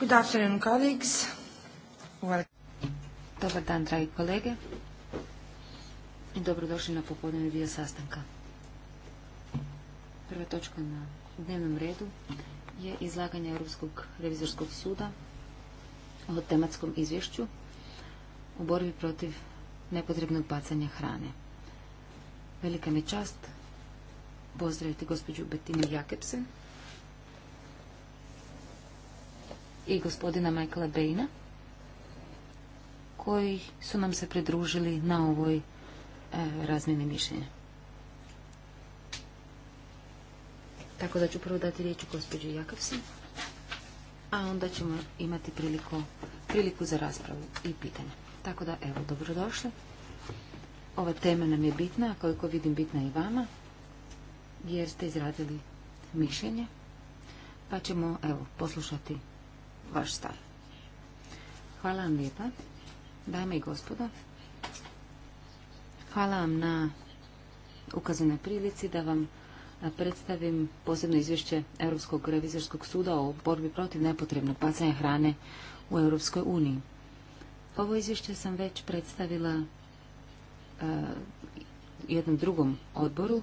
Good afternoon, colleagues. Dobar dan, dragi kolege. I dobrodošli na popodnevni dio sastanka. Prva točka na dnevnom redu je izlaganje Europskog revizorskog suda o tematskom izvješću u borbi protiv nepotrebnog bacanja hrane. Velika mi čast pozdraviti gospođu Bettinu Jakebsen, i gospodina Michaela Bejna koji su nam se pridružili na ovoj e, razmjeni mišljenja. Tako da ću prvo dati riječ gospođi Jakavsi, a onda ćemo imati priliku, za raspravu i pitanja. Tako da, evo, dobrodošli. Ova tema nam je bitna, a koliko vidim bitna i vama, jer ste izradili mišljenje, pa ćemo, evo, poslušati vaš stav. Hvala vam lijepa, dame i gospoda. Hvala vam na ukazanoj prilici da vam predstavim posebno izvješće Europskog revizorskog suda o borbi protiv nepotrebnog bacanja hrane u Europskoj uniji. Ovo izvješće sam već predstavila e, jednom drugom odboru,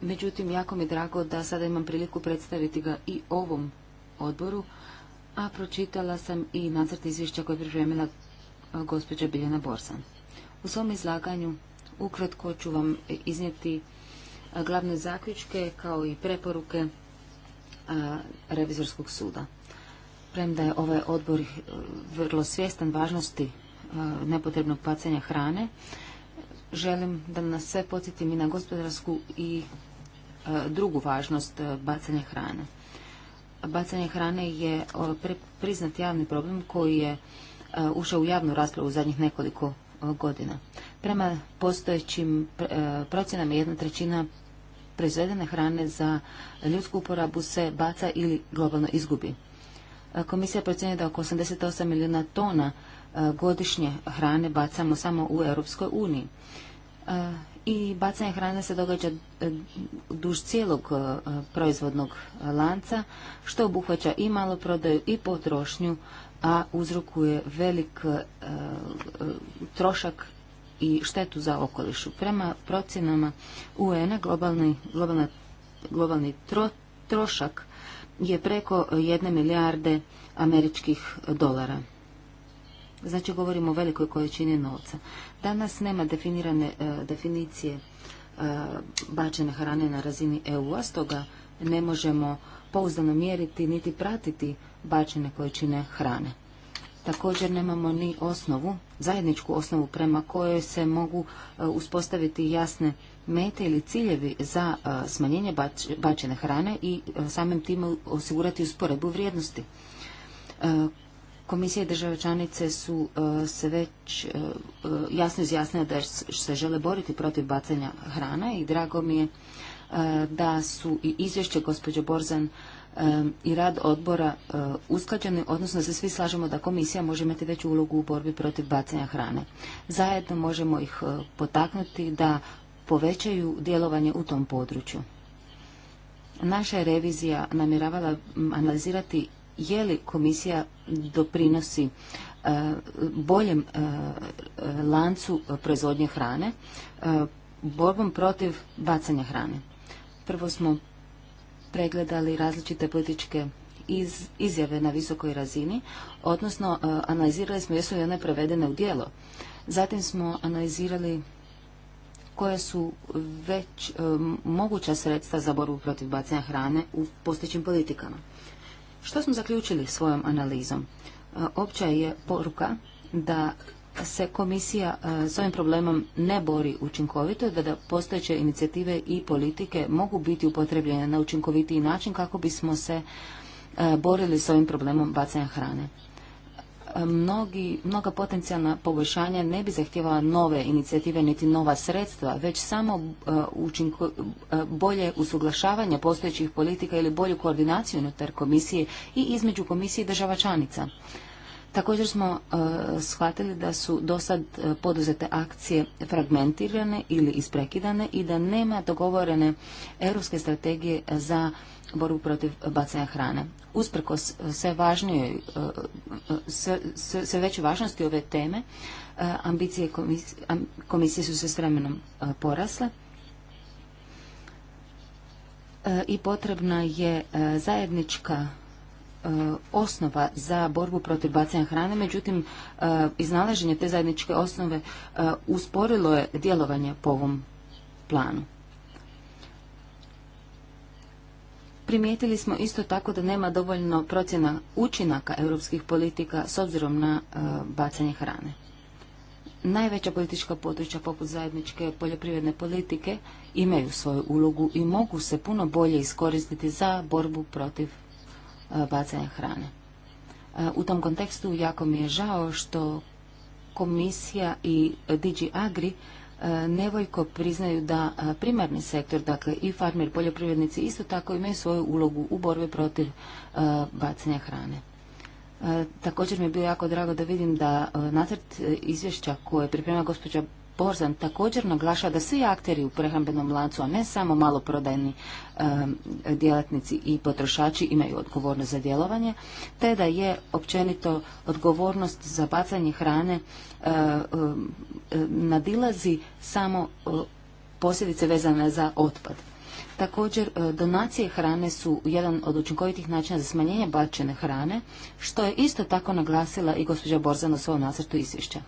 međutim jako mi je drago da sada imam priliku predstaviti ga i ovom odboru a pročitala sam i nacrt izvješća koje je pripremila e, gospođa Biljana Borsan. U svom izlaganju ukratko ću vam iznijeti e, glavne zaključke kao i preporuke e, revizorskog suda. Premda je ovaj odbor vrlo svjestan važnosti nepotrebnog pacanja hrane, želim da nas sve podsjetim i na gospodarsku i drugu važnost bacanja hrane bacanje hrane je priznat javni problem koji je e, ušao u javnu raspravu u zadnjih nekoliko godina. Prema postojećim e, procjenama jedna trećina proizvedene hrane za ljudsku uporabu se baca ili globalno izgubi. E, komisija procjenjuje da oko 88 milijuna tona godišnje hrane bacamo samo u Europskoj uniji i bacanje hrane se događa e, duž cijelog e, proizvodnog e, lanca, što obuhvaća i maloprodaju i potrošnju, a uzrokuje velik trošak i štetu za okolišu. Prema procjenama UN-a globalni, globalni trošak je preko jedne milijarde američkih dolara. Znači govorimo o velikoj količini novca. Danas nema definirane e, definicije e, bačene hrane na razini EU-a, stoga ne možemo pouzdano mjeriti niti pratiti bačene količine hrane. Također nemamo ni osnovu, zajedničku osnovu prema kojoj se mogu e, uspostaviti jasne mete ili ciljevi za smanjenje bačene hrane i samim time osigurati usporedbu vrijednosti Komisije i države članice su e, se već e, e, jasno izjasnile da se žele boriti protiv bacanja hrana i drago mi je da su i izvješće gospođe Borzan i rad odbora usklađeni, odnosno da se svi slažemo da komisija može imati veću ulogu u borbi protiv bacanja hrane. Zajedno možemo ih potaknuti da povećaju djelovanje u tom području. Naša je revizija namjeravala analizirati je li komisija doprinosi e, boljem e, lancu proizvodnje hrane, e, borbom protiv bacanja hrane. Prvo smo pregledali različite političke izjave na visokoj razini, odnosno analizirali smo jesu li one prevedene u djelo. Zatim smo analizirali koje su već moguća sredstva za borbu protiv bacanja hrane u postojećim politikama. Što smo zaključili svojom analizom? Opća je poruka da se komisija s ovim problemom ne bori učinkovito, da, da postojeće inicijative i politike mogu biti upotrebljene na učinkovitiji način kako bismo se borili s ovim problemom bacanja hrane mnogi, mnoga potencijalna poboljšanja ne bi zahtjevala nove inicijative niti nova sredstva, već samo uh, bolje usuglašavanje postojećih politika ili bolju koordinaciju unutar komisije i između komisije i država članica. Također smo e, shvatili da su do sad poduzete akcije fragmentirane ili isprekidane i da nema dogovorene europske strategije za borbu protiv bacanja hrane. Usprkos e, sve, važnijoj, e, sve, važnosti ove teme, e, ambicije komisije su se s vremenom porasle i potrebna je zajednička osnova za borbu protiv bacanja hrane, međutim iznalaženje te zajedničke osnove usporilo je djelovanje po ovom planu. Primijetili smo isto tako da nema dovoljno procjena učinaka europskih politika s obzirom na e, bacanje hrane. Najveća politička područja poput zajedničke poljoprivredne politike imaju svoju ulogu i mogu se puno bolje iskoristiti za borbu protiv e, bacanja hrane. E, u tom kontekstu jako mi je žao što komisija i DG Agri nevojko priznaju da primarni sektor, dakle i farmer, poljoprivrednici, isto tako imaju svoju ulogu u borbi protiv bacanja hrane. Također mi je bilo jako drago da vidim da nacrt e, izvješća koje priprema gospođa Borzan također naglaša da svi akteri u prehrambenom lancu, a ne samo maloprodajni djelatnici i potrošači imaju odgovornost za djelovanje, te da je općenito odgovornost za bacanje hrane e, e, nadilazi samo e, posljedice vezane za otpad. Također, donacije hrane su jedan od učinkovitih načina za smanjenje bačene hrane, što je isto tako naglasila i gospođa Borzan u svom nacrtu izvješća.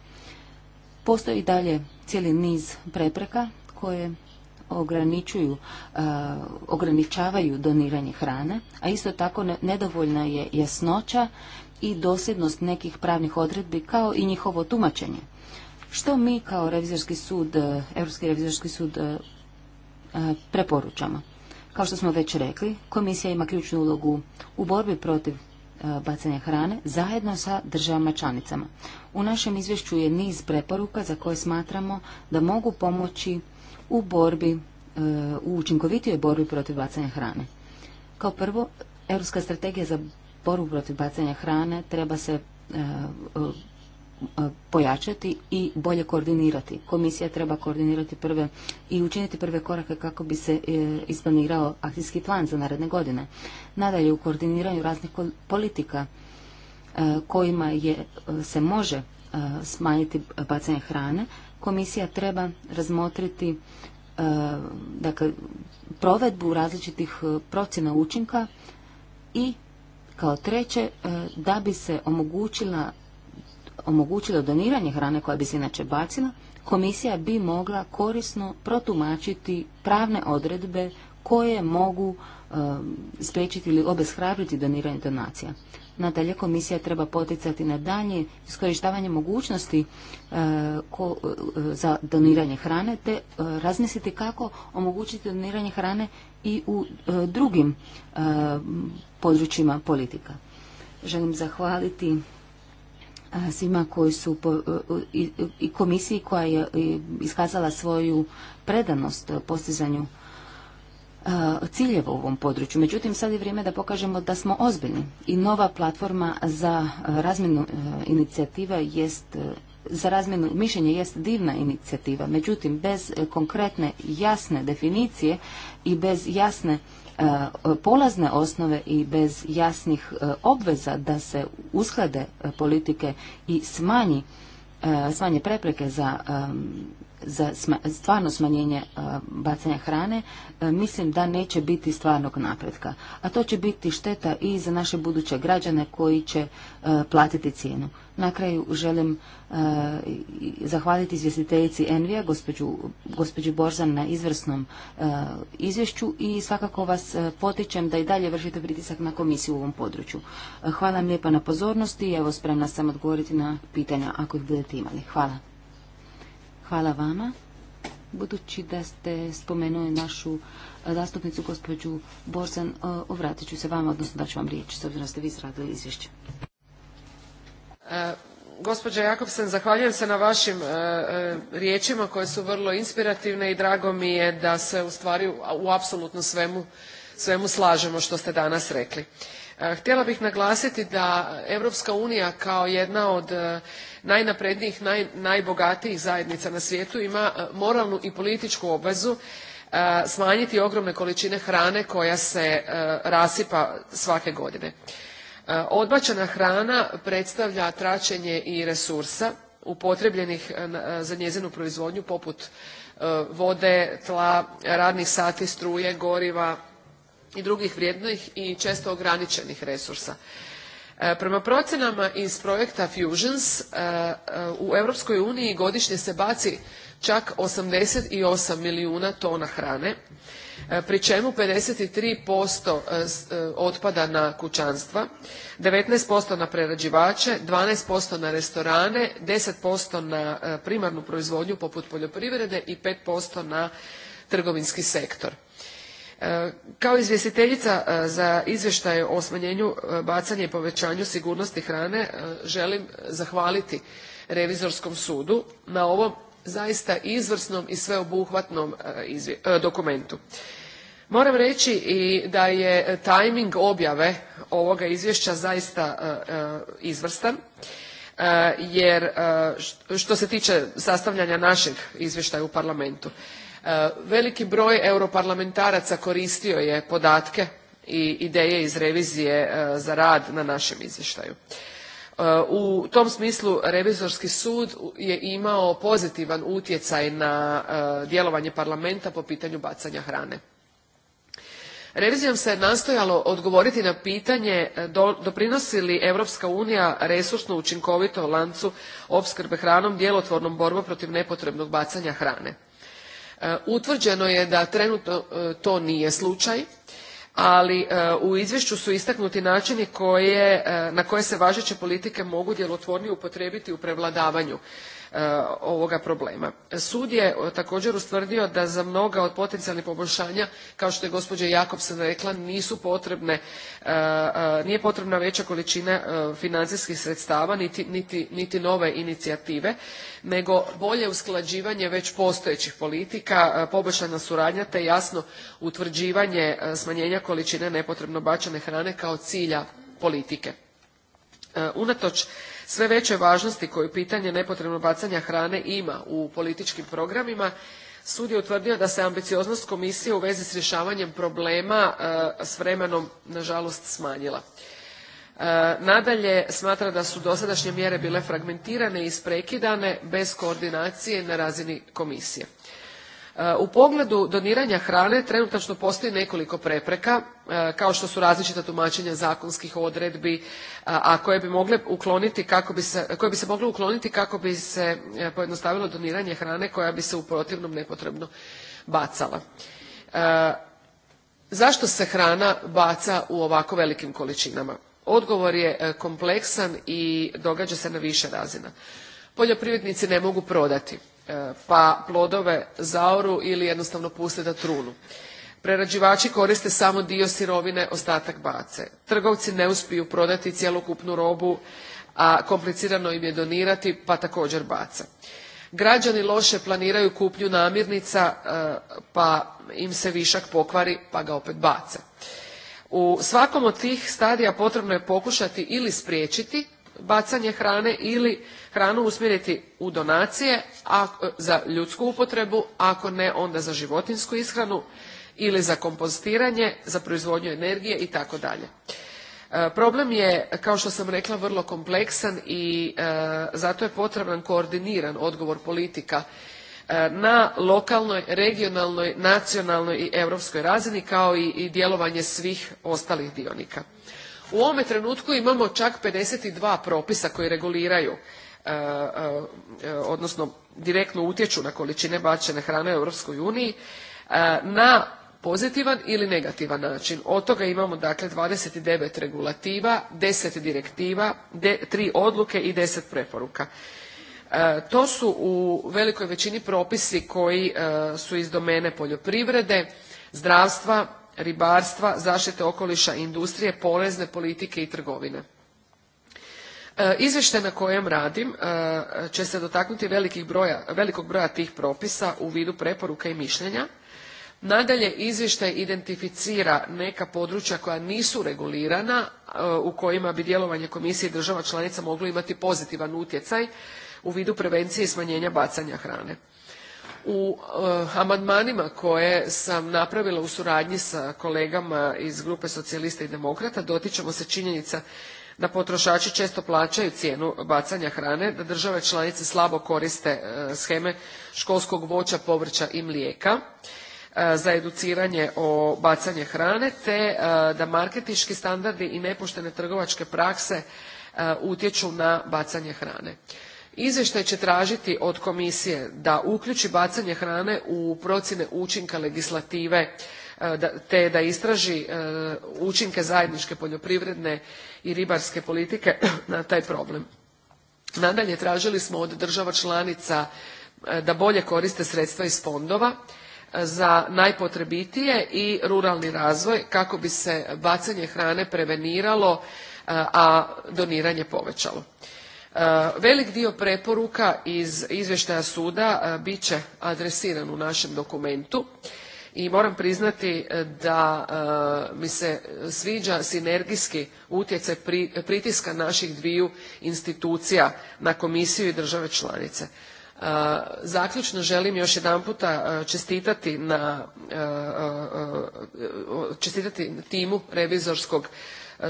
Postoji i dalje cijeli niz prepreka koje ograničuju, e, ograničavaju doniranje hrane, a isto tako nedovoljna je jasnoća i dosljednost nekih pravnih odredbi kao i njihovo tumačenje. Što mi kao revizorski sud, e, Europski revizorski sud e, preporučamo? Kao što smo već rekli, komisija ima ključnu ulogu u borbi protiv bacanja hrane zajedno sa državama članicama. U našem izvješću je niz preporuka za koje smatramo da mogu pomoći u borbi, e, u učinkovitijoj borbi protiv bacanja hrane. Kao prvo, Europska strategija za borbu protiv bacanja hrane treba se e, e, pojačati i bolje koordinirati. Komisija treba koordinirati prve i učiniti prve korake kako bi se isplanirao akcijski plan za naredne godine. Nadalje, u koordiniranju raznih politika E, kojima je, e, se može e, smanjiti bacanje hrane, komisija treba razmotriti dakle, provedbu različitih procjena učinka i kao treće da bi se omogućila omogućilo doniranje hrane koja bi se inače bacila, komisija bi mogla korisno protumačiti pravne odredbe koje mogu spriječiti ili obeshrabriti doniranje donacija. Nadalje, komisija treba poticati na danje, iskorištavanje mogućnosti e, e, za doniranje hrane, te e, razmisliti kako omogućiti doniranje hrane i u drugim područjima politika. Želim zahvaliti svima koji su i komisiji koja je iskazala svoju predanost postizanju ciljeva u ovom području. Međutim, sad je vrijeme da pokažemo da smo ozbiljni i nova platforma za razmjenu e, inicijativa jest e, za razmjenu mišljenja jest divna inicijativa. Međutim, bez e, konkretne jasne definicije i bez jasne polazne osnove i bez jasnih obveza da se usklade politike i smanji smanje prepreke za za stvarno smanjenje e, bacanja hrane, e, mislim da neće biti stvarnog napretka. A to će biti šteta i za naše buduće građane koji će e, platiti cijenu. Na kraju želim zahvaliti izvjestiteljici Envija, gospođu, Borzan, na izvrsnom izvješću i svakako vas potičem da i dalje vršite pritisak na komisiju u ovom području. Hvala vam lijepa na pozornosti i evo spremna sam odgovoriti na pitanja ako ih budete imali. Hvala. Hvala vama. Budući da ste spomenuli našu e, zastupnicu gospođu Borzan, e, ovratit ću se vama, odnosno da ću vam riječ, s obzirom da ste vi sradili izvješće. E, gospođa Jakobsen, zahvaljujem se na vašim riječima koje su vrlo inspirativne i drago mi je da se u stvari u, apsolutno svemu, slažemo što ste danas rekli. htjela bih naglasiti da Europska unija kao jedna od najnaprednijih, naj, najbogatijih zajednica na svijetu ima e, moralnu i političku obvezu e, smanjiti ogromne količine hrane koja se e, rasipa svake godine. Odbačena hrana predstavlja tračenje i resursa upotrebljenih za njezinu proizvodnju poput vode, tla, radnih sati, struje, goriva i drugih vrijednih i često ograničenih resursa. E, prema procenama iz projekta Fusions e, e, u Europskoj uniji godišnje se baci čak 88 milijuna tona hrane, pri čemu 53% otpada na kućanstva, 19% na prerađivače, 12% na restorane, 10% na primarnu proizvodnju poput poljoprivrede i 5% na trgovinski sektor. Kao izvjestiteljica e, za izvještaje o smanjenju e, bacanja i povećanju sigurnosti hrane e, želim zahvaliti Revizorskom sudu na ovom zaista izvrsnom i sveobuhvatnom dokumentu. Moram reći i da je tajming objave ovoga izvješća zaista izvrstan jer što se tiče sastavljanja našeg izvještaja u parlamentu. Eh, veliki broj europarlamentaraca koristio je podatke i ideje iz revizije eh, za rad na našem izvještaju. Eh, u tom smislu revizorski sud je imao pozitivan utjecaj na djelovanje parlamenta po pitanju bacanja hrane. Revizijom se nastojalo odgovoriti na pitanje doprinosi li Europska unija resursno učinkovito lancu opskrbe hranom djelotvornom borbom protiv nepotrebnog bacanja hrane. E, utvrđeno je da trenutno e, to nije slučaj, ali e, u izvješću su istaknuti načini koje, na koje se važeće politike mogu djelotvornije upotrijebiti u prevladavanju E, ovoga problema. Sud je e, također ustvrdio da za mnoga od potencijalnih poboljšanja, kao što je gospođa Jakobsen rekla, nisu potrebne, e, nije potrebna veća količina financijskih sredstava niti, niti nove inicijative, nego bolje usklađivanje već postojećih politika, poboljšana suradnja te jasno utvrđivanje smanjenja količine nepotrebno bačene hrane kao cilja politike. Unatoč sve veće važnosti koju pitanje nepotrebnog bacanja hrane ima u političkim programima, sud je utvrdio da se ambicioznost komisije u vezi s rješavanjem problema e, s vremenom nažalost smanjila. E, nadalje, smatra da su dosadašnje mjere bile fragmentirane i isprekidane bez koordinacije na razini komisije. U pogledu doniranja hrane trenutačno postoji nekoliko prepreka, e, kao što su različita tumačenja zakonskih odredbi, e, a koje bi mogle ukloniti kako bi se, koje bi se mogle ukloniti kako bi se e, pojednostavilo doniranje hrane koja bi se u protivnom nepotrebno bacala. Zašto se hrana baca u ovako velikim količinama? Odgovor je kompleksan i događa se na više razina. Poljoprivrednici ne mogu prodati E, pa plodove zaoru ili jednostavno puste da trunu. Prerađivači koriste samo dio sirovine, ostatak bace. Trgovci ne uspiju prodati cjelokupnu robu, a komplicirano im je donirati, pa također bace. Građani loše planiraju kupnju namirnica, e, pa im se višak pokvari, pa ga opet bace. U svakom od tih stadija potrebno je pokušati ili spriječiti bacanje hrane ili hranu usmjeriti u donacije za ljudsku upotrebu, ako ne onda za životinsku ishranu ili za kompostiranje, za proizvodnju energije dalje. E, problem je, kao što sam rekla, vrlo kompleksan i e, zato je potreban koordiniran odgovor politika e, na lokalnoj, regionalnoj, nacionalnoj i europskoj razini kao i, i djelovanje svih ostalih dionika. U ovome trenutku imamo čak 52 propisa koji reguliraju e, e, e, odnosno direktno utječu na količine bačene hrane u Europskoj uniji na pozitivan ili negativan način. Od toga imamo dakle 29 regulativa, 10 direktiva, 3 odluke i 10 preporuka. To su u velikoj većini propisi koji su iz domene poljoprivrede, zdravstva, ribarstva, zaštite okoliša i industrije, porezne politike i trgovine. E, izvještaj na kojem radim e, će se dotaknuti velikog broja tih propisa u vidu preporuka i mišljenja. Nadalje, izvještaj identificira neka područja koja nisu regulirana, e, u kojima bi djelovanje komisije i država članica moglo imati pozitivan utjecaj u vidu prevencije i smanjenja bacanja hrane. U eh, amandmanima koje sam napravila u suradnji sa kolegama iz grupe socijalista i demokrata dotičemo se činjenica da potrošači često plaćaju cijenu bacanja hrane, da države članice slabo koriste eh, sheme školskog voća, povrća i mlijeka eh, za educiranje o bacanje hrane te da marketinški standardi i nepoštene trgovačke prakse utječu na bacanje hrane. Izvještaj će tražiti od komisije da uključi bacanje hrane u procjene učinka legislative e, te da istraži e, učinke zajedničke poljoprivredne i ribarske politike na taj problem. Nadalje, tražili smo od država članica e, da bolje koriste sredstva iz fondova za najpotrebitije i ruralni razvoj kako bi se bacanje hrane preveniralo, a doniranje povećalo. E, velik dio preporuka iz izvještaja suda e, bit će adresiran u našem dokumentu i moram priznati e, da mi se sviđa sinergijski utjecaj pritiska naših dviju institucija na komisiju i države članice. Zaključno želim još jedanputa čestitati na čestitati timu revizorskog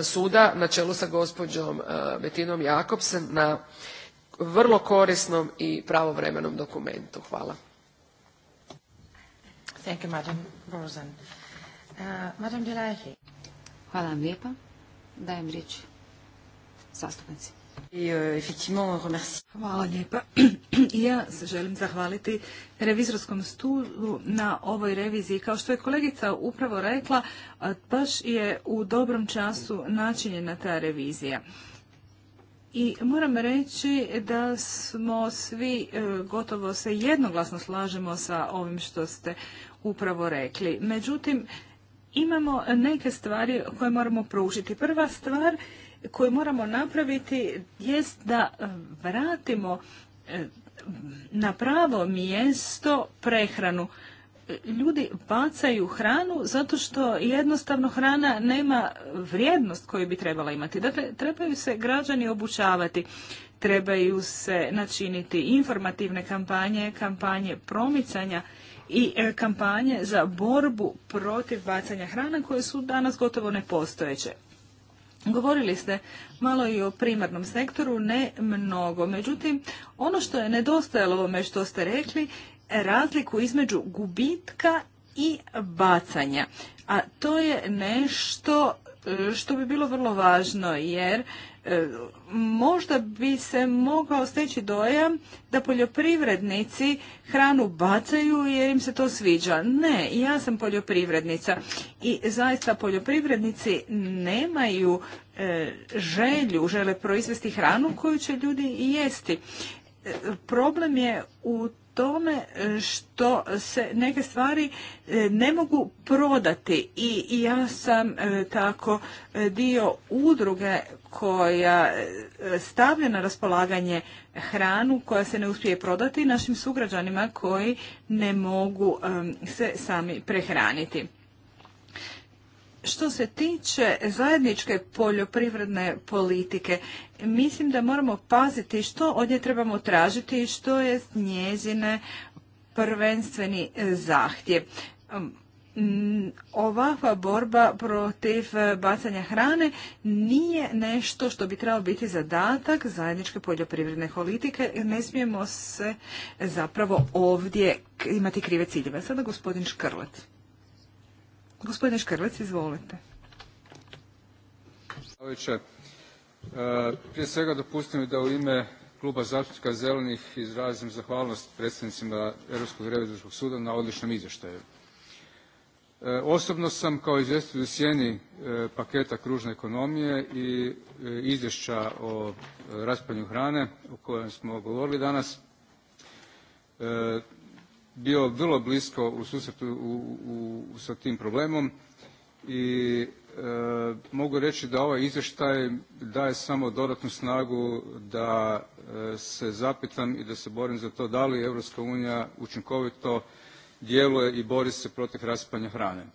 suda na čelu sa gospođom e, Betinom Jakobsen na vrlo korisnom i pravovremenom dokumentu. Hvala. Uh, Hvala vam lijepa. Dajem riječ zastupnici. Euh, Hvala lijepa. Ja se želim zahvaliti revizorskom studu na ovoj reviziji. Kao što je kolegica upravo rekla, baš je u dobrom času načinjena ta revizija. I moram reći da smo svi e, gotovo se jednoglasno slažemo sa ovim što ste upravo rekli. Međutim, imamo neke stvari koje moramo proučiti. Prva stvar koju moramo napraviti jest da e, vratimo e, na pravo mjesto prehranu. E, ljudi bacaju hranu zato što jednostavno hrana nema vrijednost koju bi trebala imati. Dakle, trebaju se građani obučavati, trebaju se načiniti informativne kampanje, kampanje promicanja i kampanje za borbu protiv bacanja hrana koje su danas gotovo nepostojeće. Govorili ste malo i o primarnom sektoru, ne mnogo. Međutim, ono što je nedostajalo ovome što ste rekli, razliku između gubitka i bacanja. A to je nešto e, što bi bilo vrlo važno jer E, možda bi se mogao steći dojam da poljoprivrednici hranu bacaju jer im se to sviđa. Ne, ja sam poljoprivrednica i zaista poljoprivrednici nemaju e, želju, žele proizvesti hranu koju će ljudi jesti. E, problem je u tome e, što se neke stvari e, ne mogu prodati i ja sam e, tako dio udruge koja stavlja na raspolaganje hranu koja se ne uspije prodati našim sugrađanima koji ne mogu se sami prehraniti. Što se tiče zajedničke poljoprivredne politike, mislim da moramo paziti što od nje trebamo tražiti i što je njezine prvenstveni zahtjev. Um, ovakva borba protiv e, bacanja hrane nije nešto što bi trebalo biti zadatak zajedničke poljoprivredne politike. Ne smijemo se zapravo ovdje imati krive ciljeve. Sada gospodin Škrlet. Gospodine Škrlec, izvolite. E, prije svega dopustim da u ime Kluba zastupnika zelenih izrazim zahvalnost predsjednicima Europskog revizorskog suda na odličnom izvještaju. E, osobno sam kao izvjestitelj u sjeni e, paketa kružne ekonomije i izvješća o raspanju hrane o kojem smo govorili danas bio vrlo blisko u susretu u, sa tim problemom i e, mogu reći da ovaj izvještaj daje samo dodatnu snagu da e, se zapitam i da se borim za to da li Europska unija učinkovito djeluje i bori se protiv raspanja hrane.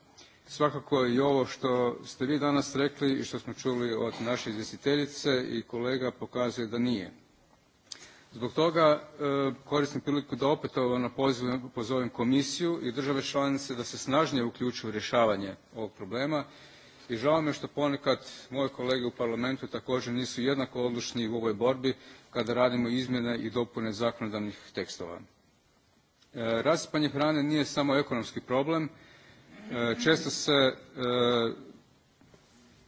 Svakako i ovo što ste vi danas rekli i što smo čuli od naše izvjestiteljice i kolega pokazuje da nije. Zbog toga e, koristim priliku da opetovano pozovem komisiju i države članice da se snažnije uključe u rješavanje ovog problema i žao mi je što ponekad moji kolege u parlamentu također nisu jednako odlučni u ovoj borbi kada radimo izmjene i dopune zakonodavnih tekstova. E, rasipanje hrane nije samo ekonomski problem, e, često se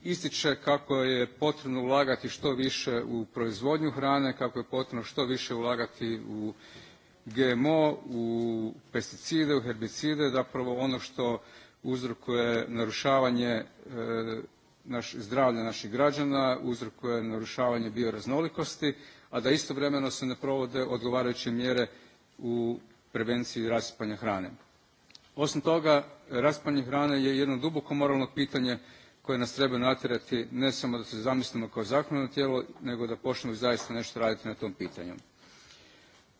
ističe kako je potrebno ulagati što više u proizvodnju hrane, kako je potrebno što više ulagati u GMO, u pesticide, u herbicide, zapravo ono što uzrokuje narušavanje e, zdravlja naših građana, uzrokuje narušavanje bioraznolikosti, a da istovremeno se ne provode odgovarajuće mjere u prevenciji raspanja hrane. Osim toga, raspanje hrane je jedno duboko moralno pitanje koje nas trebaju natjerati ne samo da se zamislimo kao zakonodavno tijelo nego da počnemo zaista nešto raditi na tom pitanju.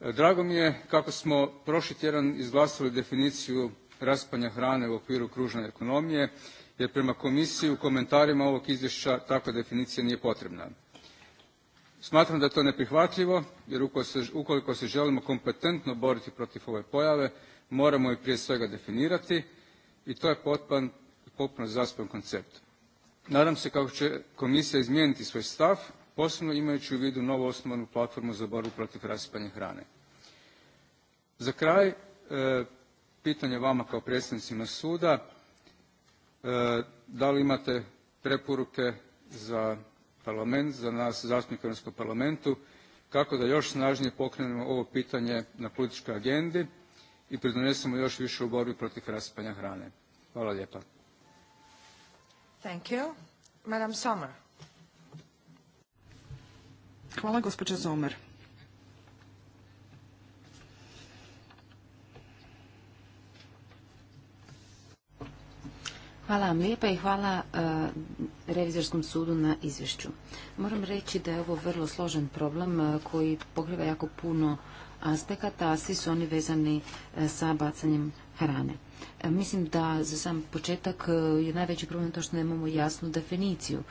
E, drago mi je kako smo prošli tjedan izglasali definiciju raspanja hrane u okviru kružne ekonomije jer prema komisiji u komentarima ovog izvješća takva definicija nije potrebna. Smatram da je to neprihvatljivo jer ukoliko se želimo kompetentno boriti protiv ove pojave moramo je prije svega definirati i to je potpuno zaspan koncept. Nadam se kako će komisija izmijeniti svoj stav, posebno imajući u vidu novu osnovanu platformu za borbu protiv rasipanja hrane. Za kraj, e, pitanje vama kao predsjednicima suda, e, da li imate preporuke za parlament, za nas zastupnike u parlamentu, kako da još snažnije pokrenemo ovo pitanje na političkoj agendi i pridonesemo još više u borbi protiv rasipanja hrane. Hvala lijepa. Thank you. Hvala, gospođa Zomer. Hvala vam lijepa i hvala e, Revizorskom sudu na izvješću. Moram reći da je ovo vrlo složen problem e, koji pokriva jako puno aspekata, a svi su oni vezani e, sa bacanjem hrane. E, mislim da za sam početak e, je najveći problem to što nemamo jasnu definiciju.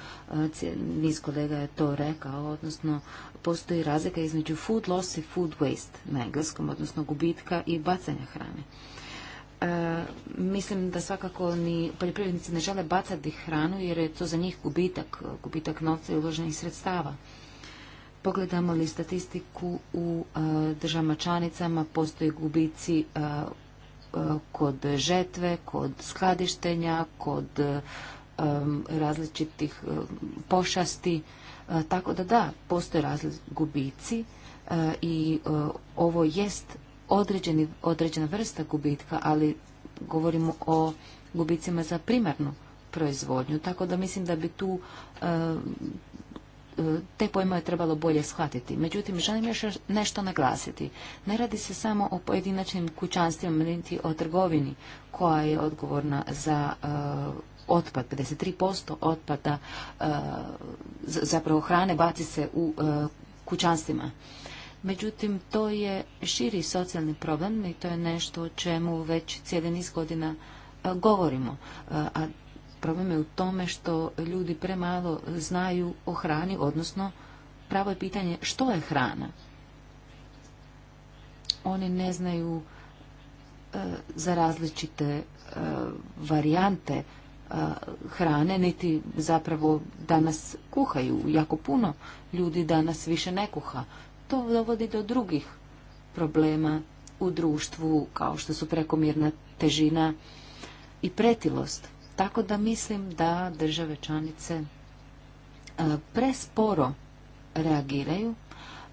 Niz kolega je to rekao, odnosno postoji razlika između food loss i food waste na engleskom, odnosno gubitka i bacanja hrane. mislim da svakako ni poljoprivrednici ne žele bacati hranu jer je to za njih gubitak, gubitak novca i uloženih sredstava. Pogledamo li statistiku u e, državama članicama, postoje gubici e, e, kod žetve, kod skladištenja, kod različitih pošasti, tako da da, postoje gubici i ovo jest određena vrsta gubitka, ali govorimo o gubicima za primarnu proizvodnju, tako da mislim da bi tu E, te pojmove trebalo bolje shvatiti. Međutim, želim još nešto naglasiti. Ne radi se samo o pojedinačnim kućanstvima, niti o trgovini koja je odgovorna za e, otpad, 53% otpada e, zapravo hrane baci se u kućanstvima. Međutim, to je širi socijalni problem i to je nešto o čemu već cijeli niz godina govorimo. A Problem je u tome što ljudi premalo znaju o hrani, odnosno pravo je pitanje što je hrana. Oni ne znaju e, za različite e, varijante e, hrane, niti zapravo danas kuhaju. Jako puno ljudi danas više ne kuha. To dovodi do drugih problema u društvu, kao što su prekomjerna težina i pretilost. Tako da mislim da države članice e, presporo reagiraju,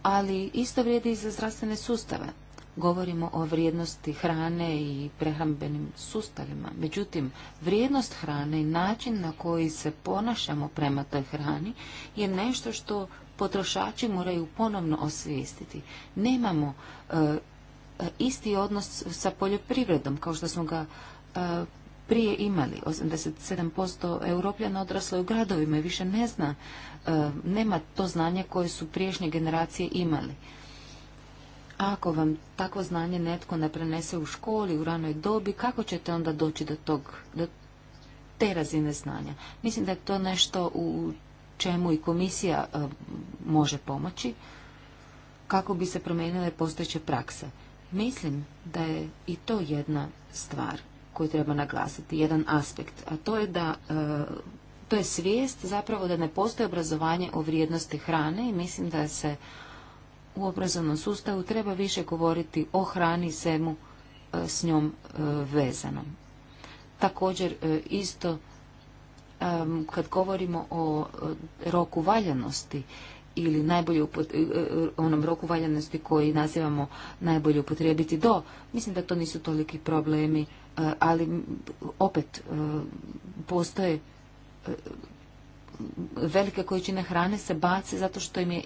ali isto vrijedi i za zdravstvene sustave. Govorimo o vrijednosti hrane i prehrambenim sustavima. Međutim, vrijednost hrane i način na koji se ponašamo prema toj hrani je nešto što potrošači moraju ponovno osvijestiti. Nemamo e, isti odnos sa poljoprivredom kao što smo ga e, prije imali. 87% europljana odraslo je u gradovima i više ne zna, e, nema to znanje koje su priješnje generacije imali. Ako vam takvo znanje netko ne prenese u školi, u ranoj dobi, kako ćete onda doći do tog, do te razine znanja? Mislim da je to nešto u čemu i komisija e, može pomoći kako bi se promijenile postojeće prakse. Mislim da je i to jedna stvar koju treba naglasiti, jedan aspekt, a to je da e, to je svijest zapravo da ne postoji obrazovanje o vrijednosti hrane i mislim da se u obrazovnom sustavu treba više govoriti o hrani i svemu e, s njom e, vezanom. Također isto kad govorimo o roku valjanosti ili najbolje onom roku valjanosti koji nazivamo najbolje upotrijebiti do, mislim da to nisu toliki problemi E, ali opet e, postoje e, velike količine hrane se bace zato što im je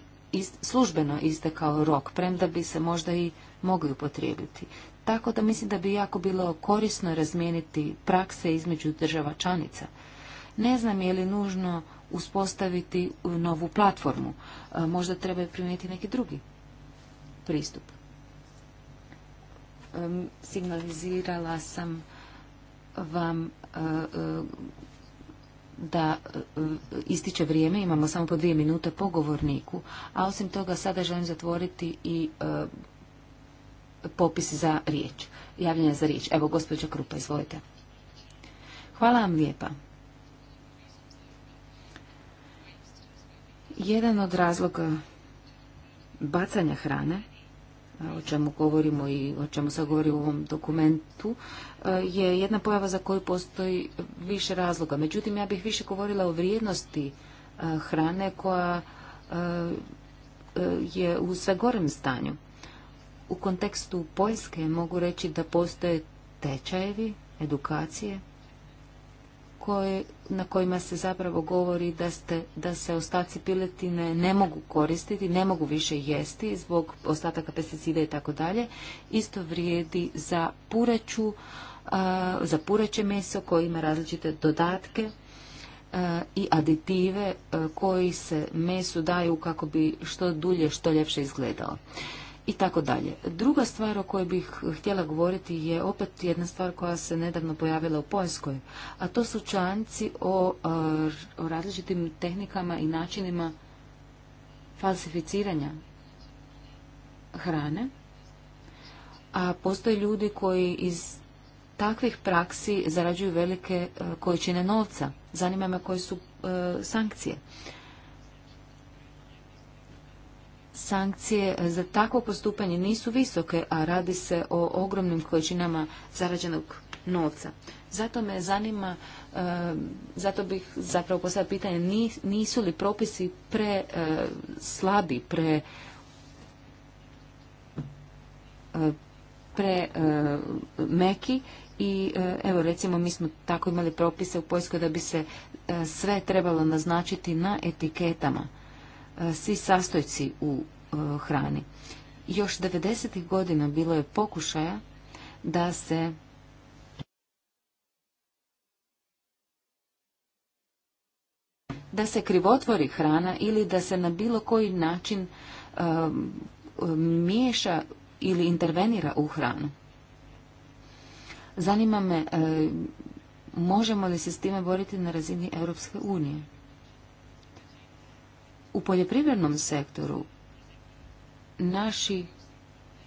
službeno istekao rok, premda bi se možda i mogli upotrijebiti. Tako da mislim da bi jako bilo korisno razmijeniti prakse između država članica. Ne znam je li nužno uspostaviti novu platformu. Možda treba primijeniti neki drugi pristup signalizirala sam vam e, e, da e, ističe vrijeme, imamo samo po dvije minute po govorniku, a osim toga sada želim zatvoriti i popis za riječ, javljanje za riječ. Evo, gospođa Krupa, izvolite. Hvala vam lijepa. Jedan od razloga bacanja hrane o čemu govorimo i o čemu se govori u ovom dokumentu, e, je jedna pojava za koju postoji više razloga. Međutim, ja bih više govorila o vrijednosti e, hrane koja e, je u sve gorem stanju. U kontekstu Poljske mogu reći da postoje tečajevi, edukacije, na kojima se zapravo govori da, ste, da se ostaci piletine ne mogu koristiti, ne mogu više jesti zbog ostataka pesticida i tako dalje. Isto vrijedi za pureću, za pureće meso koje ima različite dodatke i aditive koji se mesu daju kako bi što dulje, što ljepše izgledalo i tako dalje. Druga stvar o kojoj bih htjela govoriti je opet jedna stvar koja se nedavno pojavila u Poljskoj, a to su članci o, o različitim tehnikama i načinima falsificiranja hrane, a postoje ljudi koji iz takvih praksi zarađuju velike količine novca. Zanima me koje su sankcije sankcije e, za takvo postupanje nisu visoke, a radi se o ogromnim količinama zarađenog novca. Zato me zanima, e, zato bih zapravo postavila pitanje, nisu li propisi pre e, slabi, pre pre meki i evo recimo mi smo tako imali propise u Poljskoj da bi se sve trebalo naznačiti na etiketama E, svi sastojci u e, hrani. Još 90. godina bilo je pokušaja da se da se krivotvori hrana ili da se na bilo koji način e, miješa ili intervenira u hranu. Zanima me, možemo li se s time boriti na razini Europske unije? U poljoprivrednom sektoru naši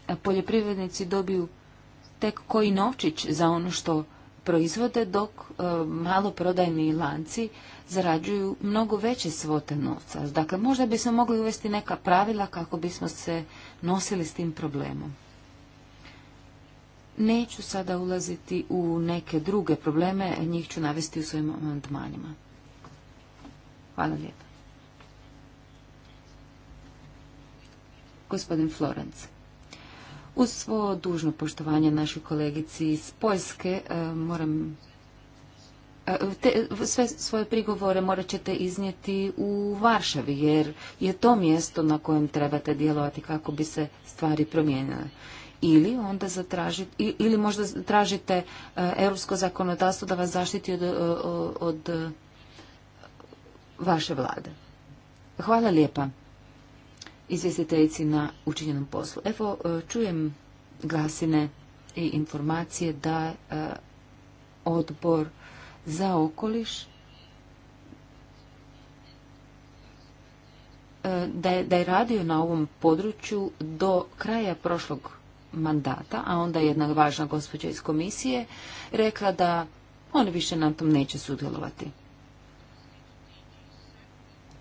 e, poljoprivrednici dobiju tek koji novčić za ono što proizvode, dok e, maloprodajni lanci zarađuju mnogo veće svote novca. Dakle, možda bi se mogli uvesti neka pravila kako bismo se nosili s tim problemom. Neću sada ulaziti u neke druge probleme, njih ću navesti u svojim amandmanima. Hvala lijepo gospodin Florenc. Uz svo dužno poštovanje našoj kolegici iz Poljske e, moram e, sve svoje prigovore morat ćete iznijeti u Varšavi, jer je to mjesto na kojem trebate djelovati kako bi se stvari promijenile. Ili onda zatražite, ili možda tražite e, europsko zakonodavstvo da vas zaštiti od, od vaše vlade. Hvala lijepa izvjestiteljici na učinjenom poslu. Evo, e, čujem glasine i informacije da e, odbor za okoliš e, da je, radio na ovom području do kraja prošlog mandata, a onda jedna važna gospođa iz komisije rekla da oni više na tom neće sudjelovati.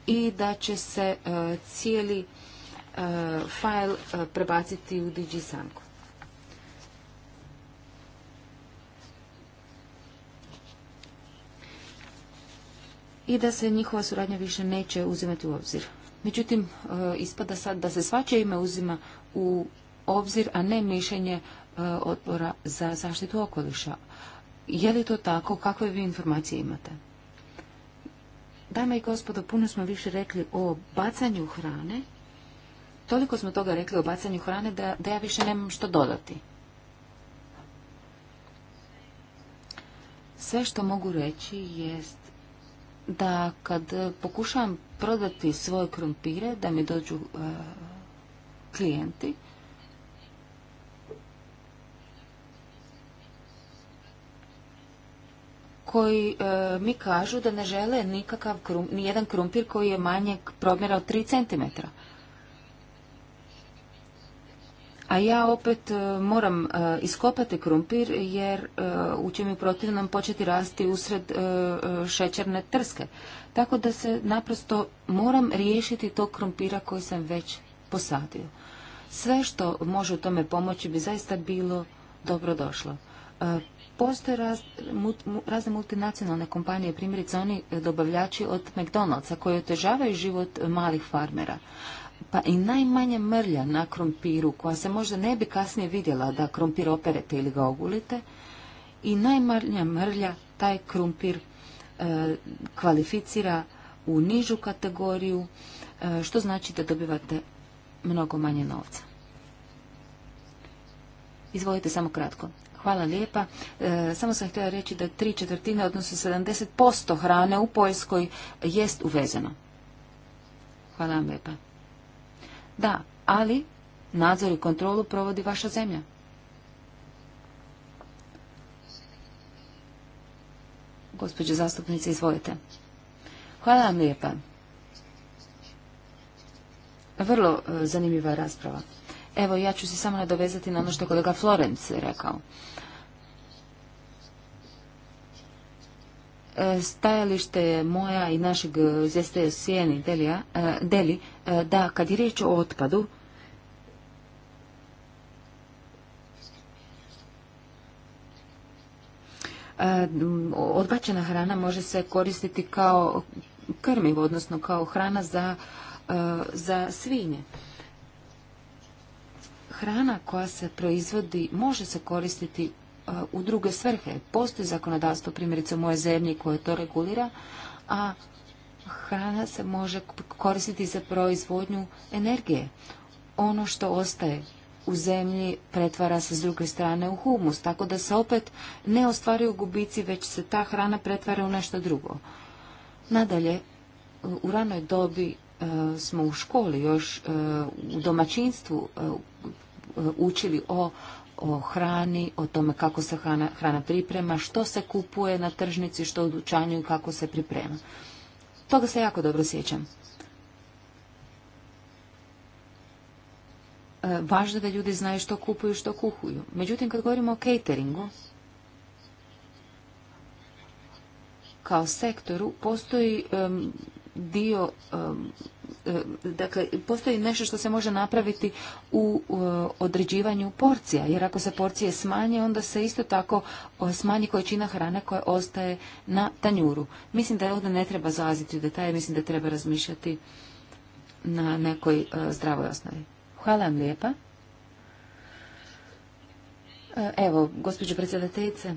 I da će se cijeli Eh, file eh, prebaciti u DigiSanku. i da se njihova suradnja više neće uzimati u obzir. Međutim, eh, ispada sad da se svačije ime uzima u obzir, a ne mišljenje odbora za zaštitu okoliša. Je li to tako? Kakve vi informacije imate? Dame i gospodo, puno smo više rekli o bacanju hrane Toliko smo toga rekli o bacanju hrane da, da ja više nemam što dodati. Sve što mogu reći jest da kad pokušavam prodati svoje krumpire da mi dođu e, klijenti, koji e, mi kažu da ne žele nikakav krum, nijedan krumpir koji je manjeg promjera od 3 centimetra a ja opet e, moram e, iskopati krumpir jer e, u mi protivnom početi rasti usred šećerne trske. Tako da se naprosto moram riješiti tog krumpira koji sam već posadio. Sve što može u tome pomoći bi zaista bilo došlo. Postoje razne multinacionalne kompanije, primjerice oni dobavljači od McDonald'sa koji otežavaju život malih farmera pa i najmanja mrlja na krompiru koja se možda ne bi kasnije vidjela da krompir operete ili ga ogulite i najmanja mrlja taj krompir e, kvalificira u nižu kategoriju e, što znači da dobivate mnogo manje novca. Izvolite samo kratko. Hvala lijepa. E, samo sam htjela reći da tri četvrtine, odnosno 70% hrane u Poljskoj jest uvezeno. Hvala vam lijepa. Da, ali nadzor i kontrolu provodi vaša zemlja. Gospođo zastupnice, izvolite. Hvala vam lijepa. Vrlo e, zanimljiva je rasprava. Evo, ja ću se samo nadovezati na ono što je kolega Florence rekao. E, stajalište moja i našeg e, zeste Sijeni e, Deli da kad je riječ o otpadu, odbačena hrana može se koristiti kao krmivo, odnosno kao hrana za, za svinje. Hrana koja se proizvodi može se koristiti u druge svrhe. Postoji zakonodavstvo, primjerice u moje zemlji, koje to regulira, a hrana se može koristiti za proizvodnju energije. Ono što ostaje u zemlji pretvara se s druge strane u humus, tako da se opet ne ostvaruju gubici, već se ta hrana pretvara u nešto drugo. Nadalje, u ranoj dobi e, smo u školi još e, u domaćinstvu e, učili o o hrani, o tome kako se hrana, priprema, što se kupuje na tržnici, što u dućanju i kako se priprema. Toga se jako dobro sjećam. E, važno da ljudi znaju što kupuju, što kuhuju. Međutim, kad govorimo o cateringu, kao sektoru, postoji dio, um, e, dakle, postoji nešto što se može napraviti u određivanju porcija, jer ako se porcije smanje, onda se isto tako smanji količina hrane koja ostaje na tanjuru. Mislim da ovdje ne treba zaziti u detalje, mislim da treba razmišljati na nekoj e, zdravoj osnovi. Hvala vam lijepa. E, evo, gospođo predsjedateljice,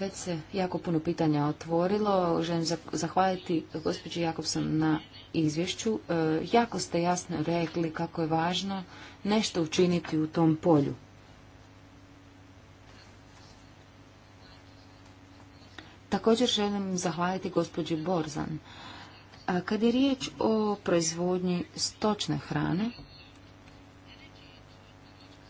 već se jako puno pitanja otvorilo. Želim zahvaliti gospođi Jakobson na izvješću. E, jako ste jasno rekli kako je važno nešto učiniti u tom polju. Također želim zahvaliti gospođi Borzan. kad je riječ o proizvodnji stočne hrane,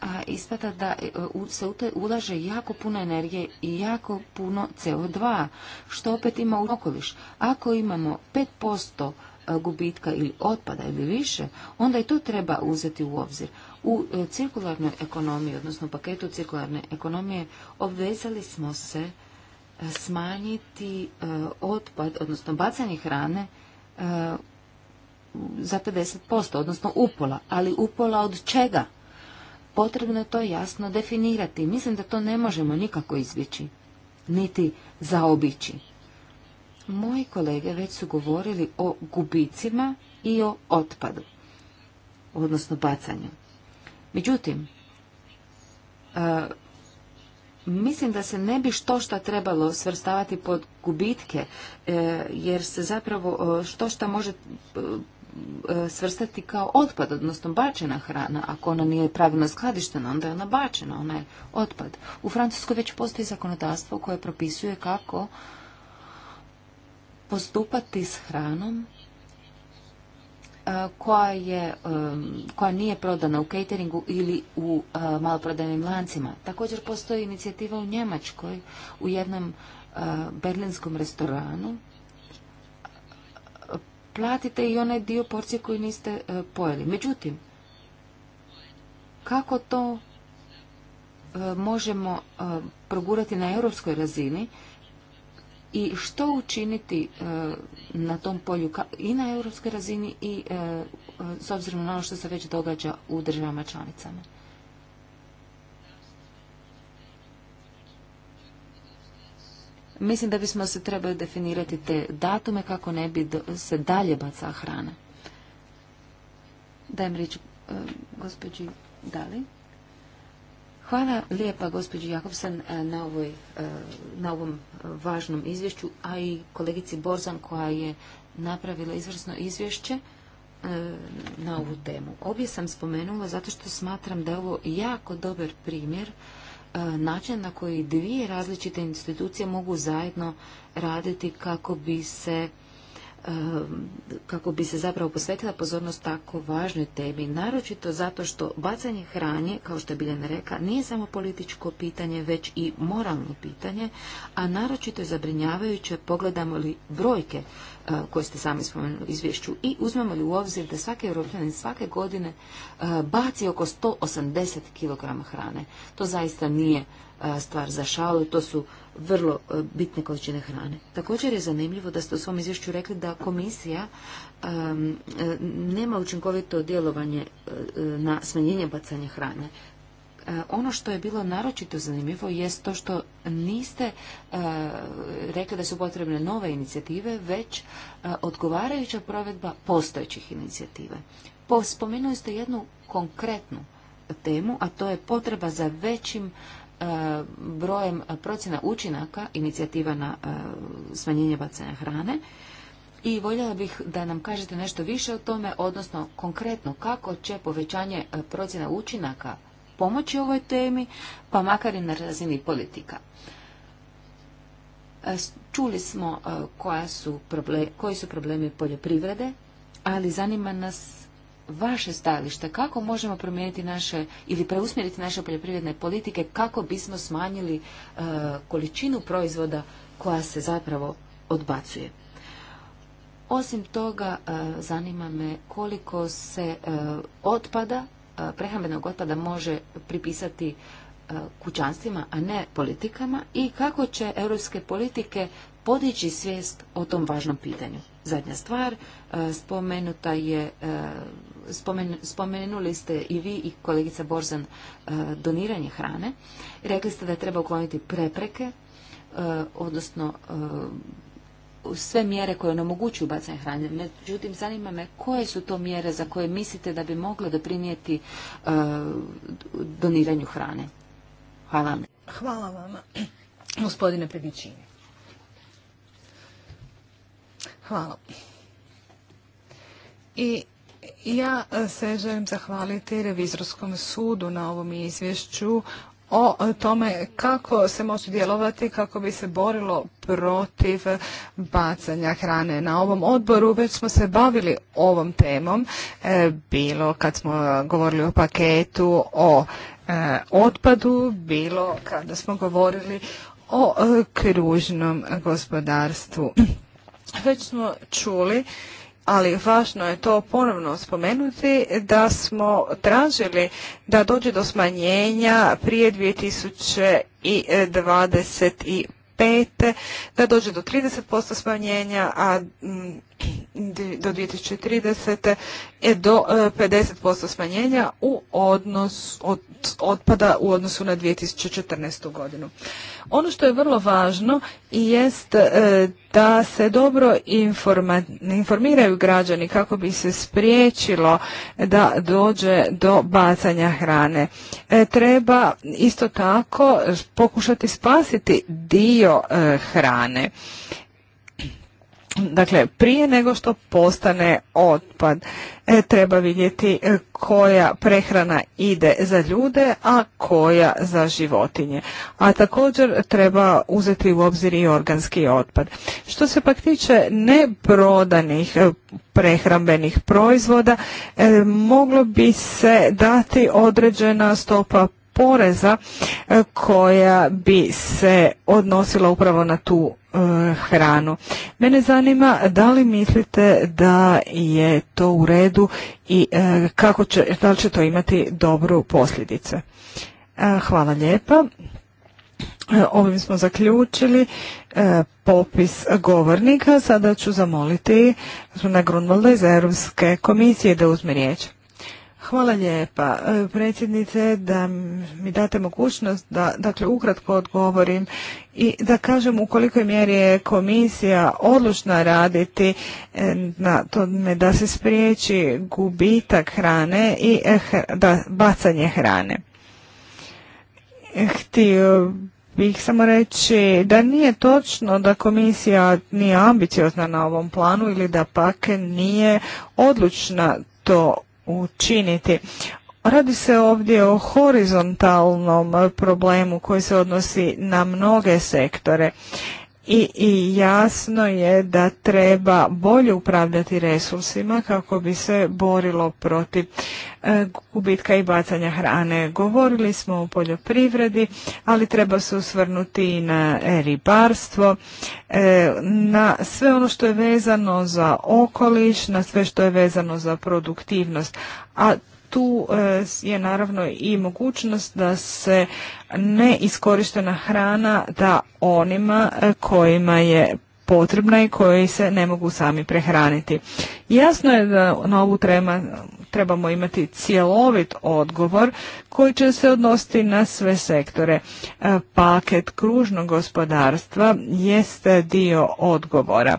a ispada da e, se u te ulaže jako puno energije i jako puno CO2, što opet ima u okoliš. Ako imamo 5% e, gubitka ili otpada ili više, onda i to treba uzeti u obzir. U e, cirkularnoj ekonomiji, odnosno paketu cirkularne ekonomije, obvezali smo se smanjiti otpad, odnosno bacanje hrane za 50%, odnosno upola. Ali upola od čega? potrebno je to jasno definirati. Mislim da to ne možemo nikako izbjeći, niti zaobići. Moji kolege već su govorili o gubicima i o otpadu, odnosno bacanju. Međutim, e, mislim da se ne bi što što trebalo svrstavati pod gubitke, e, jer se zapravo što e, što može E, svrstati kao otpad, odnosno bačena hrana. Ako ona nije pravilno skladištena, onda je ona bačena, ona je otpad. U Francuskoj već postoji zakonodavstvo koje propisuje kako postupati s hranom e, koja, je, e, koja nije prodana u cateringu ili u maloprodajnim lancima. Također postoji inicijativa u Njemačkoj u jednom berlinskom restoranu platite i onaj dio porcije koji niste e, pojeli. Međutim, kako to e, možemo e, progurati na europskoj razini i što učiniti na tom polju i na europskoj razini i s obzirom na ono što se već događa u državama članicama? Mislim da bismo se trebali definirati te datume kako ne bi se dalje baca hrana. Dajem riječ e, gospođi Dali. Hvala lijepa gospođi Jakobsen e, na, e, na ovom važnom izvješću, a i kolegici Borzan koja je napravila izvrsno izvješće na ovu temu. Obje sam spomenula zato što smatram da je ovo jako dobar primjer E, način na koji dvije različite institucije mogu zajedno raditi kako bi se Ehm, kako bi se zapravo posvetila pozornost tako važnoj temi, naročito zato što bacanje hranje, kao što je Biljana reka, nije samo političko pitanje, već i moralno pitanje, a naročito je zabrinjavajuće pogledamo li brojke eh, koje ste sami spomenuli u izvješću i uzmemo li u obzir da svaki europljanin svake godine eh, baci oko 180 kg hrane. To zaista nije stvar za šalu, to su vrlo e, bitne količine hrane. Također je zanimljivo da ste u svom izvješću rekli da komisija e, nema učinkovito djelovanje e, na smanjenje bacanja hrane. Ono što je bilo naročito zanimljivo jest to što niste rekli da su potrebne nove inicijative, već odgovarajuća provedba postojećih inicijative. Spomenuli ste jednu konkretnu temu, a to je potreba za većim brojem procjena učinaka inicijativa na e, smanjenje bacanja hrane i voljela bih da nam kažete nešto više o tome, odnosno konkretno kako će povećanje e, procjena učinaka pomoći ovoj temi, pa makar i na razini politika. E, čuli smo koji su problemi poljoprivrede, ali zanima nas vaše stajalište kako možemo promijeniti naše ili preusmjeriti naše poljoprivredne politike kako bismo smanjili e, količinu proizvoda koja se zapravo odbacuje. Osim toga, e, zanima me koliko se e, otpada, prehrambenog otpada može pripisati kućanstvima, a ne politikama i kako će europske politike podići svijest o tom važnom pitanju. Zadnja stvar, spomenuta je spomenuli ste i vi i kolegica Borzan e, doniranje hrane. Rekli ste da treba ukloniti prepreke, e, odnosno e, sve mjere koje onemogućuju bacanje hrane. Međutim, zanima me koje su to mjere za koje mislite da bi mogle doprinijeti doniranju hrane. Hvala vam. Hvala vama, gospodine Hvala. I ja e, se želim zahvaliti Revizorskom sudu na ovom izvješću o e, tome kako se može djelovati kako bi se borilo protiv bacanja hrane. Na ovom odboru već smo se bavili ovom temom, e, bilo kad smo govorili o paketu, o otpadu, bilo kada smo govorili o kružnom gospodarstvu. Već smo čuli ali važno je to ponovno spomenuti da smo tražili da dođe do smanjenja prije 2025. da dođe do 30% smanjenja, a do 2030. je e, do 50% e, smanjenja u odnos od otpada u odnosu na 2014. godinu. Ono što je vrlo važno jest e, da se dobro informiraju građani kako bi se spriječilo da dođe do bacanja hrane. Treba isto tako pokušati spasiti dio hrane Dakle, prije nego što postane otpad, e, treba vidjeti e, koja prehrana ide za ljude, a koja za životinje. A također treba uzeti u obzir i organski otpad. Što se pak tiče neprodanih e, prehrambenih proizvoda, moglo bi se dati određena stopa poreza e, koja bi se odnosila upravo na tu e, hranu. Mene zanima da li mislite da je to u redu i e, kako će, da li će to imati dobru posljedice. hvala lijepa. Ovim smo zaključili popis govornika. Sada ću zamoliti gospodina Grunvalda iz Europske komisije da uzme riječ. Hvala lijepa. E, predsjednice, da mi date mogućnost da dakle ukratko odgovorim i da kažem u kolikoj mjeri je komisija odlučna raditi e, na tome da se spriječi gubitak hrane i e, da bacanje hrane. Htio bih samo reći da nije točno da komisija nije ambiciozna na ovom planu ili da pak nije odlučna to učiniti. Radi se ovdje o horizontalnom problemu koji se odnosi na mnoge sektore i, i jasno je da treba bolje upravljati resursima kako bi se borilo protiv e, gubitka i bacanja hrane. Govorili smo o poljoprivredi, ali treba se usvrnuti i na ribarstvo, e, na sve ono što je vezano za okoliš, na sve što je vezano za produktivnost. A tu e, je naravno i mogućnost da se neiskorištena hrana da onima e, kojima je potrebna i koji se ne mogu sami prehraniti. Jasno je da na ovu trema trebamo imati cjelovit odgovor koji će se odnositi na sve sektore. E, paket kružnog gospodarstva jeste dio odgovora,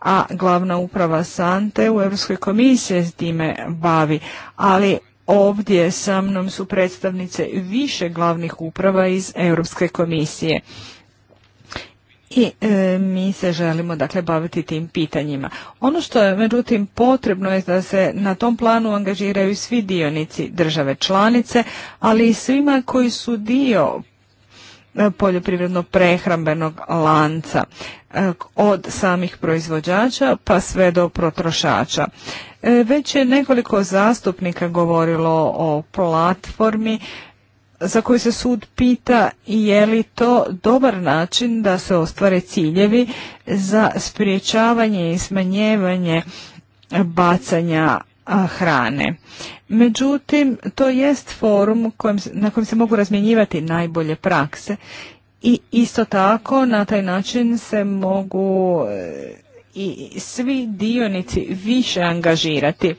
a glavna uprava Sante u Europskoj komisiji s time bavi, ali Ovdje sa mnom su predstavnice više glavnih uprava iz Europske komisije. I e, mi se želimo dakle baviti tim pitanjima. Ono što je međutim potrebno je da se na tom planu angažiraju svi dionici države članice, ali i svima koji su dio poljoprivredno prehrambenog lanca e, od samih proizvođača pa sve do potrošača. E, već je nekoliko zastupnika govorilo o platformi za koju se sud pita je li to dobar način da se ostvare ciljevi za spriječavanje i smanjevanje bacanja hrane. Međutim, to jest forum na kojem se mogu razmjenjivati najbolje prakse i isto tako na taj način se mogu e, i svi dionici više angažirati.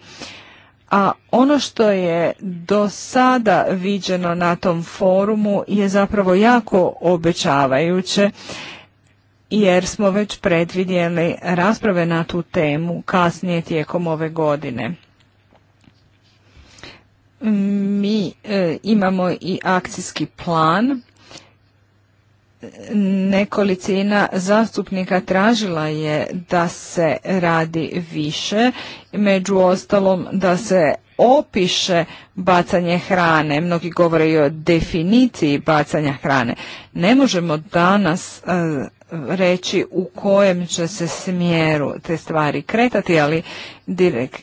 A ono što je do sada viđeno na tom forumu je zapravo jako obećavajuće jer smo već predvidjeli rasprave na tu temu kasnije tijekom ove godine. Mi e, imamo i akcijski plan. Nekolicina zastupnika tražila je da se radi više, među ostalom da se opiše bacanje hrane. Mnogi govore i o definiciji bacanja hrane. Ne možemo danas e, reći u kojem će se smjeru te stvari kretati, ali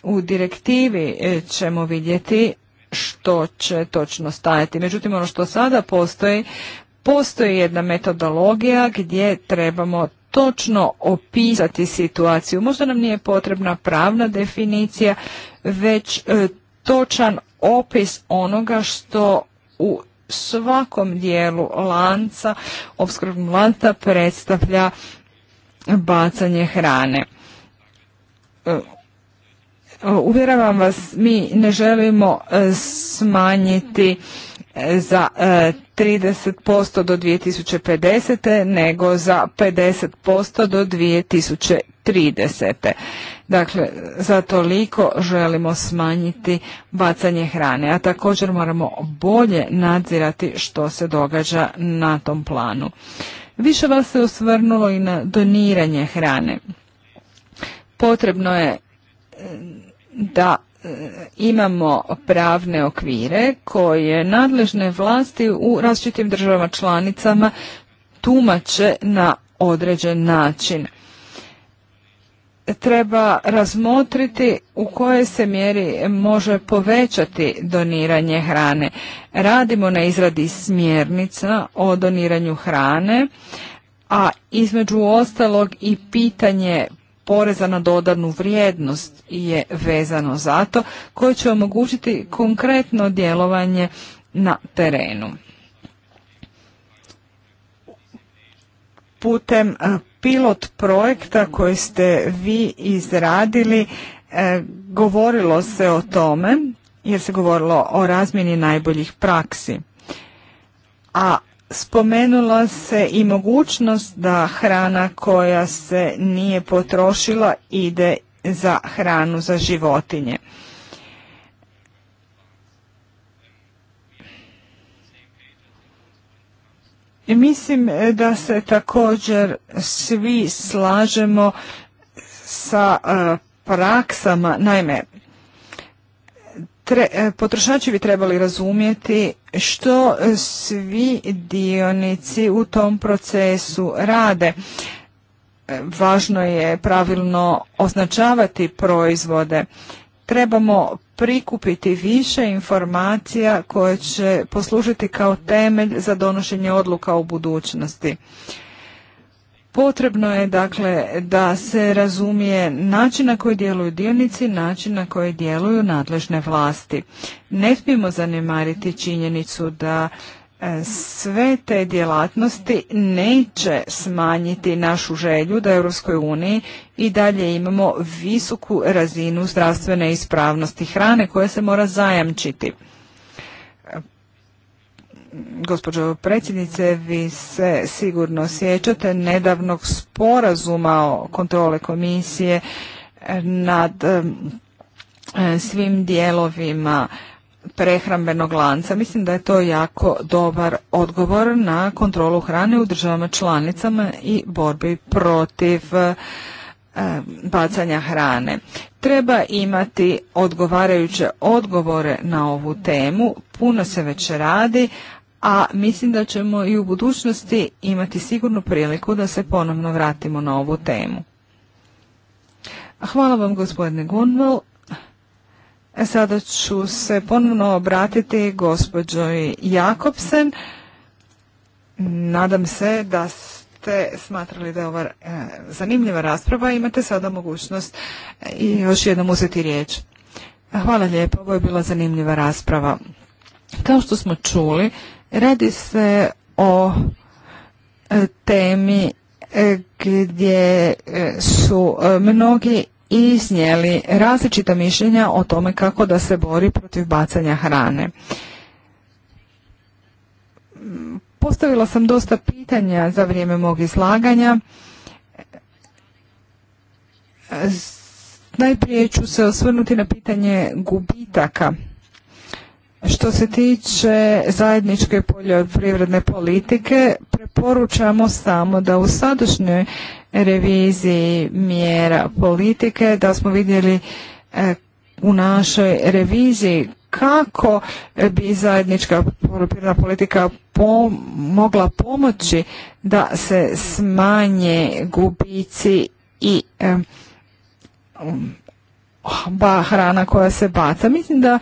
u direktivi e, ćemo vidjeti što će točno stajati. Međutim, ono što sada postoji, postoji jedna metodologija gdje trebamo točno opisati situaciju. Možda nam nije potrebna pravna definicija, već e, točan opis onoga što u svakom dijelu lanca, opskrbnog lanca predstavlja bacanje hrane. E, Uvjeravam vas, mi ne želimo e, smanjiti e, za 30% e, do 2050. nego za 50% do 2030. Dakle, za toliko želimo smanjiti bacanje hrane, a također moramo bolje nadzirati što se događa na tom planu. Više vas se osvrnulo i na doniranje hrane. Potrebno je da e, imamo pravne okvire koje nadležne vlasti u različitim državama članicama tumače na određen način. Treba razmotriti u kojoj se mjeri može povećati doniranje hrane. Radimo na izradi smjernica o doniranju hrane, a između ostalog i pitanje poreza na dodanu vrijednost je vezano za to koje će omogućiti konkretno djelovanje na terenu. Putem e, pilot projekta koji ste vi izradili e, govorilo se o tome jer se govorilo o razmjeni najboljih praksi. A Spomenula se i mogućnost da hrana koja se nije potrošila ide za hranu za životinje. Mislim e, da se također svi slažemo sa e, praksama. Naime, E, potrošači bi trebali razumjeti što e, svi dionici u tom procesu rade. E, važno je pravilno označavati proizvode. Trebamo prikupiti više informacija koje će poslužiti kao temelj za donošenje odluka u budućnosti. Potrebno je dakle da se razumije način na koji djeluju dionici, način na koji djeluju nadležne vlasti. Ne smijemo zanemariti činjenicu da e, sve te djelatnosti neće smanjiti našu želju da Europskoj uniji i dalje imamo visoku razinu zdravstvene ispravnosti hrane koja se mora zajamčiti gospođo predsjednice, vi se sigurno sjećate nedavnog sporazuma o kontrole komisije nad svim dijelovima prehrambenog lanca. Mislim da je to jako dobar odgovor na kontrolu hrane u državama članicama i borbi protiv bacanja hrane. Treba imati odgovarajuće odgovore na ovu temu, puno se već radi, a mislim da ćemo i u budućnosti imati sigurnu priliku da se ponovno vratimo na ovu temu. Hvala vam gospodine Gunval. E, sada ću se ponovno obratiti gospođoj Jakobsen. Nadam se da ste smatrali da je ova e, zanimljiva rasprava. Imate sada mogućnost e, i još jednom uzeti riječ. Hvala lijepo, ovo je bila zanimljiva rasprava. Kao što smo čuli, Radi se o e, temi e, gdje e, su mnogi iznijeli različita mišljenja o tome kako da se bori protiv bacanja hrane. Postavila sam dosta pitanja za vrijeme mog izlaganja. Najprije ću se osvrnuti na pitanje gubitaka. Što se tiče zajedničke poljoprivredne politike, preporučamo samo da u sadašnjoj reviziji mjera politike, da smo vidjeli e, u našoj reviziji kako bi zajednička poljoprivredna politika mogla pomoći da se smanje gubici i e, um, ba, hrana koja se baca. Mislim da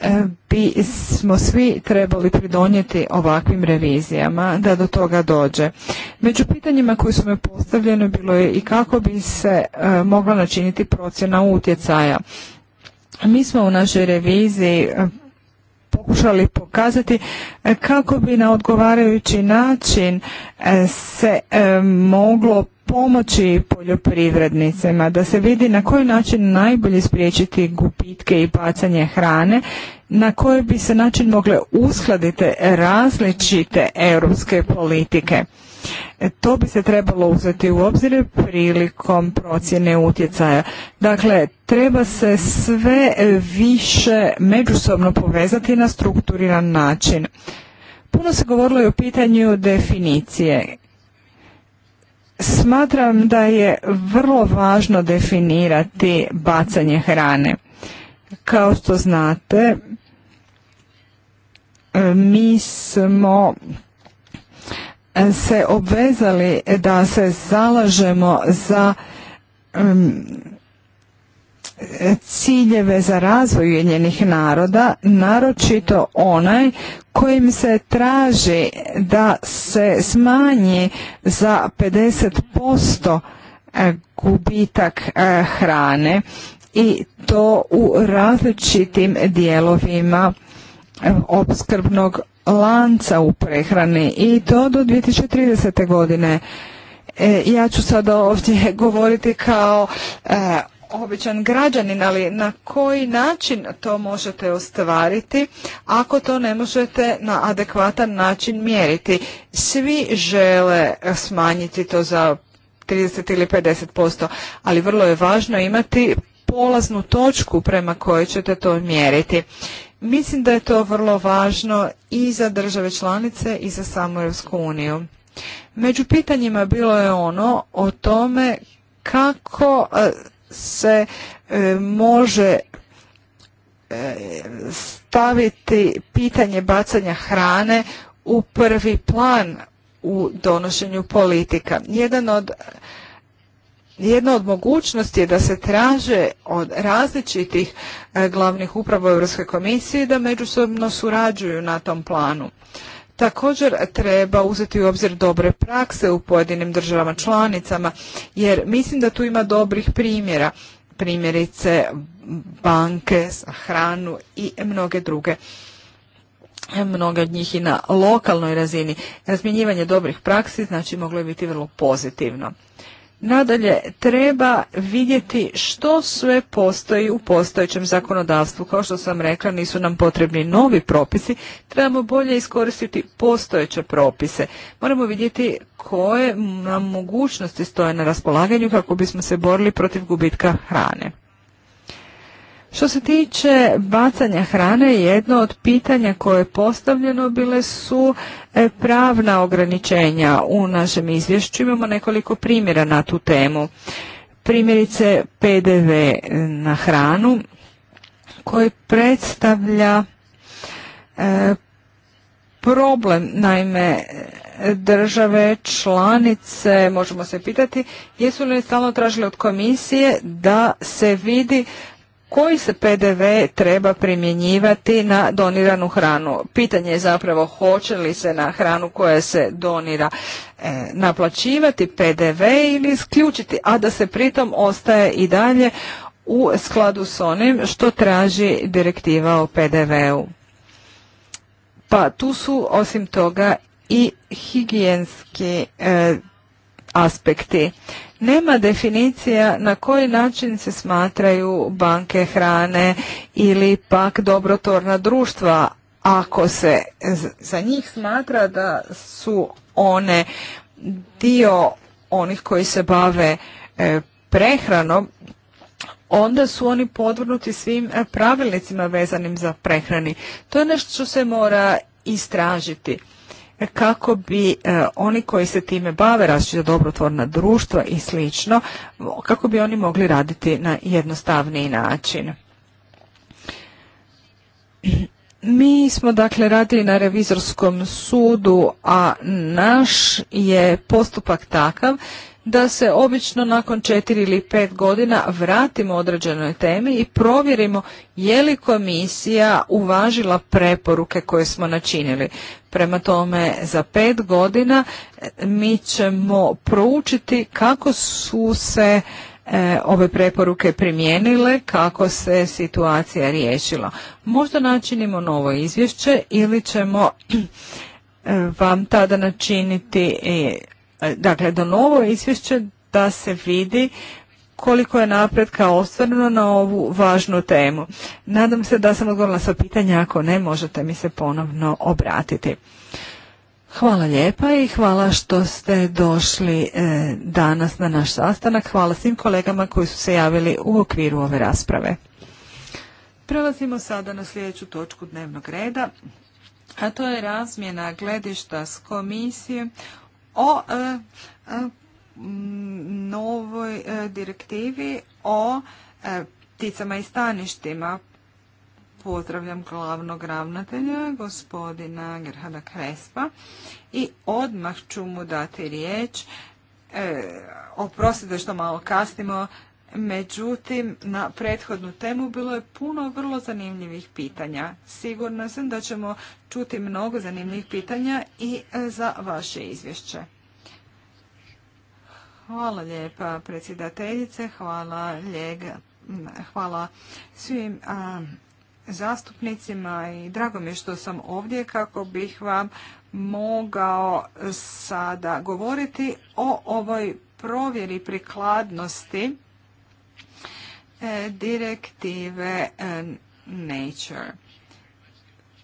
E, bi smo svi trebali pridonijeti ovakvim revizijama da do toga dođe. Među pitanjima koji su me postavljene bilo je i kako bi se e, mogla načiniti procjena utjecaja. Mi smo u našoj reviziji e, pokušali pokazati kako bi na odgovarajući način se moglo pomoći poljoprivrednicima, da se vidi na koji način najbolje spriječiti gubitke i bacanje hrane, na koji bi se način mogle uskladiti različite europske politike. E, to bi se trebalo uzeti u obzir prilikom procjene utjecaja. Dakle, treba se sve više međusobno povezati na strukturiran način. Puno se govorilo i o pitanju definicije. Smatram da je vrlo važno definirati bacanje hrane. Kao što znate, e, mi smo e, se obvezali da se zalažemo za ciljeve za razvoj Ujedinjenih naroda, naročito onaj kojim se traži da se smanji za 50% e, gubitak e, hrane i to u različitim dijelovima e, opskrbnog lanca u prehrani i to do 2030. godine. ja ću sada ovdje govoriti kao običan građanin, ali na koji način to možete ostvariti ako to ne možete na adekvatan način mjeriti? Svi žele smanjiti to za 30 ili 50%, ali vrlo je važno imati polaznu točku prema kojoj ćete to mjeriti. Mislim da je to vrlo važno i za države članice i za samu Europsku uniju. Među pitanjima bilo je ono o tome kako e, se e, može e, staviti pitanje bacanja hrane u prvi plan u donošenju politika. Jedan od jedna od mogućnosti je da se traže od različitih e, glavnih uprava Europske komisije da međusobno surađuju na tom planu. Također treba uzeti u obzir dobre prakse u pojedinim državama članicama, jer mislim da tu ima dobrih primjera, primjerice banke, hranu i mnoge druge mnoge od njih i na lokalnoj razini. Razmjenjivanje dobrih praksi znači moglo je biti vrlo pozitivno. Nadalje, treba vidjeti što sve postoji u postojećem zakonodavstvu. Kao što sam rekla, nisu nam potrebni novi propisi, trebamo bolje iskoristiti postojeće propise. Moramo vidjeti koje nam mogućnosti stoje na raspolaganju kako bismo se borili protiv gubitka hrane. Što se tiče bacanja hrane, jedno od pitanja koje je postavljeno bile su e, pravna ograničenja u našem izvješću. Imamo nekoliko primjera na tu temu. Primjerice PDV na hranu koji predstavlja e, problem, naime, države, članice, možemo se pitati, jesu li stalno tražili od komisije da se vidi koji se PDV treba primjenjivati na doniranu hranu. Pitanje je zapravo hoće li se na hranu koja se donira e, naplaćivati PDV ili isključiti, a da se pritom ostaje i dalje u skladu s onim što traži direktiva o PDV-u. Pa tu su osim toga i higijenski e, aspekti. Nema definicija na koji način se smatraju banke hrane ili pak dobrotorna društva ako se za njih smatra da su one dio onih koji se bave e, prehranom, onda su oni podvrnuti svim e, pravilnicima vezanim za prehrani. To je nešto što se mora istražiti kako bi e, oni koji se time bave, različita dobrotvorna društva i slično, kako bi oni mogli raditi na jednostavniji način. Mi smo dakle radili na revizorskom sudu, a naš je postupak takav da se obično nakon četiri ili pet godina vratimo određenoj temi i provjerimo je li komisija uvažila preporuke koje smo načinili. Prema tome, za pet godina e, mi ćemo proučiti kako su se e, ove preporuke primijenile, kako se situacija riješila. Možda načinimo novo izvješće ili ćemo e, vam tada načiniti E, dakle do novo izvješće da se vidi koliko je napretka ostvareno na ovu važnu temu. Nadam se da sam odgovorila sva pitanja, ako ne možete mi se ponovno obratiti. Hvala lijepa i hvala što ste došli e, danas na naš sastanak. Hvala svim kolegama koji su se javili u okviru ove rasprave. Prelazimo sada na sljedeću točku dnevnog reda, a to je razmjena gledišta s komisijom o e, e, novoj e, direktivi o pticama i staništima. Pozdravljam glavnog ravnatelja, gospodina Gerhada Krespa i odmah ću mu dati riječ. o oprostite što malo kasnimo, Međutim, na prethodnu temu bilo je puno vrlo zanimljivih pitanja. Sigurna sam da ćemo čuti mnogo zanimljivih pitanja i e, za vaše izvješće. Hvala lijepa predsjedateljice, hvala hvala svim zastupnicima i drago mi je što sam ovdje kako bih vam mogao sada govoriti o ovoj provjeri prikladnosti E, direktive e, Nature.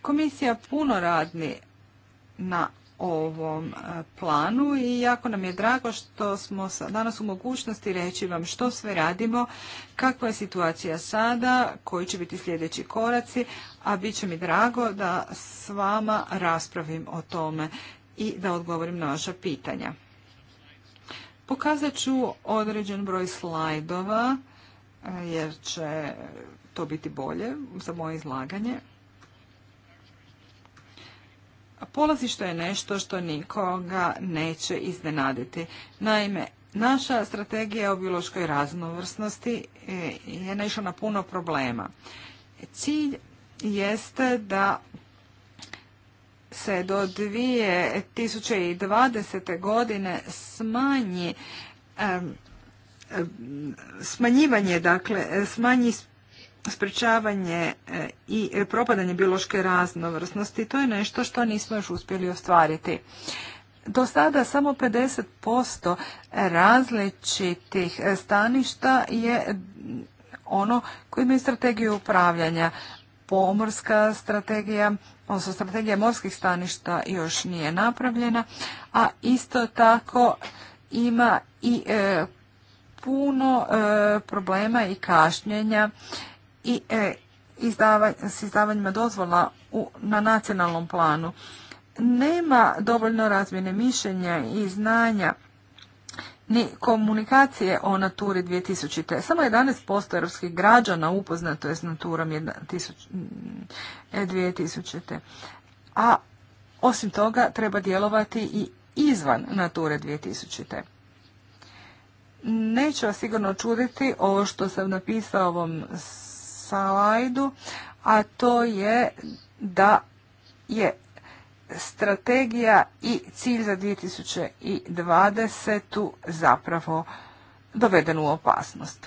Komisija puno radni na ovom e, planu i jako nam je drago što smo danas u mogućnosti reći vam što sve radimo, kakva je situacija sada, koji će biti sljedeći koraci, a bit će mi drago da s vama raspravim o tome i da odgovorim na vaša pitanja. Pokazat ću određen broj slajdova jer će to biti bolje za moje izlaganje. Polazište je nešto što nikoga neće iznenaditi. Naime, naša strategija o biološkoj raznovrsnosti e, je naišla na puno problema. Cilj jeste da se do 2020. godine smanji smanjivanje, dakle, smanji sprečavanje e, i propadanje biološke raznovrsnosti, to je nešto što nismo još uspjeli ostvariti. Do sada samo 50% različitih staništa je ono koji imaju strategiju upravljanja. Pomorska strategija, odnosno strategija morskih staništa još nije napravljena, a isto tako ima i e, puno e, problema i kašnjenja i e, s izdavanjima dozvola na nacionalnom planu. Nema dovoljno razmjene mišljenja i znanja ni komunikacije o Naturi 2000. Samo 11% europskih građana upoznato je s Naturom 2000. E, A osim toga treba djelovati i izvan Nature 2000. Neće vas sigurno čuditi ovo što sam napisao ovom slajdu, a to je da je strategija i cilj za 2020. zapravo doveden u opasnost.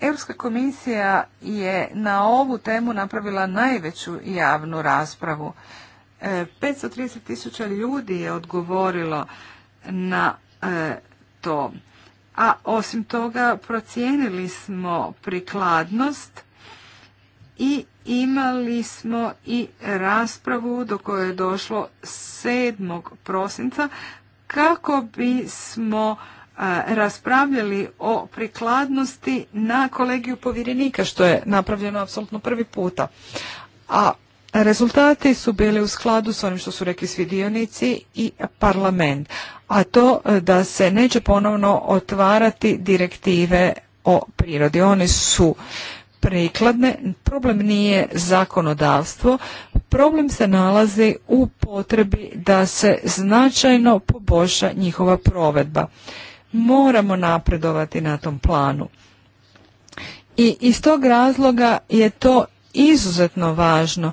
Europska komisija je na ovu temu napravila najveću javnu raspravu. 530 e, tisuća ljudi je odgovorilo na e, to. A osim toga procijenili smo prikladnost i imali smo i raspravu do koje je došlo 7. prosinca kako bismo e, raspravljali o prikladnosti na kolegiju povjerenika, što je napravljeno apsolutno prvi puta. A Rezultati su bili u skladu s onim što su rekli svi dionici i parlament, a to e, da se neće ponovno otvarati direktive o prirodi. One su prikladne, problem nije zakonodavstvo, problem se nalazi u potrebi da se značajno poboljša njihova provedba. Moramo napredovati na tom planu. I iz tog razloga je to izuzetno važno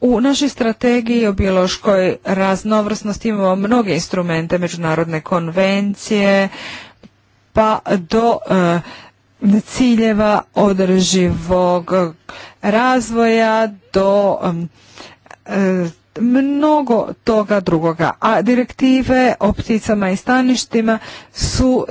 u našoj strategiji o biološkoj raznovrsnosti imamo mnoge instrumente, međunarodne konvencije, pa do e, ciljeva održivog razvoja, do e, mnogo toga drugoga. A direktive o pticama i staništima su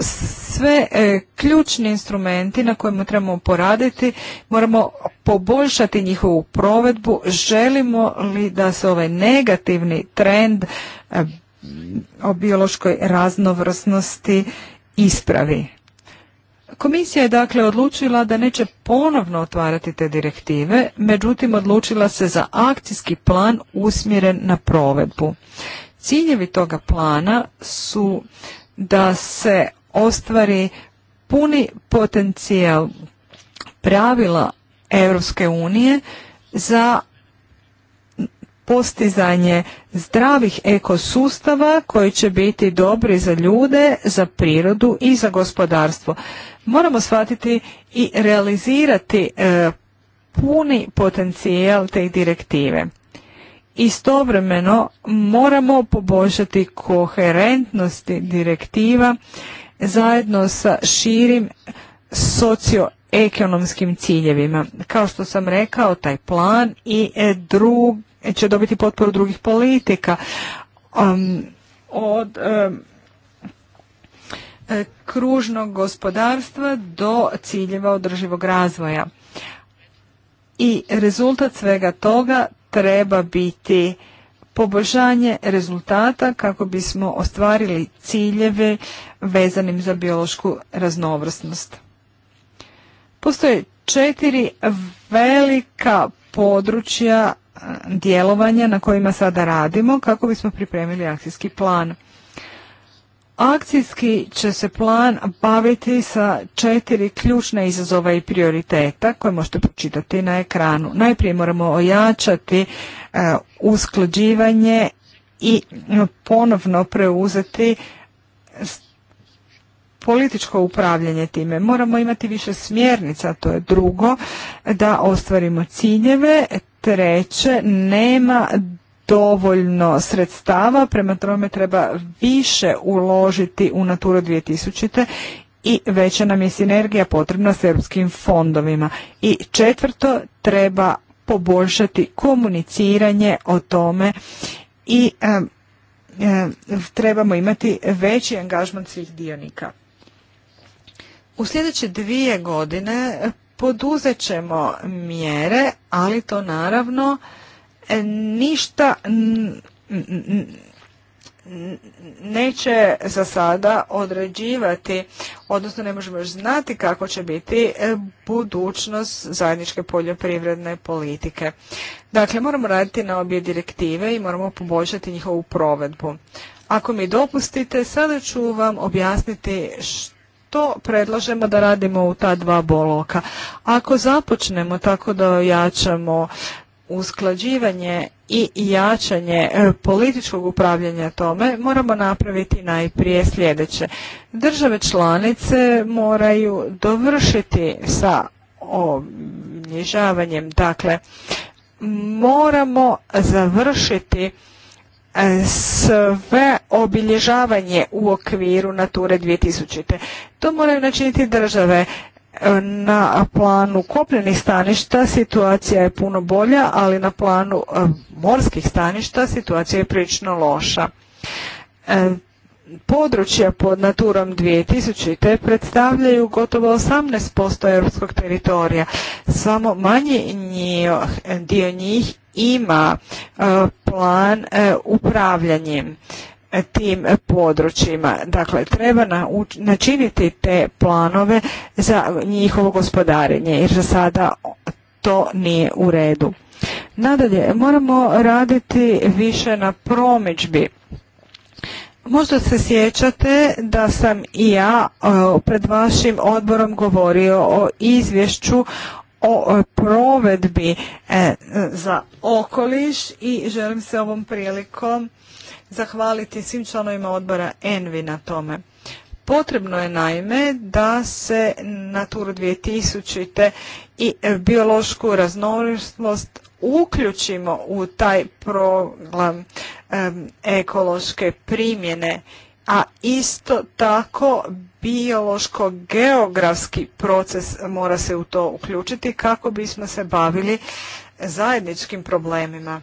sve e, ključni instrumenti na kojima trebamo poraditi. Moramo poboljšati njihovu provedbu. Želimo li da se ovaj negativni trend e, o biološkoj raznovrsnosti ispravi. Komisija je dakle odlučila da neće ponovno otvarati te direktive, međutim odlučila se za akcijski plan usmjeren na provedbu. Ciljevi toga plana su da se ostvari puni potencijal pravila Europske unije za postizanje zdravih ekosustava koji će biti dobri za ljude, za prirodu i za gospodarstvo moramo shvatiti i realizirati e, puni potencijal te direktive. Istovremeno moramo poboljšati koherentnosti direktiva zajedno sa širim socioekonomskim ciljevima. Kao što sam rekao, taj plan i e, drug, će dobiti potporu drugih politika. od E, kružnog gospodarstva do ciljeva održivog razvoja. I rezultat svega toga treba biti poboljšanje rezultata kako bismo ostvarili ciljeve vezanim za biološku raznovrsnost. Postoje četiri velika područja e, djelovanja na kojima sada radimo kako bismo pripremili akcijski plan. Akcijski će se plan baviti sa četiri ključna izazova i prioriteta koje možete pročitati na ekranu. Najprije moramo ojačati e, usklađivanje i ponovno preuzeti političko upravljanje time. Moramo imati više smjernica, to je drugo, da ostvarimo ciljeve. Treće, nema dovoljno sredstava, prema tome treba više uložiti u Naturu 2000 i veća nam je sinergija potrebna s europskim fondovima. I četvrto, treba poboljšati komuniciranje o tome i trebamo imati veći angažman svih dionika. U sljedeće dvije godine poduzet ćemo mjere, ali to naravno E, ništa neće za sada određivati, odnosno ne možemo još znati kako će biti e, budućnost zajedničke poljoprivredne politike. Dakle, moramo raditi na obje direktive i moramo poboljšati njihovu provedbu. Ako mi dopustite, sada ću vam objasniti što predlažemo da radimo u ta dva boloka. Ako započnemo tako da ojačamo usklađivanje i jačanje e, političkog upravljanja tome moramo napraviti najprije sljedeće. Države članice moraju dovršiti sa obilježavanjem, dakle moramo završiti e, sve obilježavanje u okviru Nature 2000. To moraju načiniti države. Na planu kopljenih staništa situacija je puno bolja, ali na planu e, morskih staništa situacija je prilično loša. E, područja pod naturom 2000 te predstavljaju gotovo 18% europskog teritorija. Samo manji dio njih ima e, plan upravljanjem tim područjima. Dakle, treba načiniti te planove za njihovo gospodarenje jer za sada to nije u redu. Nadalje, moramo raditi više na promičbi. Možda se sjećate da sam i ja e, pred vašim odborom govorio o izvješću o e, provedbi e, za okoliš i želim se ovom prilikom zahvaliti svim članovima odbora Envi na tome. Potrebno je naime da se Naturu 2000 i biološku raznovrstvost uključimo u taj program ekološke primjene, a isto tako biološko-geografski proces mora se u to uključiti kako bismo se bavili zajedničkim problemima.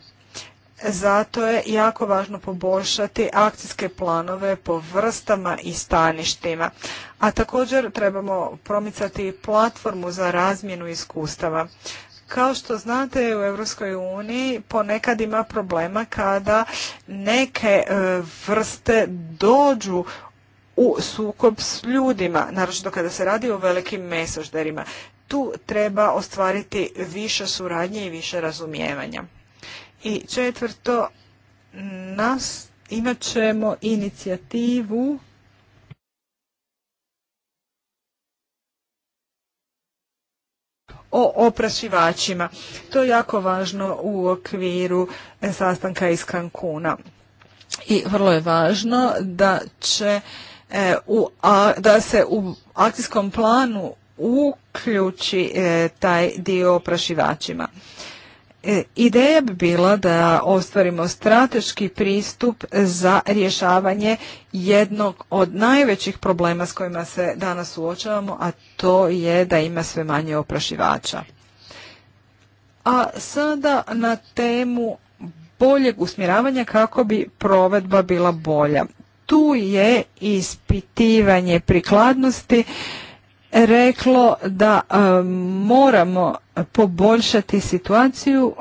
Zato je jako važno poboljšati akcijske planove po vrstama i staništima. A također trebamo promicati platformu za razmjenu iskustava. Kao što znate u Europskoj uniji ponekad ima problema kada neke e, vrste dođu u sukob s ljudima, naročito kada se radi o velikim mesožderima. Tu treba ostvariti više suradnje i više razumijevanja. I četvrto, nas imat ćemo inicijativu o oprašivačima. To je jako važno u okviru sastanka iz Kankuna. I vrlo je važno da će e, u, a, da se u akcijskom planu uključi e, taj dio oprašivačima. E, ideja bi bila da ostvarimo strateški pristup za rješavanje jednog od najvećih problema s kojima se danas suočavamo, a to je da ima sve manje oprašivača. A sada na temu boljeg usmjeravanja kako bi provedba bila bolja. Tu je ispitivanje prikladnosti reklo da moramo poboljšati situaciju,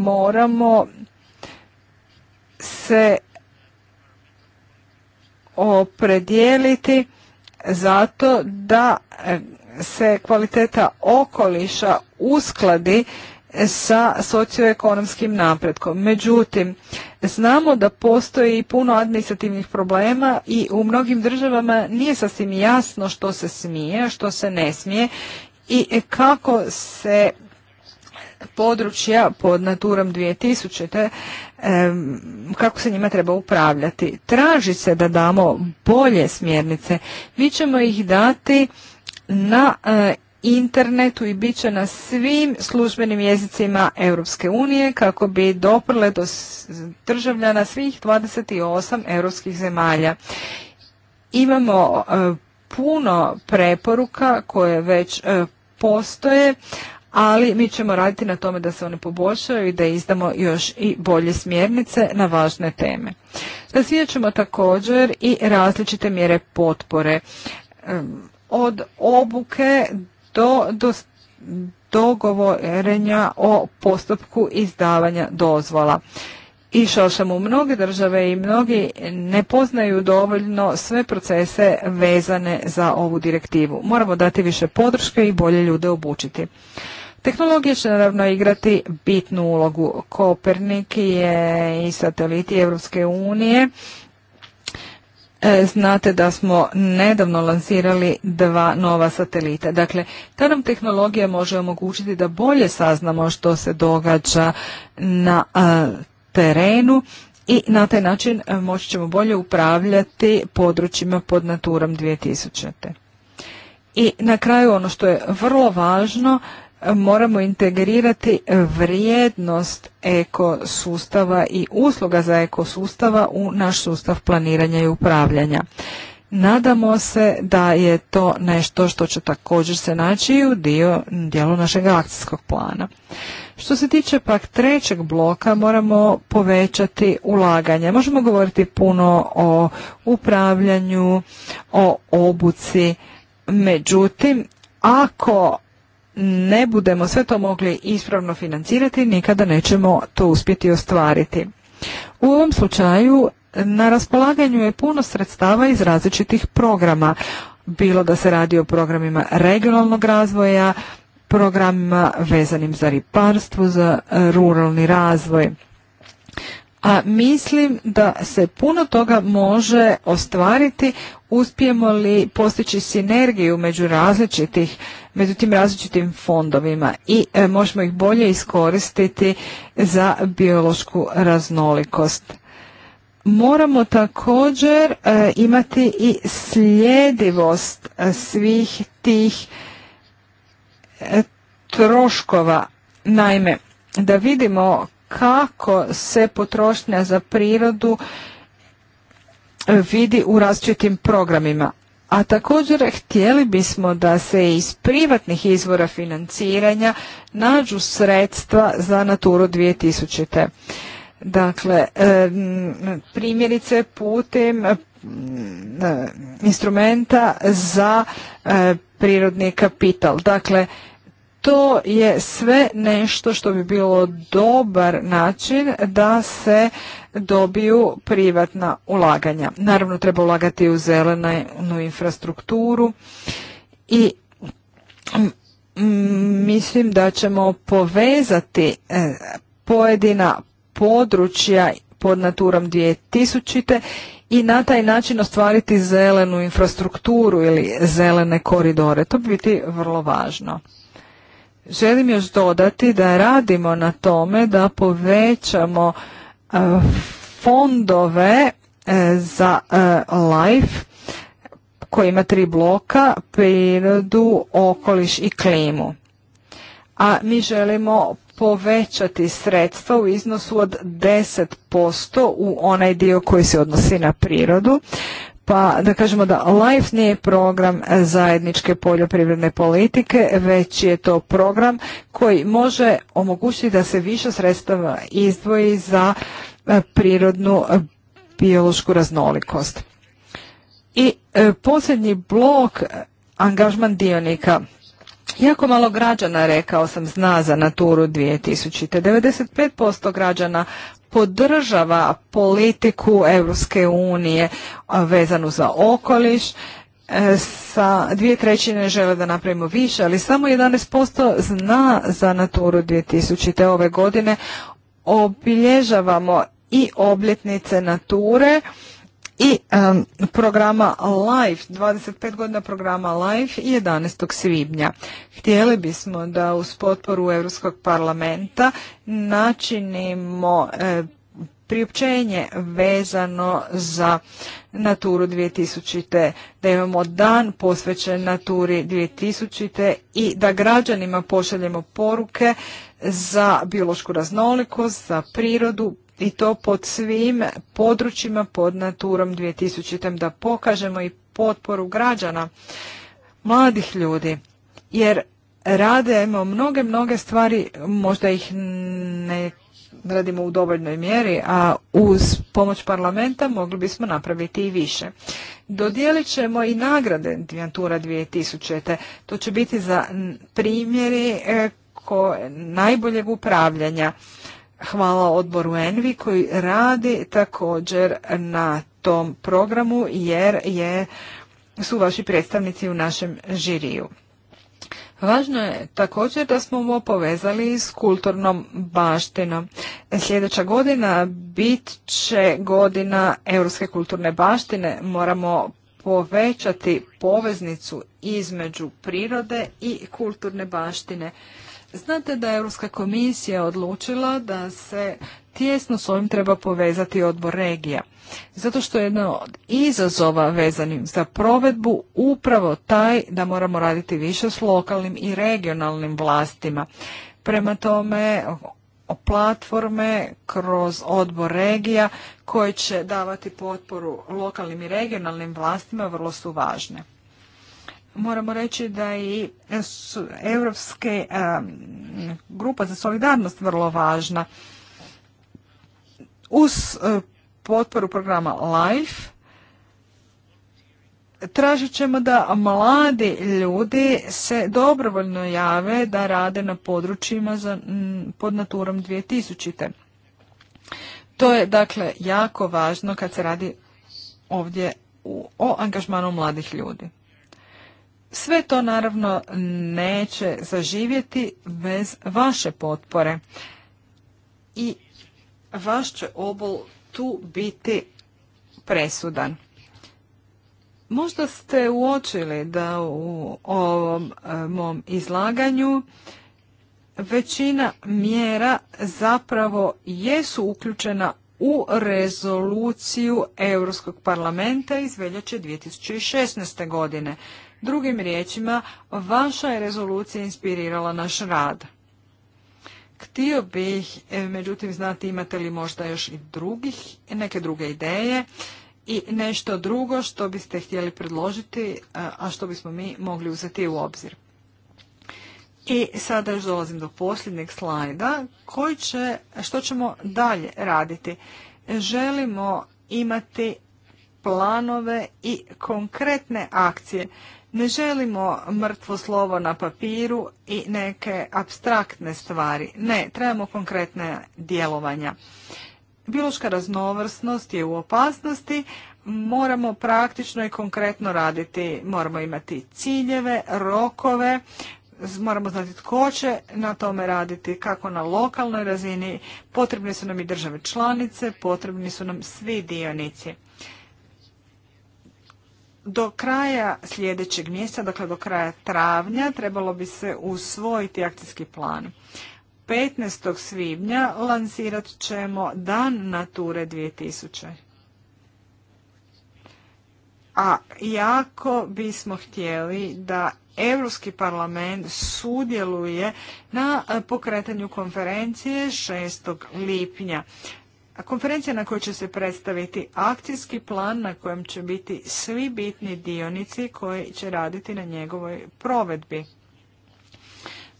moramo se opredijeliti zato da se kvaliteta okoliša uskladi sa socioekonomskim napretkom. Međutim, znamo da postoji puno administrativnih problema i u mnogim državama nije sasvim jasno što se smije, što se ne smije i kako se područja pod naturom 2000. kako se njima treba upravljati. Traži se da damo bolje smjernice. Mi ćemo ih dati na eh, internetu i bit će na svim službenim jezicima Europske unije kako bi doprle do državljana svih 28 europskih zemalja. Imamo e, puno preporuka koje već e, postoje, ali mi ćemo raditi na tome da se one poboljšaju i da izdamo još i bolje smjernice na važne teme. Razvijat ćemo također i različite mjere potpore. od obuke do dogovorenja o postupku izdavanja dozvola. Išao sam u mnoge države i mnogi ne poznaju dovoljno sve procese vezane za ovu direktivu. Moramo dati više podrške i bolje ljude obučiti. Tehnologija će naravno igrati bitnu ulogu. Kopernik je i sateliti Europske unije E, znate da smo nedavno lansirali dva nova satelita. Dakle, ta nam tehnologija može omogućiti da bolje saznamo što se događa na e, terenu i na taj način e, moći ćemo bolje upravljati područjima pod naturom 2000. I na kraju ono što je vrlo važno moramo integrirati vrijednost ekosustava i usluga za ekosustava u naš sustav planiranja i upravljanja. Nadamo se da je to nešto što će također se naći u dio, dijelu našeg akcijskog plana. Što se tiče pak trećeg bloka, moramo povećati ulaganje. Možemo govoriti puno o upravljanju, o obuci, međutim, ako ne budemo sve to mogli ispravno financirati, nikada nećemo to uspjeti ostvariti. U ovom slučaju na raspolaganju je puno sredstava iz različitih programa, bilo da se radi o programima regionalnog razvoja, programima vezanim za riparstvo, za eh, ruralni razvoj a mislim da se puno toga može ostvariti uspijemo li postići sinergiju među različitih među tim različitim fondovima i e, možemo ih bolje iskoristiti za biološku raznolikost moramo također e, imati i sljedivost e, svih tih troškova naime da vidimo kako se potrošnja za prirodu e, vidi u različitim programima. A također htjeli bismo da se iz privatnih izvora financiranja nađu sredstva za Naturu 2000. Dakle, e, primjerice putem e, instrumenta za prirodni kapital. Dakle, to je sve nešto što bi bilo dobar način da se dobiju privatna ulaganja. Naravno treba ulagati u zelenu infrastrukturu i mislim da ćemo povezati e, pojedina područja pod naturom 2000 i na taj način ostvariti zelenu infrastrukturu ili zelene koridore. To bi biti vrlo važno. Želim još dodati da radimo na tome da povećamo e, fondove e, za e, life koji ima tri bloka, prirodu, okoliš i klimu. A mi želimo povećati sredstva u iznosu od 10% u onaj dio koji se odnosi na prirodu, pa da kažemo da LIFE nije program zajedničke poljoprivredne politike, već je to program koji može omogućiti da se više sredstava izdvoji za e, prirodnu e, biološku raznolikost. I e, posljednji blok, angažman dionika. Jako malo građana, rekao sam, zna za Naturu 2000. 95% građana podržava politiku Europske unije vezanu za okoliš. E, sa dvije trećine žele da napravimo više, ali samo 11% zna za Naturu 2000. Te ove godine obilježavamo i obljetnice Nature i programa LIFE, 25 godina programa LIFE 11. svibnja. Htjeli bismo da uz potporu Europskog parlamenta načinimo e, priopćenje vezano za Naturu 2000. Da imamo dan posvećen Naturi 2000. i da građanima pošaljemo poruke za biološku raznolikost, za prirodu, i to pod svim područjima pod naturom 2000. Da pokažemo i potporu građana, mladih ljudi, jer radimo mnoge, mnoge stvari, možda ih ne radimo u dovoljnoj mjeri, a uz pomoć parlamenta mogli bismo napraviti i više. Dodijelit ćemo i nagrade Dijantura 2000. To će biti za primjeri e, najboljeg upravljanja. Hvala odboru Envi koji radi također na tom programu jer je, su vaši predstavnici u našem žiriju. Važno je također da smo ovo povezali s kulturnom baštinom. Sljedeća godina bit će godina Europske kulturne baštine. Moramo povećati poveznicu između prirode i kulturne baštine. Znate da je Europska komisija odlučila da se tijesno s ovim treba povezati odbor regija. Zato što je jedna od izazova vezanim za provedbu upravo taj da moramo raditi više s lokalnim i regionalnim vlastima. Prema tome, platforme kroz odbor regija koje će davati potporu lokalnim i regionalnim vlastima vrlo su važne moramo reći da i Europske grupa za solidarnost vrlo važna. Uz e, potporu programa LIFE tražit ćemo da mladi ljudi se dobrovoljno jave da rade na područjima pod naturom 2000. To je dakle jako važno kad se radi ovdje o angažmanu mladih ljudi. Sve to naravno neće zaživjeti bez vaše potpore. I vaš će obol tu biti presudan. Možda ste uočili da u ovom e, mom izlaganju većina mjera zapravo jesu uključena u rezoluciju Europskog parlamenta iz veljače 2016. godine. Drugim riječima, vaša je rezolucija inspirirala naš rad. Htio bih, e, međutim, znati imate li možda još i drugih, neke druge ideje i nešto drugo što biste htjeli predložiti, e, a što bismo mi mogli uzeti u obzir. I sada još dolazim do posljednjeg slajda, koji će, što ćemo dalje raditi. Želimo imati planove i konkretne akcije. Ne želimo mrtvo slovo na papiru i neke abstraktne stvari. Ne, trebamo konkretne djelovanja. Biološka raznovrsnost je u opasnosti, moramo praktično i konkretno raditi. Moramo imati ciljeve, rokove, moramo znati tko će na tome raditi, kako na lokalnoj razini. Potrebne su nam i države članice, potrebni su nam svi dionici do kraja sljedećeg mjeseca, dakle do kraja travnja, trebalo bi se usvojiti akcijski plan. 15. svibnja lansirat ćemo Dan Nature 2000. A jako bismo htjeli da Europski parlament sudjeluje na pokretanju konferencije 6. lipnja konferencija na kojoj će se predstaviti akcijski plan na kojem će biti svi bitni dionici koji će raditi na njegovoj provedbi.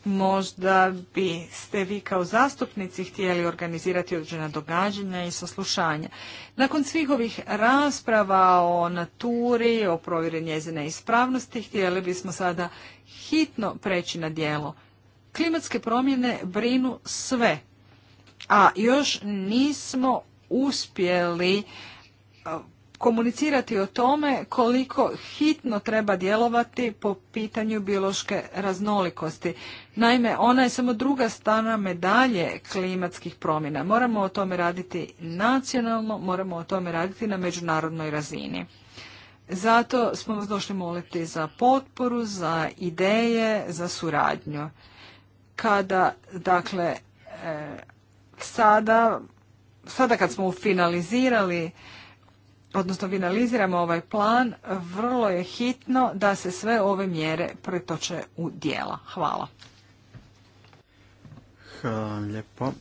Možda biste vi kao zastupnici htjeli organizirati određena događanja i saslušanja. Nakon svih ovih rasprava o naturi, o provjeri njezine ispravnosti, htjeli bismo sada hitno preći na dijelo. Klimatske promjene brinu sve a još nismo uspjeli e, komunicirati o tome koliko hitno treba djelovati po pitanju biološke raznolikosti. Naime, ona je samo druga strana medalje klimatskih promjena. Moramo o tome raditi nacionalno, moramo o tome raditi na međunarodnoj razini. Zato smo vas došli moliti za potporu, za ideje, za suradnju. Kada, dakle, e, sada, sada kad smo finalizirali odnosno finaliziramo ovaj plan, vrlo je hitno da se sve ove mjere pretoče u dijela. Hvala. lijepo.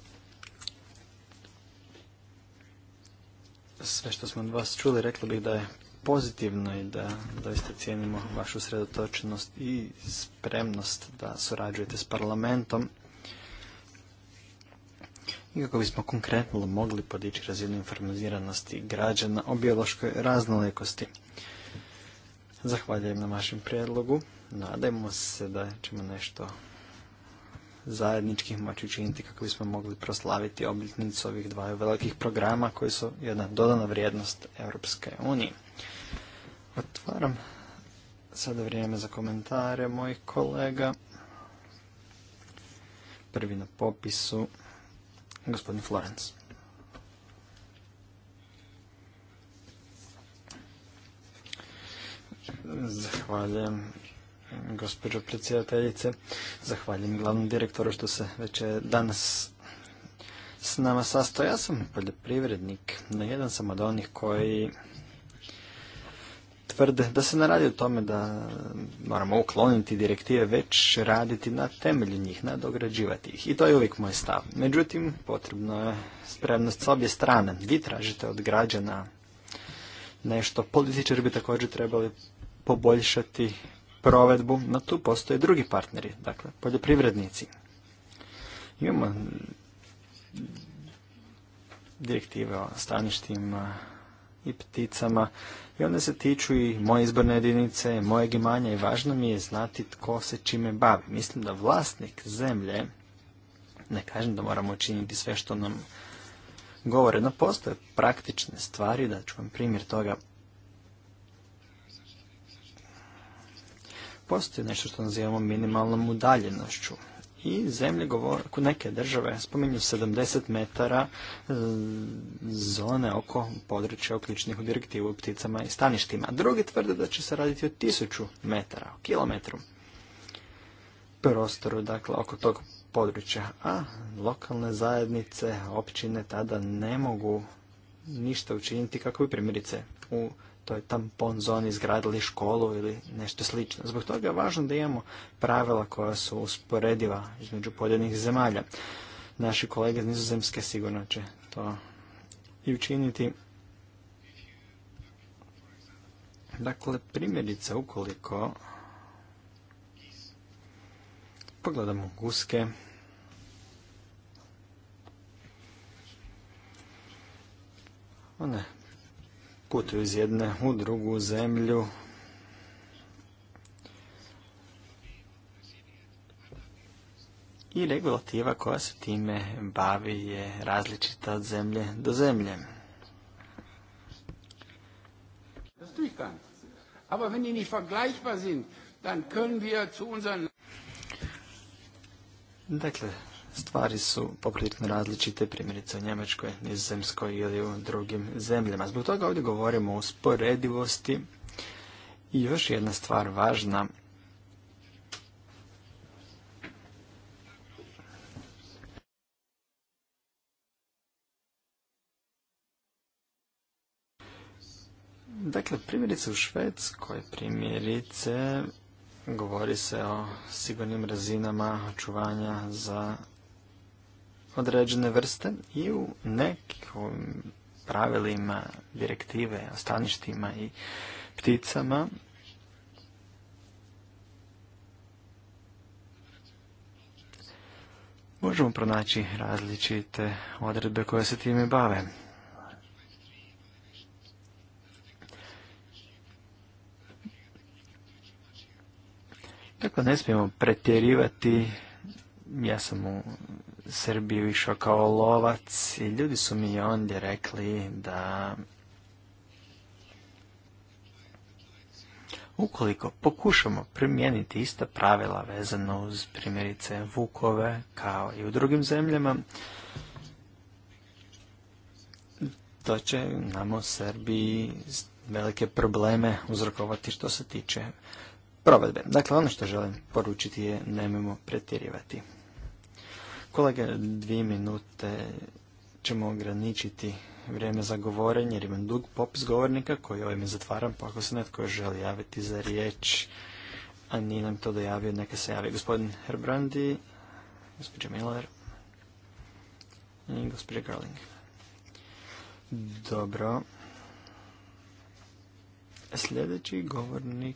Sve što smo od vas čuli, rekli bih da je pozitivno i da doista cijenimo vašu sredotočenost i spremnost da surađujete s parlamentom i kako bismo konkretno mogli podići razinu informiranosti građana o biološkoj raznolikosti. Zahvaljujem na vašem prijedlogu. Nadajmo se da ćemo nešto zajedničkih moći učiniti kako bismo mogli proslaviti obljetnicu ovih dvaju velikih programa koji su jedna dodana vrijednost Europske unije. Otvaram sada vrijeme za komentare mojih kolega. Prvi na popisu Gospodin Florenc. Zahvaljujem gospođo predsjedateljice. Zahvaljujem glavnom direktoru što se već danas s nama sastoja. Ja sam poljoprivrednik, no jedan sam od onih koji tvrde da se ne radi o tome da moramo ukloniti direktive, već raditi na temelju njih, nadograđivati ih. I to je uvijek moj stav. Međutim, potrebno je spremnost s obje strane. Vi tražite od građana nešto. Političari bi također trebali poboljšati provedbu, no tu postoje drugi partneri, dakle poljoprivrednici. Imamo direktive o staništima i pticama i onda se tiču i moje izborne jedinice, mojeg imanja i važno mi je znati tko se čime bavi. Mislim da vlasnik zemlje, ne kažem da moramo učiniti sve što nam govore, no postoje praktične stvari, da ću vam primjer toga. Postoji nešto što nazivamo minimalnom udaljenošću i zemlje govor, neke države spominju 70 metara e, zone oko područja uključenih u direktivu u pticama i staništima. Drugi tvrde da će se raditi o 1000 metara, o kilometru prostoru, dakle, oko tog područja. A lokalne zajednice, općine tada ne mogu ništa učiniti kako bi primjerice u toj tampon zoni izgradili školu ili nešto slično. Zbog toga je važno da imamo pravila koja su usporediva između pojedinih zemalja. Naši kolege iz Nizozemske sigurno će to i učiniti. Dakle, primjerice, ukoliko pogledamo guske, one putuju iz jedne u drugu zemlju i regulativa koja se time bavi je različita od zemlje do zemlje. Dakle, stvari su poprilično različite, primjerice u Njemačkoj, Nizozemskoj ili u drugim zemljama. Zbog toga ovdje govorimo o usporedivosti i još jedna stvar važna. Dakle, primjerice u Švedskoj, primjerice govori se o sigurnim razinama očuvanja za određene vrste i u nekim pravilima direktive o staništima i pticama možemo pronaći različite odredbe koje se time bave. Dakle, ne smijemo pretjerivati. Ja sam u Srbiju išao kao lovac i ljudi su mi ondje rekli da ukoliko pokušamo primijeniti ista pravila vezano uz primjerice vukove kao i u drugim zemljama, to će nam Srbiji velike probleme uzrokovati što se tiče provedbe. Dakle, ono što želim poručiti je nemojmo pretjerivati. Kolega, dvije minute ćemo ograničiti vrijeme za govorenje jer imam dug popis govornika koji ovime zatvaram pa ako se netko želi javiti za riječ a nije nam to dojavio neka se javi gospodin Herbrandi gospođa Miller i gospođa Garling dobro sljedeći govornik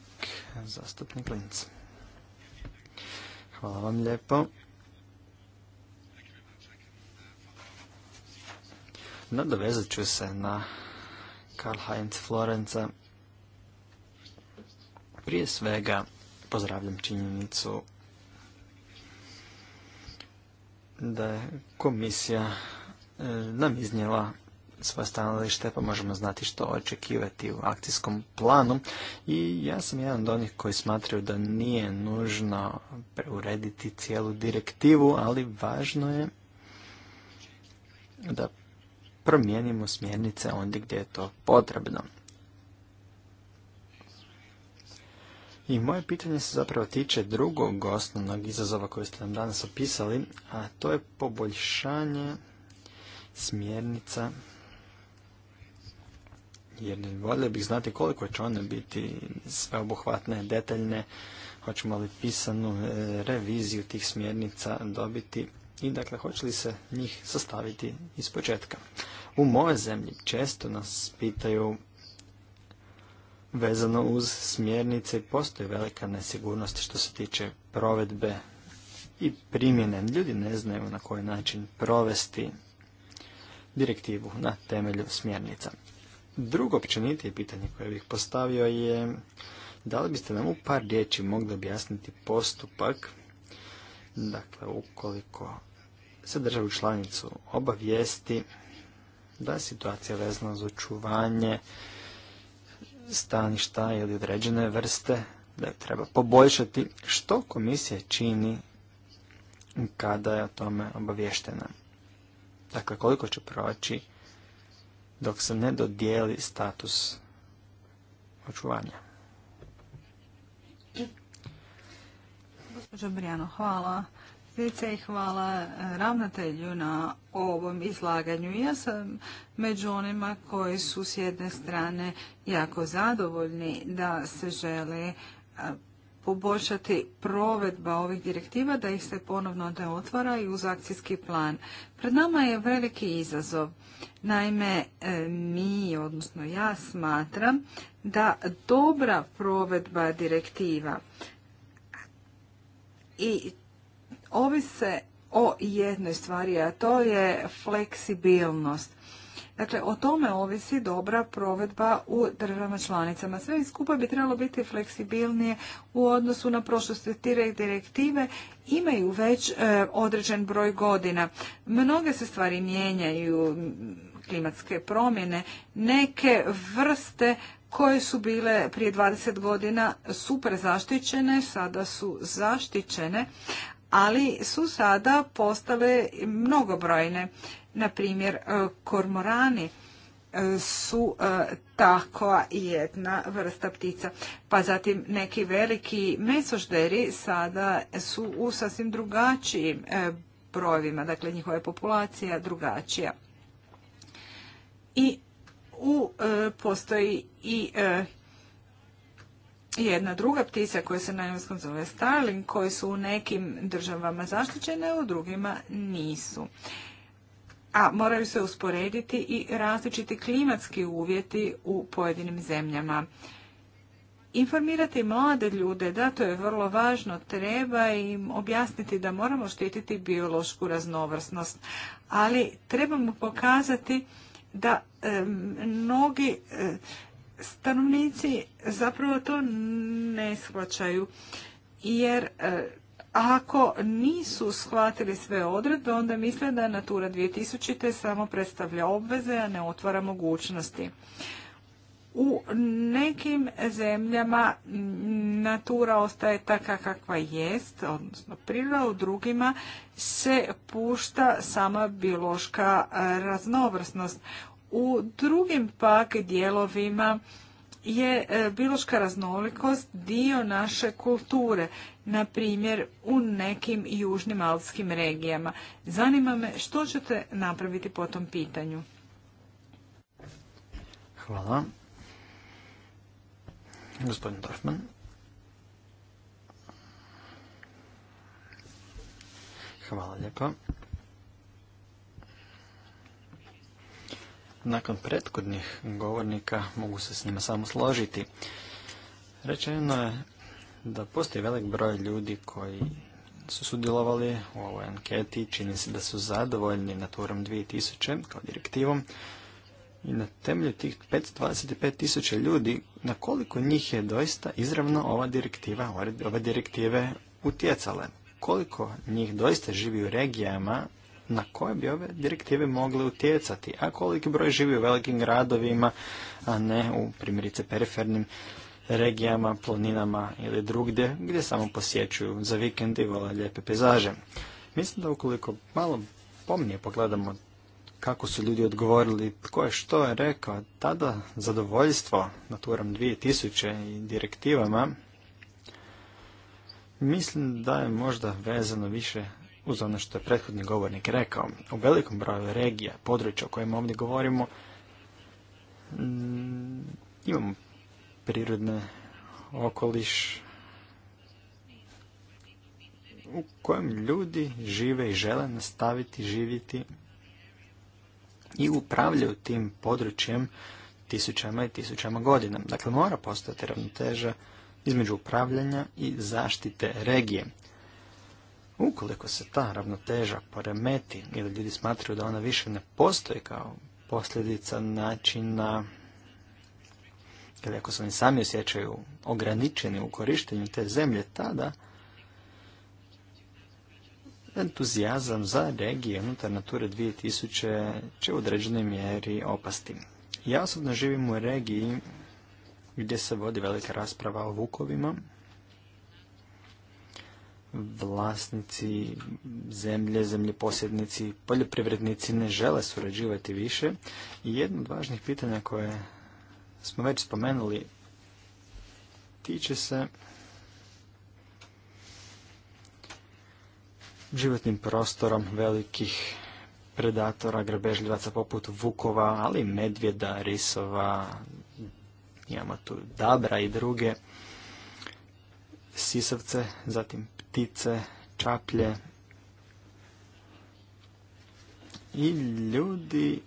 zastupnik Linc hvala vam lijepo Nadovezat ću se na Karl Heinz Florenca. Prije svega pozdravljam činjenicu da je komisija e, nam iznijela svoje stanovište, pa možemo znati što očekivati u akcijskom planu. I ja sam jedan od onih koji smatraju da nije nužno preurediti cijelu direktivu, ali važno je da promijenimo smjernice ondje gdje je to potrebno. I moje pitanje se zapravo tiče drugog osnovnog izazova koji ste nam danas opisali, a to je poboljšanje smjernica jer volio bih znati koliko će one biti sveobuhvatne, detaljne, hoćemo li pisanu e, reviziju tih smjernica dobiti i dakle hoće li se njih sastaviti iz početka. U moje zemlji često nas pitaju vezano uz smjernice i postoji velika nesigurnost što se tiče provedbe i primjene. Ljudi ne znaju na koji način provesti direktivu na temelju smjernica. Drugo općenitije pitanje koje bih postavio je da li biste nam u par riječi mogli objasniti postupak Dakle, ukoliko se državu članicu obavijesti da je situacija vezana za očuvanje staništa ili određene vrste, da je treba poboljšati što komisija čini kada je o tome obavještena. Dakle, koliko će proći dok se ne dodijeli status očuvanja. Gospođo hvala. i hvala e, ravnatelju na ovom izlaganju. Ja sam među onima koji su s jedne strane jako zadovoljni da se žele poboljšati provedba ovih direktiva, da ih se ponovno ne otvara i uz akcijski plan. Pred nama je veliki izazov. Naime, e, mi, odnosno ja smatram da dobra provedba direktiva, i ovise o jednoj stvari, a to je fleksibilnost. Dakle, o tome ovisi dobra provedba u državama članicama. Sve skupa bi trebalo biti fleksibilnije u odnosu na prošlosti. Tire direktive imaju već e, određen broj godina. Mnoge se stvari mijenjaju, klimatske promjene, neke vrste koje su bile prije 20 godina super zaštićene, sada su zaštićene, ali su sada postale mnogobrojne. Na primjer, e, kormorani e, su e, takva jedna vrsta ptica. Pa zatim neki veliki mesožderi sada su u sasvim drugačijim brojevima, dakle njihova je populacija drugačija. I u e, postoji i e, jedna druga ptica koja se na engleskom zove starling, koje su u nekim državama zaštićene, u drugima nisu. A moraju se usporediti i različiti klimatski uvjeti u pojedinim zemljama. Informirati mlade ljude, da to je vrlo važno, treba im objasniti da moramo štititi biološku raznovrsnost, ali trebamo pokazati da mnogi e, stanovnici zapravo to ne shvaćaju. Jer e, ako nisu shvatili sve odredbe, onda misle da Natura 2000 samo predstavlja obveze, a ne otvara mogućnosti. U nekim zemljama natura ostaje taka kakva jest, odnosno priroda, u drugima se pušta sama biološka raznovrsnost. U drugim pak dijelovima je e, biološka raznolikost dio naše kulture, na primjer u nekim južnim alpskim regijama. Zanima me što ćete napraviti po tom pitanju. Hvala. Gospodin Dorfman. Hvala lijepo. Nakon prethodnih govornika mogu se s njima samo složiti. Rečeno je da postoji velik broj ljudi koji su sudjelovali u ovoj anketi, čini se da su zadovoljni Naturom 2000 kao direktivom, i na temelju tih 525 tisuća ljudi, na koliko njih je doista izravno ova direktiva, ove direktive utjecale? Koliko njih doista živi u regijama na koje bi ove direktive mogle utjecati, a koliki broj živi u velikim gradovima, a ne u primjerice perifernim regijama, planinama ili drugdje gdje samo posjećuju za vikend i lijepe pezaže. Mislim da ukoliko malo pomnije pogledamo kako su ljudi odgovorili, tko je što je rekao, tada zadovoljstvo naturom 2000 i direktivama mislim da je možda vezano više uz ono što je prethodni govornik rekao. U velikom broju regija, područja o kojima ovdje govorimo, mm, imamo prirodne okoliš u kojem ljudi žive i žele nastaviti živjeti i upravljaju tim područjem tisućama i tisućama godina. Dakle, mora postojati ravnoteža između upravljanja i zaštite regije. Ukoliko se ta ravnoteža poremeti ili ljudi smatraju da ona više ne postoji kao posljedica načina ili ako se oni sami osjećaju ograničeni u korištenju te zemlje, tada entuzijazam za regije unutar Nature 2000 će u određenoj mjeri opasti. Ja osobno živim u regiji gdje se vodi velika rasprava o vukovima. Vlasnici zemlje, posjednici, poljoprivrednici ne žele surađivati više. I jedno od važnih pitanja koje smo već spomenuli tiče se životnim prostorom velikih predatora, grebežljivaca poput vukova, ali i medvjeda, risova, imamo tu dabra i druge sisavce, zatim ptice, čaplje i ljudi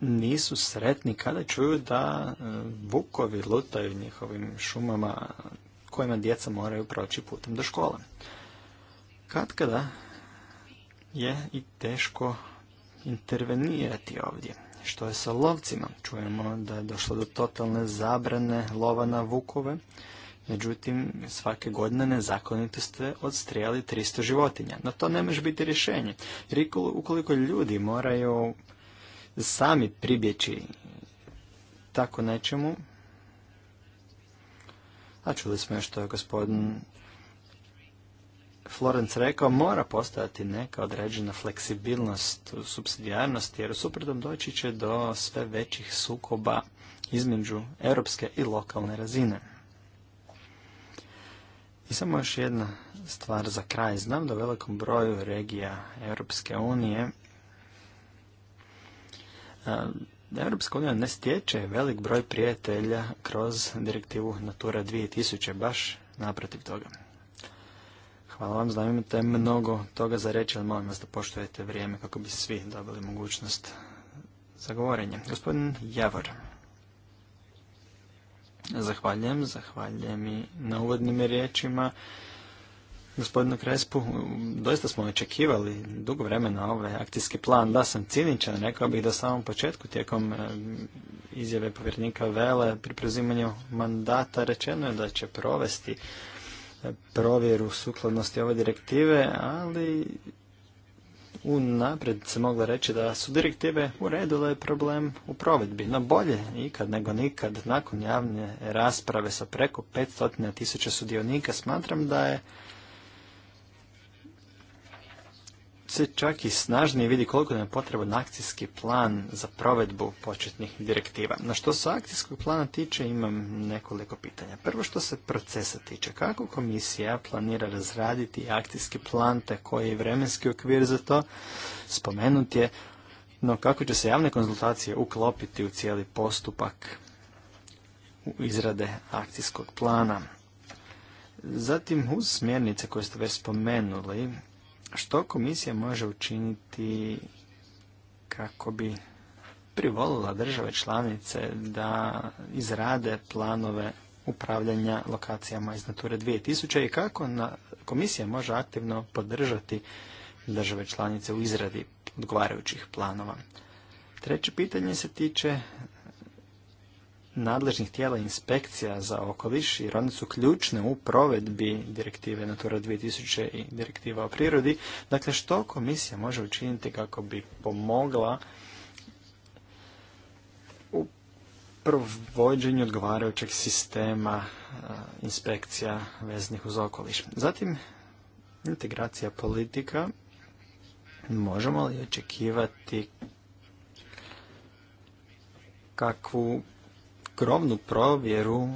nisu sretni kada čuju da e, vukovi lutaju njihovim šumama kojima djeca moraju proći putem do škole. kada je i teško intervenirati ovdje. Što je sa lovcima? Čujemo da je došlo do totalne zabrane lova na vukove, međutim svake godine nezakonito ste odstrijali 300 životinja. No to ne može biti rješenje. Jer ukoliko ljudi moraju sami pribjeći tako nečemu, a čuli smo što je gospodin Florence rekao, mora postojati neka određena fleksibilnost, subsidijarnost, jer u doći će do sve većih sukoba između europske i lokalne razine. I samo još jedna stvar za kraj. Znam da u velikom broju regija Europske unije da Europska unija ne stječe velik broj prijatelja kroz direktivu Natura 2000, baš naprotiv toga. Hvala vam, znam imate mnogo toga za reći, ali molim vas da poštujete vrijeme kako bi svi dobili mogućnost za govorenje. Gospodin Javor. Zahvaljujem, zahvaljujem i na uvodnim riječima gospodinu Krespu, doista smo očekivali dugo vremena ovaj akcijski plan. Da sam ciničan, rekao bih da samom početku tijekom e, izjave povjernika Vele pri preuzimanju mandata rečeno je da će provesti e, provjeru sukladnosti ove direktive, ali unaprijed se moglo reći da su direktive uredile problem u provedbi. No bolje ikad nego nikad, nakon javne rasprave sa preko 500.000 sudionika, smatram da je se čak i snažnije vidi koliko nam je potreban akcijski plan za provedbu početnih direktiva. Na što se akcijskog plana tiče imam nekoliko pitanja. Prvo što se procesa tiče, kako komisija planira razraditi akcijski plan te koji je vremenski okvir za to, spomenut je, no kako će se javne konzultacije uklopiti u cijeli postupak izrade akcijskog plana. Zatim, uz smjernice koje ste već spomenuli, što komisija može učiniti kako bi privolila države članice da izrade planove upravljanja lokacijama iz Nature 2000 i kako na, komisija može aktivno podržati države članice u izradi odgovarajućih planova. Treće pitanje se tiče nadležnih tijela inspekcija za okoliš jer one su ključne u provedbi direktive Natura 2000 i direktiva o prirodi. Dakle, što komisija može učiniti kako bi pomogla u provođenju odgovarajućeg sistema e, inspekcija veznih uz okoliš. Zatim, integracija politika. Možemo li očekivati kakvu krovnu provjeru e,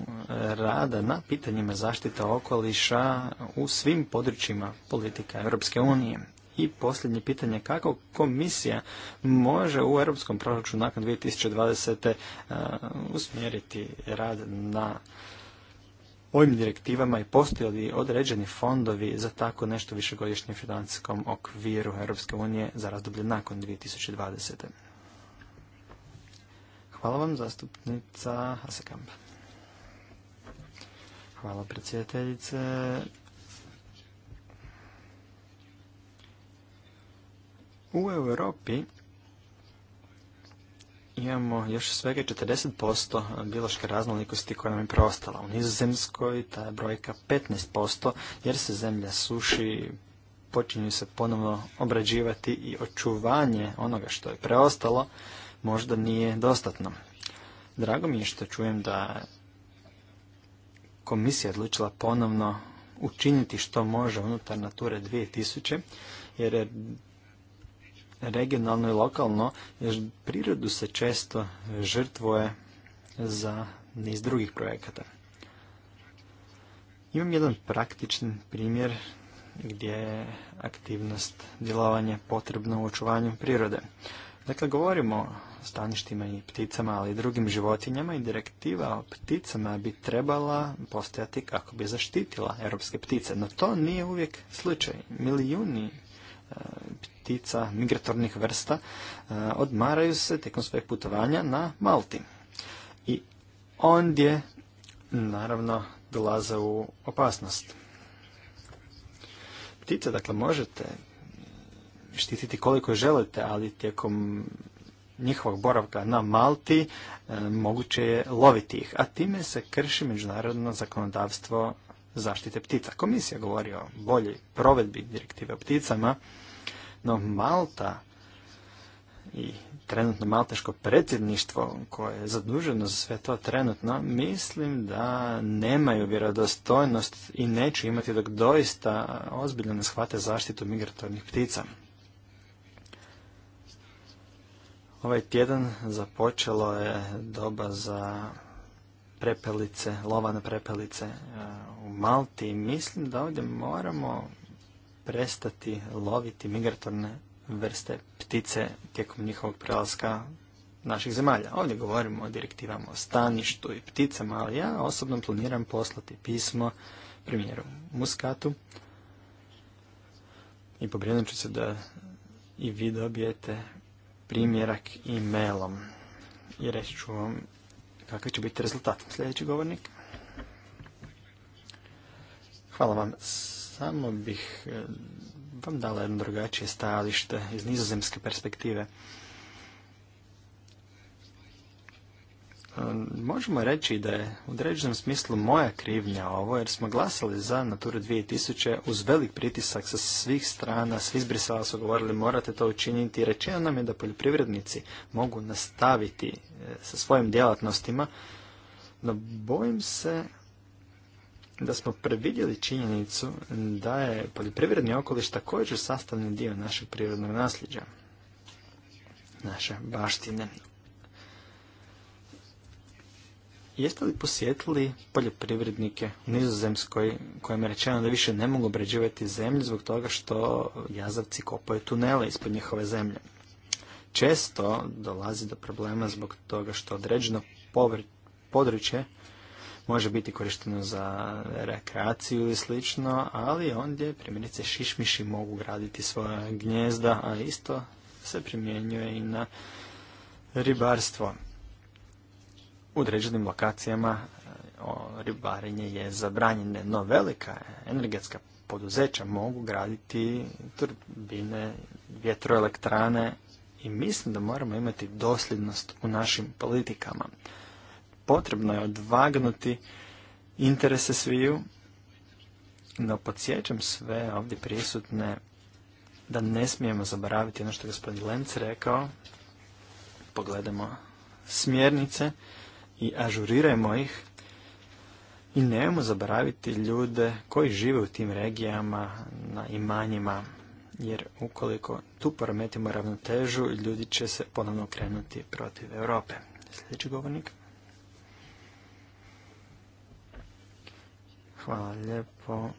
rada na pitanjima zaštita okoliša u svim područjima politika Europske unije. I posljednje pitanje kako komisija može u europskom proračunu nakon 2020. E, usmjeriti rad na ovim direktivama i postoje li određeni fondovi za tako nešto višegodišnjem financijskom okviru Europske unije za razdoblje nakon 2020. Hvala vam, zastupnica Hasekamba. Hvala predsjedateljice. U Europi imamo još svega 40% biološke raznolikosti koja nam je preostala. U Nizozemskoj ta je brojka 15% jer se zemlja suši, počinju se ponovno obrađivati i očuvanje onoga što je preostalo možda nije dostatno. Drago mi je što čujem da komisija odlučila ponovno učiniti što može unutar Nature 2000, jer je regionalno i lokalno, jer prirodu se često žrtvoje za niz drugih projekata. Imam jedan praktični primjer gdje je aktivnost djelovanja potrebno u očuvanju prirode. Dakle, govorimo staništima i pticama, ali i drugim životinjama i direktiva o pticama bi trebala postojati kako bi zaštitila europske ptice. No to nije uvijek slučaj. Milijuni e, ptica, migratornih vrsta, e, odmaraju se tijekom svojeg putovanja na Malti. I ondje, naravno, dolaze u opasnost. Ptice, dakle, možete štititi koliko želite, ali tijekom njihovog boravka na Malti e, moguće je loviti ih, a time se krši međunarodno zakonodavstvo zaštite ptica. Komisija govori o boljoj provedbi direktive o pticama, no Malta i trenutno malteško predsjedništvo koje je zaduženo za sve to trenutno, mislim da nemaju vjerodostojnost i neću imati dok doista ozbiljno ne shvate zaštitu migratornih ptica. Ovaj tjedan započelo je doba za prepelice, lova na prepelice e, u Malti i mislim da ovdje moramo prestati loviti migratorne vrste ptice tijekom njihovog prelaska naših zemalja. Ovdje govorimo o direktivama o staništu i pticama, ali ja osobno planiram poslati pismo premijeru Muskatu i pobrinut ću se da i vi dobijete primjerak e-mailom. I reći ću vam kakav će biti rezultat. Sljedeći govornik. Hvala vam. Samo bih eh, vam dala jedno drugačije stajalište iz nizozemske perspektive. možemo reći da je u određenom smislu moja krivnja ovo, jer smo glasali za Naturu 2000 uz velik pritisak sa svih strana, svi iz su govorili morate to učiniti, rečeno nam je da poljoprivrednici mogu nastaviti e, sa svojim djelatnostima, no bojim se da smo previdjeli činjenicu da je poljoprivredni okoliš također sastavni dio našeg prirodnog nasljeđa naše baštine. Jeste li posjetili poljoprivrednike u Nizozemskoj kojima je rečeno da više ne mogu obrađivati zemlju zbog toga što jazavci kopaju tunele ispod njihove zemlje? Često dolazi do problema zbog toga što određeno područje može biti korišteno za rekreaciju ili slično, ali ondje primjerice šišmiši mogu graditi svoja gnjezda, a isto se primjenjuje i na ribarstvo u određenim lokacijama e, ribarenje je zabranjene, no velika energetska poduzeća mogu graditi turbine, vjetroelektrane i mislim da moramo imati dosljednost u našim politikama. Potrebno je odvagnuti interese sviju, no podsjećam sve ovdje prisutne da ne smijemo zaboraviti ono što je gospodin Lenc rekao. Pogledamo smjernice i ažurirajmo ih i nemojmo zaboraviti ljude koji žive u tim regijama, na imanjima, jer ukoliko tu poremetimo ravnotežu, ljudi će se ponovno krenuti protiv Europe. Sljedeći govornik. Hvala lijepo.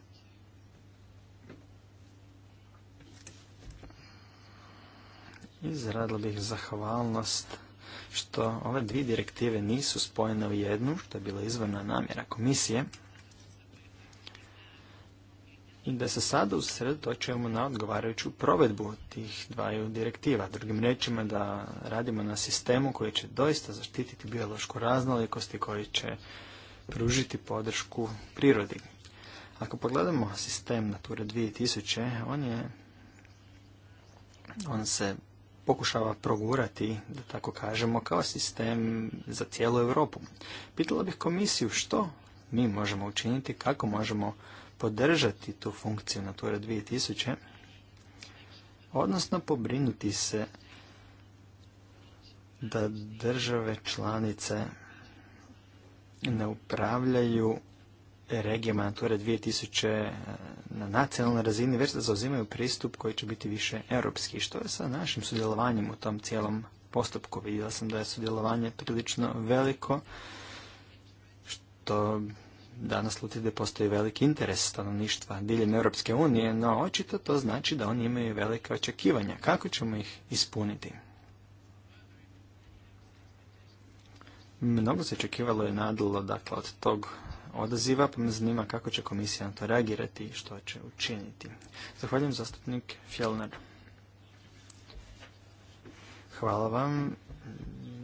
Izradila bih zahvalnost što ove dvije direktive nisu spojene u jednu, što je bila izvorna namjera komisije, i da se sada usredotočujemo na odgovarajuću provedbu tih dvaju direktiva. Drugim rečima da radimo na sistemu koji će doista zaštititi biološku raznolikost i koji će pružiti podršku prirodi. Ako pogledamo sistem Natura 2000, on je on se pokušava progurati, da tako kažemo, kao sistem za cijelu Europu. Pitala bih komisiju što mi možemo učiniti, kako možemo podržati tu funkciju Natura 2000, odnosno pobrinuti se da države članice ne upravljaju regijama dvije 2000 e, na nacionalnoj razini već da zauzimaju pristup koji će biti više europski. Što je sa našim sudjelovanjem u tom cijelom postupku? Vidjela sam da je sudjelovanje prilično veliko, što danas luti da postoji veliki interes stanovništva diljem Europske unije, no očito to znači da oni imaju velike očekivanja. Kako ćemo ih ispuniti? Mnogo se očekivalo je nadalo dakle, od tog odaziva, pa me zanima kako će komisija na to reagirati i što će učiniti. Zahvaljujem zastupnik Fjellner. Hvala vam.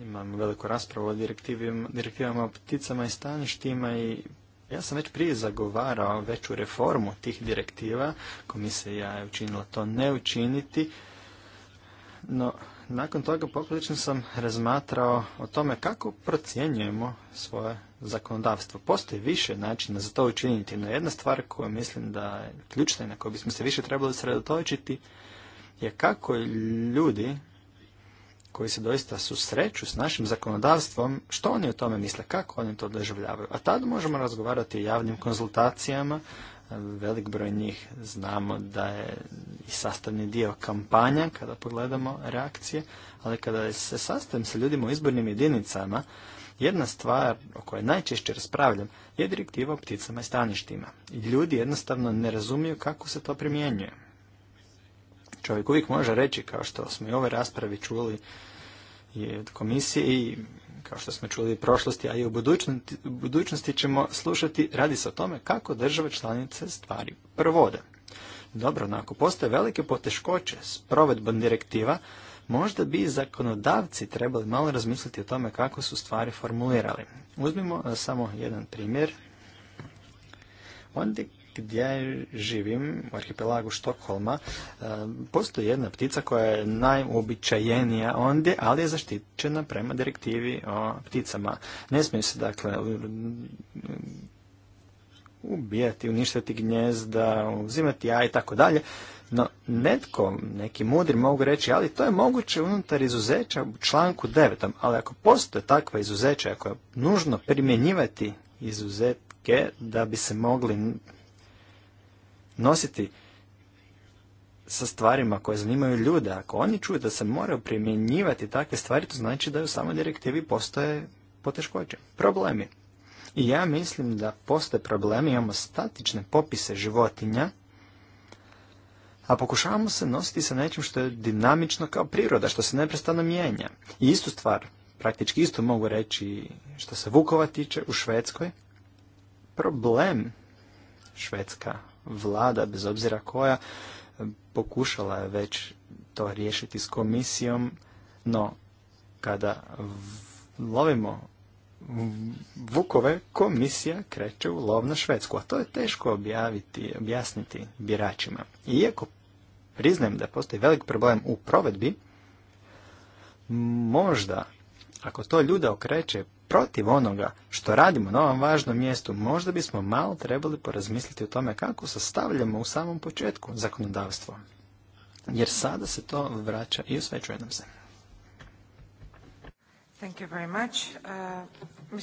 Imam veliku raspravu o direktivama o pticama i staništima i ja sam već prije zagovarao veću reformu tih direktiva. Komisija je učinila to ne učiniti. No, nakon toga poprilično sam razmatrao o tome kako procjenjujemo svoje zakonodavstvo. Postoji više načina za to učiniti, no jedna stvar koja mislim da je ključna i na koju bismo se više trebali sredotočiti je kako ljudi koji se doista susreću s našim zakonodavstvom, što oni o tome misle, kako oni to doživljavaju. A tad možemo razgovarati o javnim konzultacijama, velik broj njih znamo da je i sastavni dio kampanja kada pogledamo reakcije, ali kada se sastavim sa ljudima u izbornim jedinicama, jedna stvar o kojoj najčešće raspravljam je direktiva o pticama i staništima. Ljudi jednostavno ne razumiju kako se to primjenjuje. Čovjek uvijek može reći, kao što smo i u ovoj raspravi čuli i od komisije i kao što smo čuli u prošlosti, a i u budućnosti, ćemo slušati, radi se o tome kako države članice stvari provode. Dobro, no ako postoje velike poteškoće s provedbom direktiva, možda bi zakonodavci trebali malo razmisliti o tome kako su stvari formulirali. Uzmimo e, samo jedan primjer. Ondje gdje živim, u arhipelagu Štokholma, e, postoji jedna ptica koja je najuobičajenija ondje, ali je zaštićena prema direktivi o pticama. Ne smiju se, dakle, ubijati, uništiti gnjezda, uzimati jaja i tako dalje netko, neki mudri mogu reći, ali to je moguće unutar izuzeća u članku 9. Ali ako postoje takva izuzeća, ako je nužno primjenjivati izuzetke da bi se mogli nositi sa stvarima koje zanimaju ljude, ako oni čuju da se moraju primjenjivati takve stvari, to znači da u samoj direktivi postoje poteškoće, problemi. I ja mislim da postoje problemi, imamo statične popise životinja, a pokušavamo se nositi sa nečim što je dinamično kao priroda, što se neprestano mijenja. I istu stvar, praktički isto mogu reći što se Vukova tiče u Švedskoj. Problem švedska vlada, bez obzira koja, pokušala je već to riješiti s komisijom, no kada lovimo vukove komisija kreće u lov na Švedsku, a to je teško objaviti, objasniti biračima. Iako priznajem da postoji velik problem u provedbi, možda ako to ljude okreće protiv onoga što radimo na ovom važnom mjestu, možda bismo malo trebali porazmisliti o tome kako sastavljamo u samom početku zakonodavstvo. Jer sada se to vraća i osvećuje nam se. Thank you very much. Uh,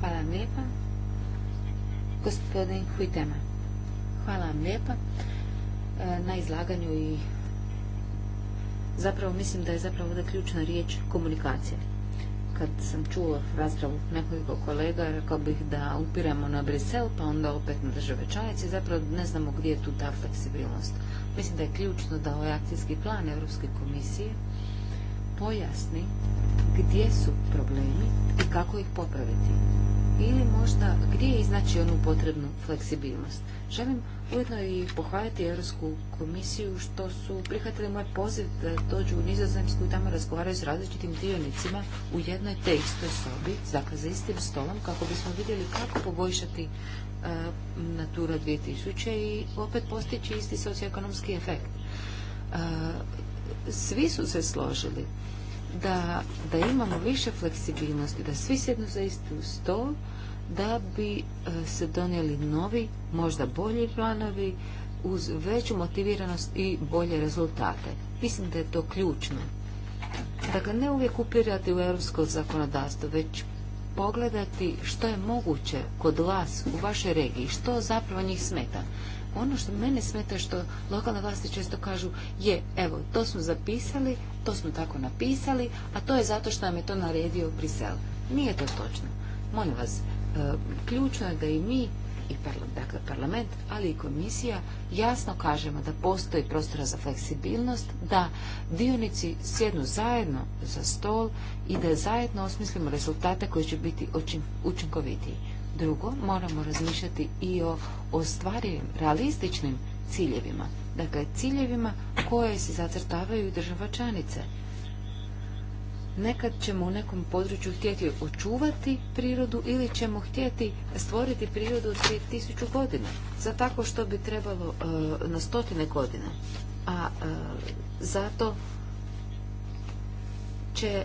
Hvala vam lijepa. Gospodin Hvala vam lijepa e, na izlaganju i zapravo mislim da je zapravo ovdje ključna riječ komunikacija. Kad sam čuo raspravu nekoliko kolega, rekao bih da upiramo na Brisel, pa onda opet na države članice, zapravo ne znamo gdje je tu ta fleksibilnost. Mislim da je ključno da ovaj akcijski plan Europske komisije pojasni gdje su problemi i kako ih popraviti. Ili možda gdje iznaći onu potrebnu fleksibilnost. Želim ujedno i pohvaliti Europsku komisiju što su prihvatili moj poziv da dođu u Nizozemsku i tamo razgovaraju s različitim dionicima u jednoj te istoj sobi, dakle, za istim stolom, kako bismo vidjeli kako poboljšati e, Natura 2000 i opet postići isti socioekonomski efekt. E, svi su se složili da, da imamo više fleksibilnosti, da svi sjednu za istu stol, da bi e, se donijeli novi, možda bolji planovi uz veću motiviranost i bolje rezultate. Mislim da je to ključno. Dakle, ne uvijek upirati u europsko zakonodavstvo, već pogledati što je moguće kod vas u vašoj regiji, što zapravo njih smeta. Ono što mene smeta što lokalne vlasti često kažu je, evo, to smo zapisali, to smo tako napisali, a to je zato što nam je to naredio Brisel. Nije to točno. Molim vas, e, ključno je da i mi i dakle, parlament, ali i komisija jasno kažemo da postoji prostora za fleksibilnost, da dionici sjednu zajedno za stol i da zajedno osmislimo rezultate koji će biti učinkovitiji. Drugo, moramo razmišljati i o ostvarivim, realističnim ciljevima. Dakle, ciljevima koje se zacrtavaju država članice. Nekad ćemo u nekom području htjeti očuvati prirodu ili ćemo htjeti stvoriti prirodu od svih tisuću godina. Za tako što bi trebalo e, na stotine godina. A e, zato će e,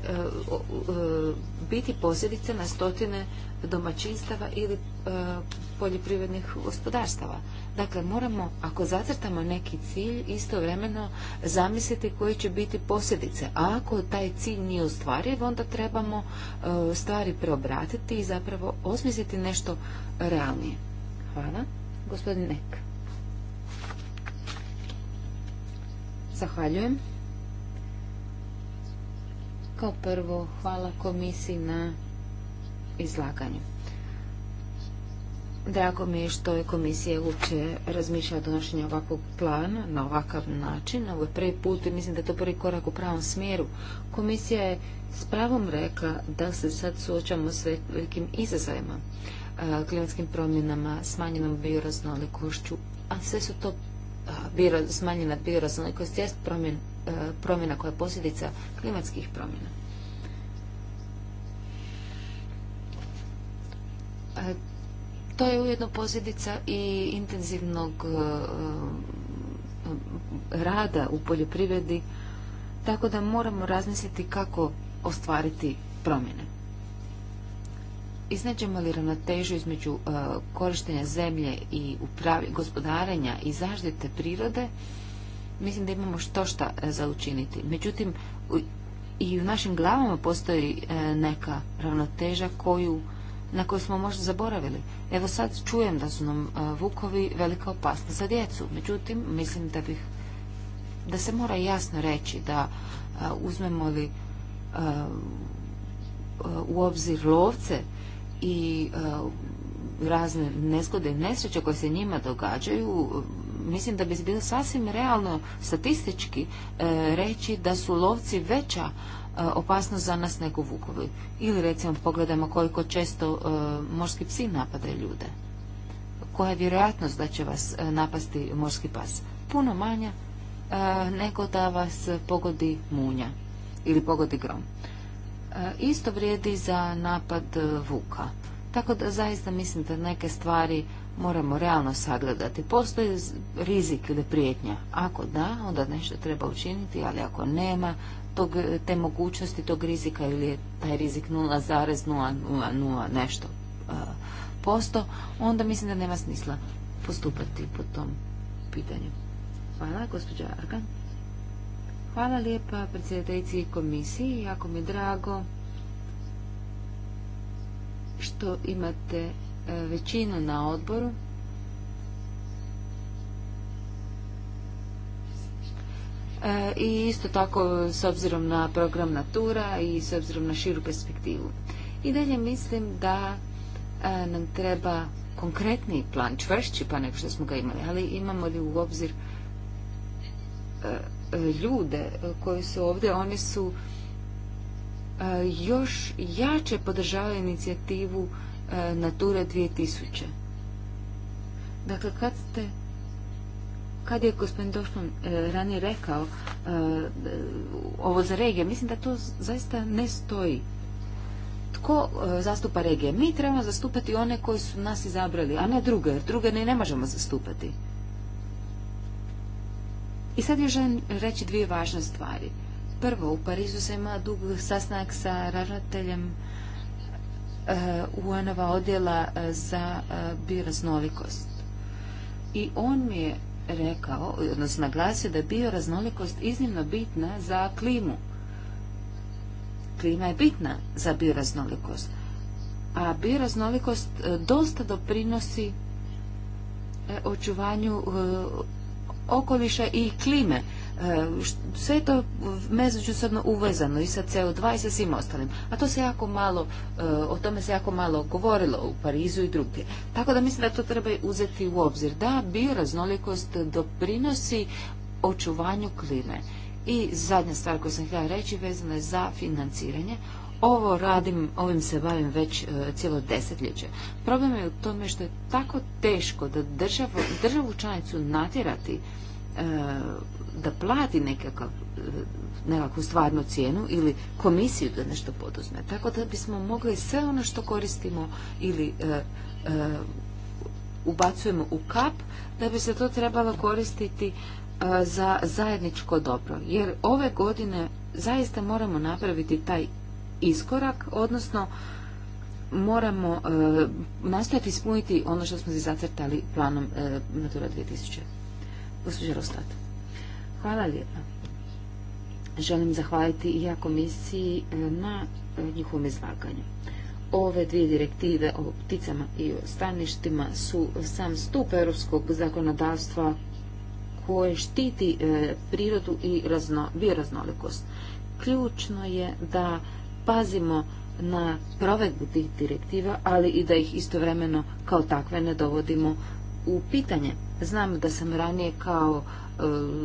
biti posljedice na stotine domaćinstava ili e, poljoprivrednih gospodarstava. Dakle, moramo, ako zacrtamo neki cilj, istovremeno zamisliti koje će biti posljedice. A ako taj cilj nije ostvariv, onda trebamo e, stvari preobratiti i zapravo osmisliti nešto realnije. Hvala. Gospodin Nek. Zahvaljujem. Kao prvo, hvala komisiji na izlaganju. Drago mi je što je komisija uopće razmišljala o donošenju ovakvog plana na ovakav način. Ovo je prvi put i mislim da je to prvi korak u pravom smjeru. Komisija je s pravom rekla da se sad suočamo s velikim izazovima, klimatskim promjenama, smanjenom bioraznolikošću, a sve su to smanjena bioraznolikost jest promjena koja je posljedica klimatskih promjena. E, to je ujedno posljedica i intenzivnog e, e, rada u poljoprivredi, tako da moramo razmisliti kako ostvariti promjene. Iznađemo li ravnotežu između korištenja zemlje i gospodarenja i zaštite prirode, mislim da imamo što šta za učiniti. Međutim, i u našim glavama postoji neka ravnoteža koju na koju smo možda zaboravili. Evo sad čujem da su nam e, vukovi velika opasnost za djecu. Međutim, mislim da bih da se mora jasno reći da e, uzmemo li e, u obzir lovce i razne nezgode i nesreće koje se njima događaju, mislim da bi bilo sasvim realno statistički reći da su lovci veća E, opasnost za nas nego vukovi. Ili recimo pogledajmo koliko često e, morski psi napade ljude. Koja je vjerojatnost da će vas e, napasti morski pas? Puno manja nego da vas pogodi munja ili pogodi grom. Isto vrijedi za napad vuka. Tako da zaista mislim da neke stvari moramo realno sagledati. Postoji rizik ili prijetnja. Ako da, onda nešto treba učiniti, ali ako nema, tog, te mogućnosti tog rizika ili je taj rizik 0,000 nešto posto, onda mislim da nema smisla postupati po tom pitanju. Hvala, gospođa Argan. Hvala lijepa predsjedateljici komisiji, jako mi je drago što imate e, većinu na odboru. E, i isto tako s obzirom na program Natura i s obzirom na širu perspektivu. I dalje mislim da e, nam treba konkretni plan, čvršći pa nego što smo ga imali, ali imamo li u obzir e, ljude koji su ovdje, oni su još jače podržavaju inicijativu Natura 2000. Dakle, kad ste kad je gospodin Došman e, ranije rekao e, ovo za regije, mislim da to zaista ne stoji. Tko e, zastupa regije? Mi trebamo zastupati one koji su nas izabrali, a ne druge, jer druge ne, ne možemo zastupati. I sad još želim reći dvije važne stvari. Prvo, u Parizu se ima dug sasnak sa ravnateljem UN-ova odjela za bioraznolikost. I on mi je rekao, odnosno naglasio da je bioraznolikost iznimno bitna za klimu. Klima je bitna za bioraznolikost, a bioraznolikost e, dosta doprinosi e, očuvanju e, okoliša i klime. E, sve je to međusobno uvezano i sa CO2 i sa svim ostalim. A to se jako malo, e, o tome se jako malo govorilo u Parizu i drugdje. Tako da mislim da to treba uzeti u obzir. Da, raznolikost doprinosi očuvanju klime. I zadnja stvar koju sam htjela reći vezana je za financiranje. Ovo radim, ovim se bavim već e, cijelo desetljeće. Problem je u tome što je tako teško da državu, članicu natjerati da plati nekakav, e, nekakvu stvarnu cijenu ili komisiju da nešto poduzme. Tako da bismo mogli sve ono što koristimo ili e, e, ubacujemo u kap, da bi se to trebalo koristiti za zajedničko dobro. Jer ove godine zaista moramo napraviti taj iskorak, odnosno moramo nastojati ispuniti ono što smo si zacrtali planom Natura 2000. Gospođa Rostat. Hvala lijepa. Želim zahvaliti i ja komisiji e, na e, njihovom izlaganju. Ove dvije direktive o pticama i o staništima su sam stup europskog zakonodavstva koje štiti e, prirodu i bioraznolikost. Ključno je da pazimo na provedbu tih direktiva, ali i da ih istovremeno kao takve ne dovodimo u pitanje. Znam da sam ranije kao E,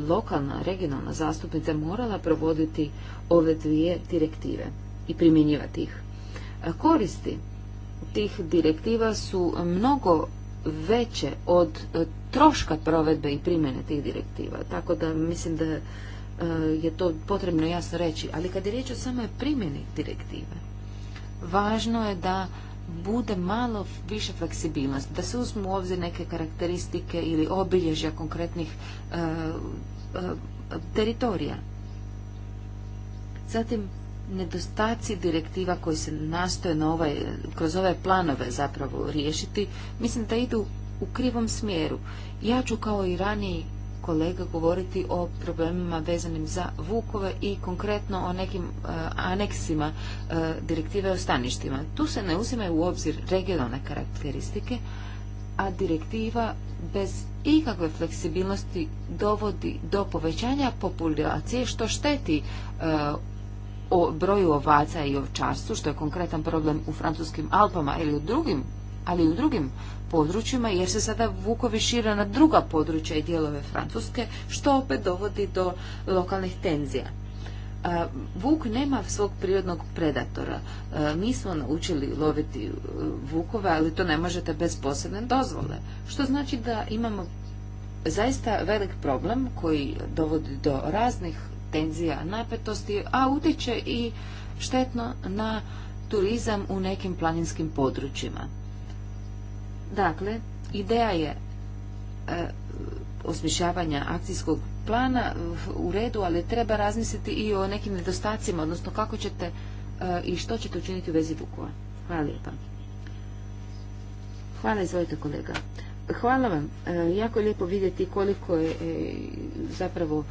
lokalna, regionalna zastupnica morala provoditi ove dvije direktive i primjenjivati ih. E, koristi tih direktiva su mnogo veće od e, troška provedbe i primjene tih direktiva. Tako da mislim da je to potrebno jasno reći. Ali kad je riječ o samoj primjeni direktive, važno je da bude malo više fleksibilnost. da se uzmu u obzir neke karakteristike ili obilježja konkretnih e, e, teritorija. Zatim, nedostaci direktiva koji se nastoje ovaj, kroz ove planove zapravo riješiti, mislim da idu u krivom smjeru. Ja ću kao i raniji kolega govoriti o problemima vezanim za vukove i konkretno o nekim e, aneksima e, direktive o staništima. Tu se ne uzimaju u obzir regionalne karakteristike, a direktiva bez ikakve fleksibilnosti dovodi do povećanja populacije što šteti e, o broju ovaca i ovčarstvu, što je konkretan problem u francuskim Alpama ili u drugim ali i u drugim područjima jer se sada vukovi šire na druga područja i dijelove Francuske, što opet dovodi do lokalnih tenzija. E, Vuk nema svog prirodnog predatora. E, mi smo naučili loviti e, vukove, ali to ne možete bez posebne dozvole. Što znači da imamo zaista velik problem koji dovodi do raznih tenzija, napetosti, a utječe i štetno na turizam u nekim planinskim područjima. Dakle, ideja je e, osmišljavanja akcijskog plana e, u redu, ali treba razmisliti i o nekim nedostacima, odnosno kako ćete e, i što ćete učiniti u vezi Vukova. Hvala lijepa. Hvala, izvolite kolega. Hvala vam. E, jako je lijepo vidjeti koliko je zapravo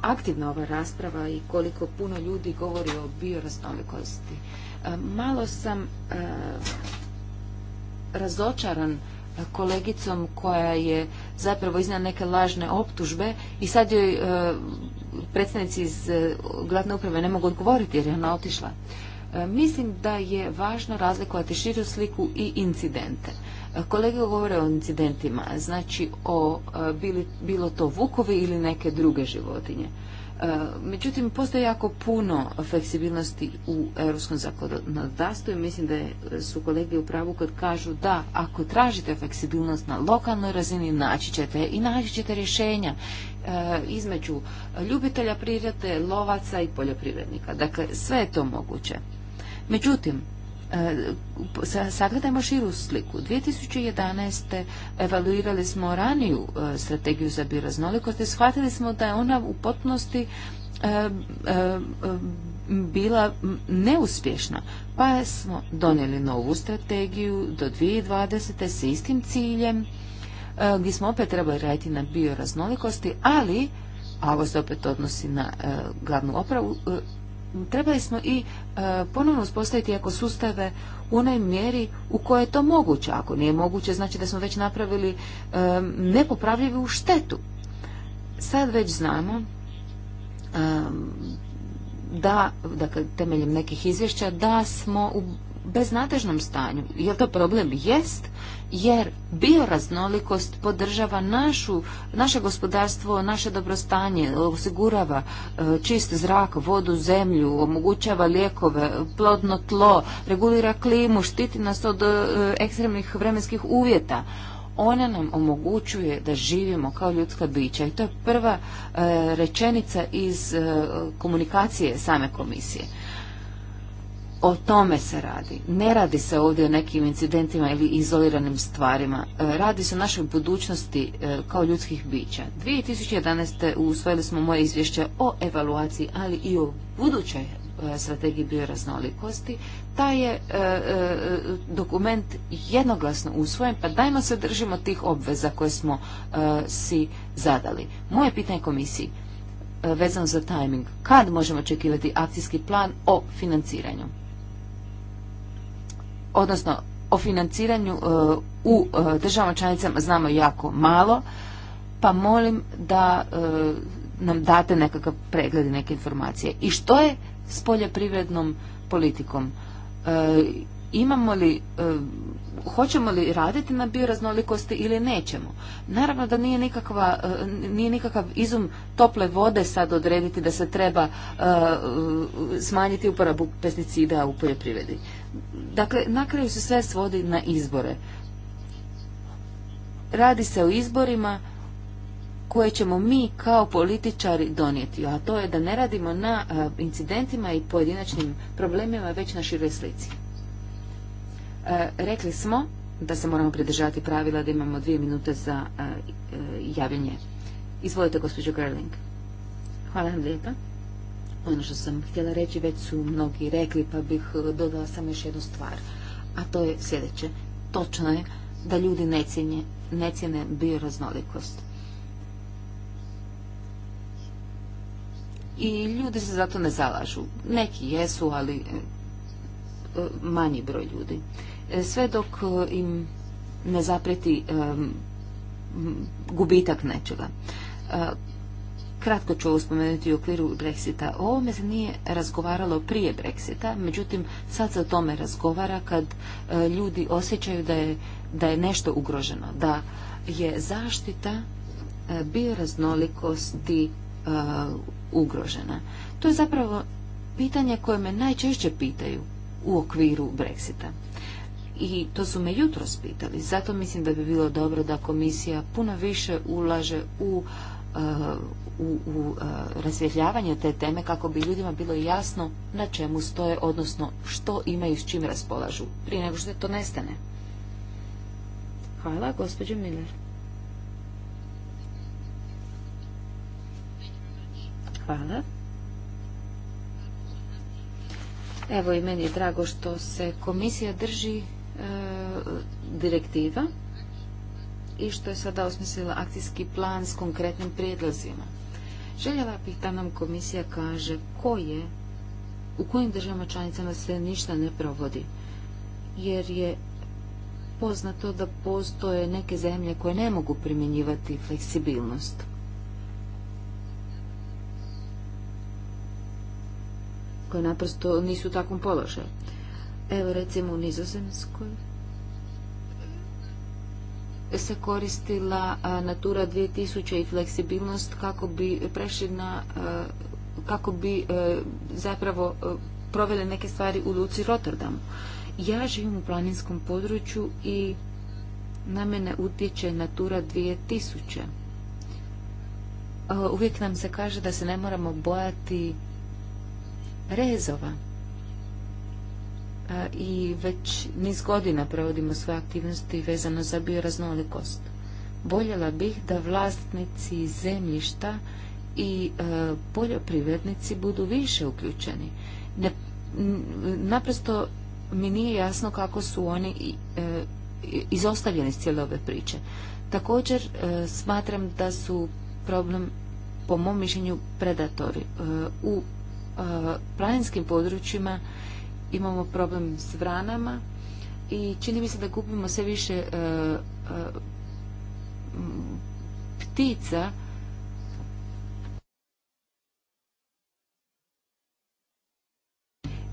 aktivna ova rasprava i koliko puno ljudi govori o bioraznolikosti. Malo sam razočaran eh, kolegicom koja je zapravo iznijela neke lažne optužbe i sad joj eh, predstavnici iz eh, glavne uprave ne mogu odgovoriti jer je ona otišla. mislim da je važno razlikovati širu sliku i incidente. kolege govore o incidentima, znači o bilo to vukovi ili neke druge životinje. E, međutim, postoji jako puno fleksibilnosti u europskom zakonodavstvu i mislim da su kolege u pravu kad kažu da ako tražite fleksibilnost na lokalnoj razini naći ćete i naći ćete rješenja e, između ljubitelja prirode, lovaca i poljoprivrednika. Dakle, sve je to moguće. Međutim, E, sagledajmo širu sliku. 2011. evaluirali smo raniju e, strategiju za bioraznolikost i shvatili smo da je ona u potpunosti e, bila neuspješna. Pa smo donijeli novu strategiju do 2020. sa istim ciljem gdje smo opet trebali raditi na bioraznolikosti, ali a ovo se opet odnosi na glavnu opravu, trebali smo i e, ponovno uspostaviti ako sustave u onoj mjeri u kojoj je to moguće. Ako nije moguće, znači da smo već napravili e, nepopravljivu štetu. Sad već znamo e, da, dakle, temeljem nekih izvješća, da smo u beznadežnom stanju. Je to problem? Jest, jer bioraznolikost podržava našu, naše gospodarstvo, naše dobrostanje, osigurava e, čist zrak, vodu, zemlju, omogućava lijekove, plodno tlo, regulira klimu, štiti nas od e, ekstremnih vremenskih uvjeta ona nam omogućuje da živimo kao ljudska bića i to je prva e, rečenica iz komunikacije same komisije o tome se radi. Ne radi se ovdje o nekim incidentima ili izoliranim stvarima. E, radi se o našoj budućnosti e, kao ljudskih bića. 2011. usvojili smo moje izvješće o evaluaciji, ali i o budućoj e, strategiji bioraznolikosti. Taj je dokument jednoglasno usvojen, pa dajmo se držimo tih obveza koje smo si zadali. Moje pitanje komisiji vezano za tajming. Kad možemo očekivati akcijski plan o financiranju? odnosno o financiranju e, u e, državama članicama znamo jako malo, pa molim da e, nam date nekakav pregled i neke informacije. I što je s poljoprivrednom politikom? Imamo li, hoćemo li raditi na bioraznolikosti ili nećemo? Naravno da nije, nikakva, nije nikakav izum tople vode sad odrediti da se treba smanjiti uporabu pesticida u poljoprivredi. Dakle, na kraju se sve svodi na izbore. Radi se o izborima koje ćemo mi kao političari donijeti, a to je da ne radimo na e, incidentima i pojedinačnim problemima, već na široj slici. E, rekli smo da se moramo pridržati pravila da imamo dvije minute za e, javljanje. Izvolite, gospođo Gerling. Hvala vam lijepa. Ono što sam htjela reći već su mnogi rekli pa bih eh, dodala samo još jednu stvar. A to je sljedeće. Točno je da ljudi ne cijene, ne cijene bioraznolikost. I ljudi se zato ne zalažu. Neki jesu, ali eh, eh, manji broj ljudi. Sve dok im ne zapreti gubitak nečega Kratko ću spomenuti u okviru Brexita. O ovome se nije razgovaralo prije Brexita, međutim sad se o tome razgovara kad e, ljudi osjećaju da je, da je nešto ugroženo, da je zaštita bio e, bioraznolikosti e, ugrožena. To je zapravo pitanje koje me najčešće pitaju u okviru Brexita. I to su me jutros pitali. Zato mislim da bi bilo dobro da komisija puno više ulaže u u, u te teme kako bi ljudima bilo jasno na čemu stoje, odnosno što imaju s čim raspolažu, prije nego što to nestane. Hvala, gospođo Miller. Hvala. Evo i meni je drago što se komisija drži e, direktiva i što je sada osmislila akcijski plan s konkretnim prijedlozima. Željela bih da nam komisija kaže koje, u kojim državama članicama se ništa ne provodi, jer je poznato da postoje neke zemlje koje ne mogu primjenjivati fleksibilnost. koje naprosto nisu u takvom položaju. Evo recimo u Nizozemskoj se koristila Natura 2000 i fleksibilnost kako bi prešli na, kako bi e, zapravo e, proveli neke stvari u Luci Rotterdam Ja živim u planinskom području i na mene utječe Natura 2000. Uvijek nam se kaže da se ne moramo bojati rezova i već niz godina provodimo sve aktivnosti vezano za bioraznolikost. Boljela bih da vlasnici zemljišta i e, poljoprivrednici budu više uključeni. naprosto mi nije jasno kako su oni e, izostavljeni iz cijele ove priče. Također e, smatram da su problem po mom mišljenju predatori. U planinskim područjima imamo problem s vranama i čini mi se da gubimo sve više e, e, ptica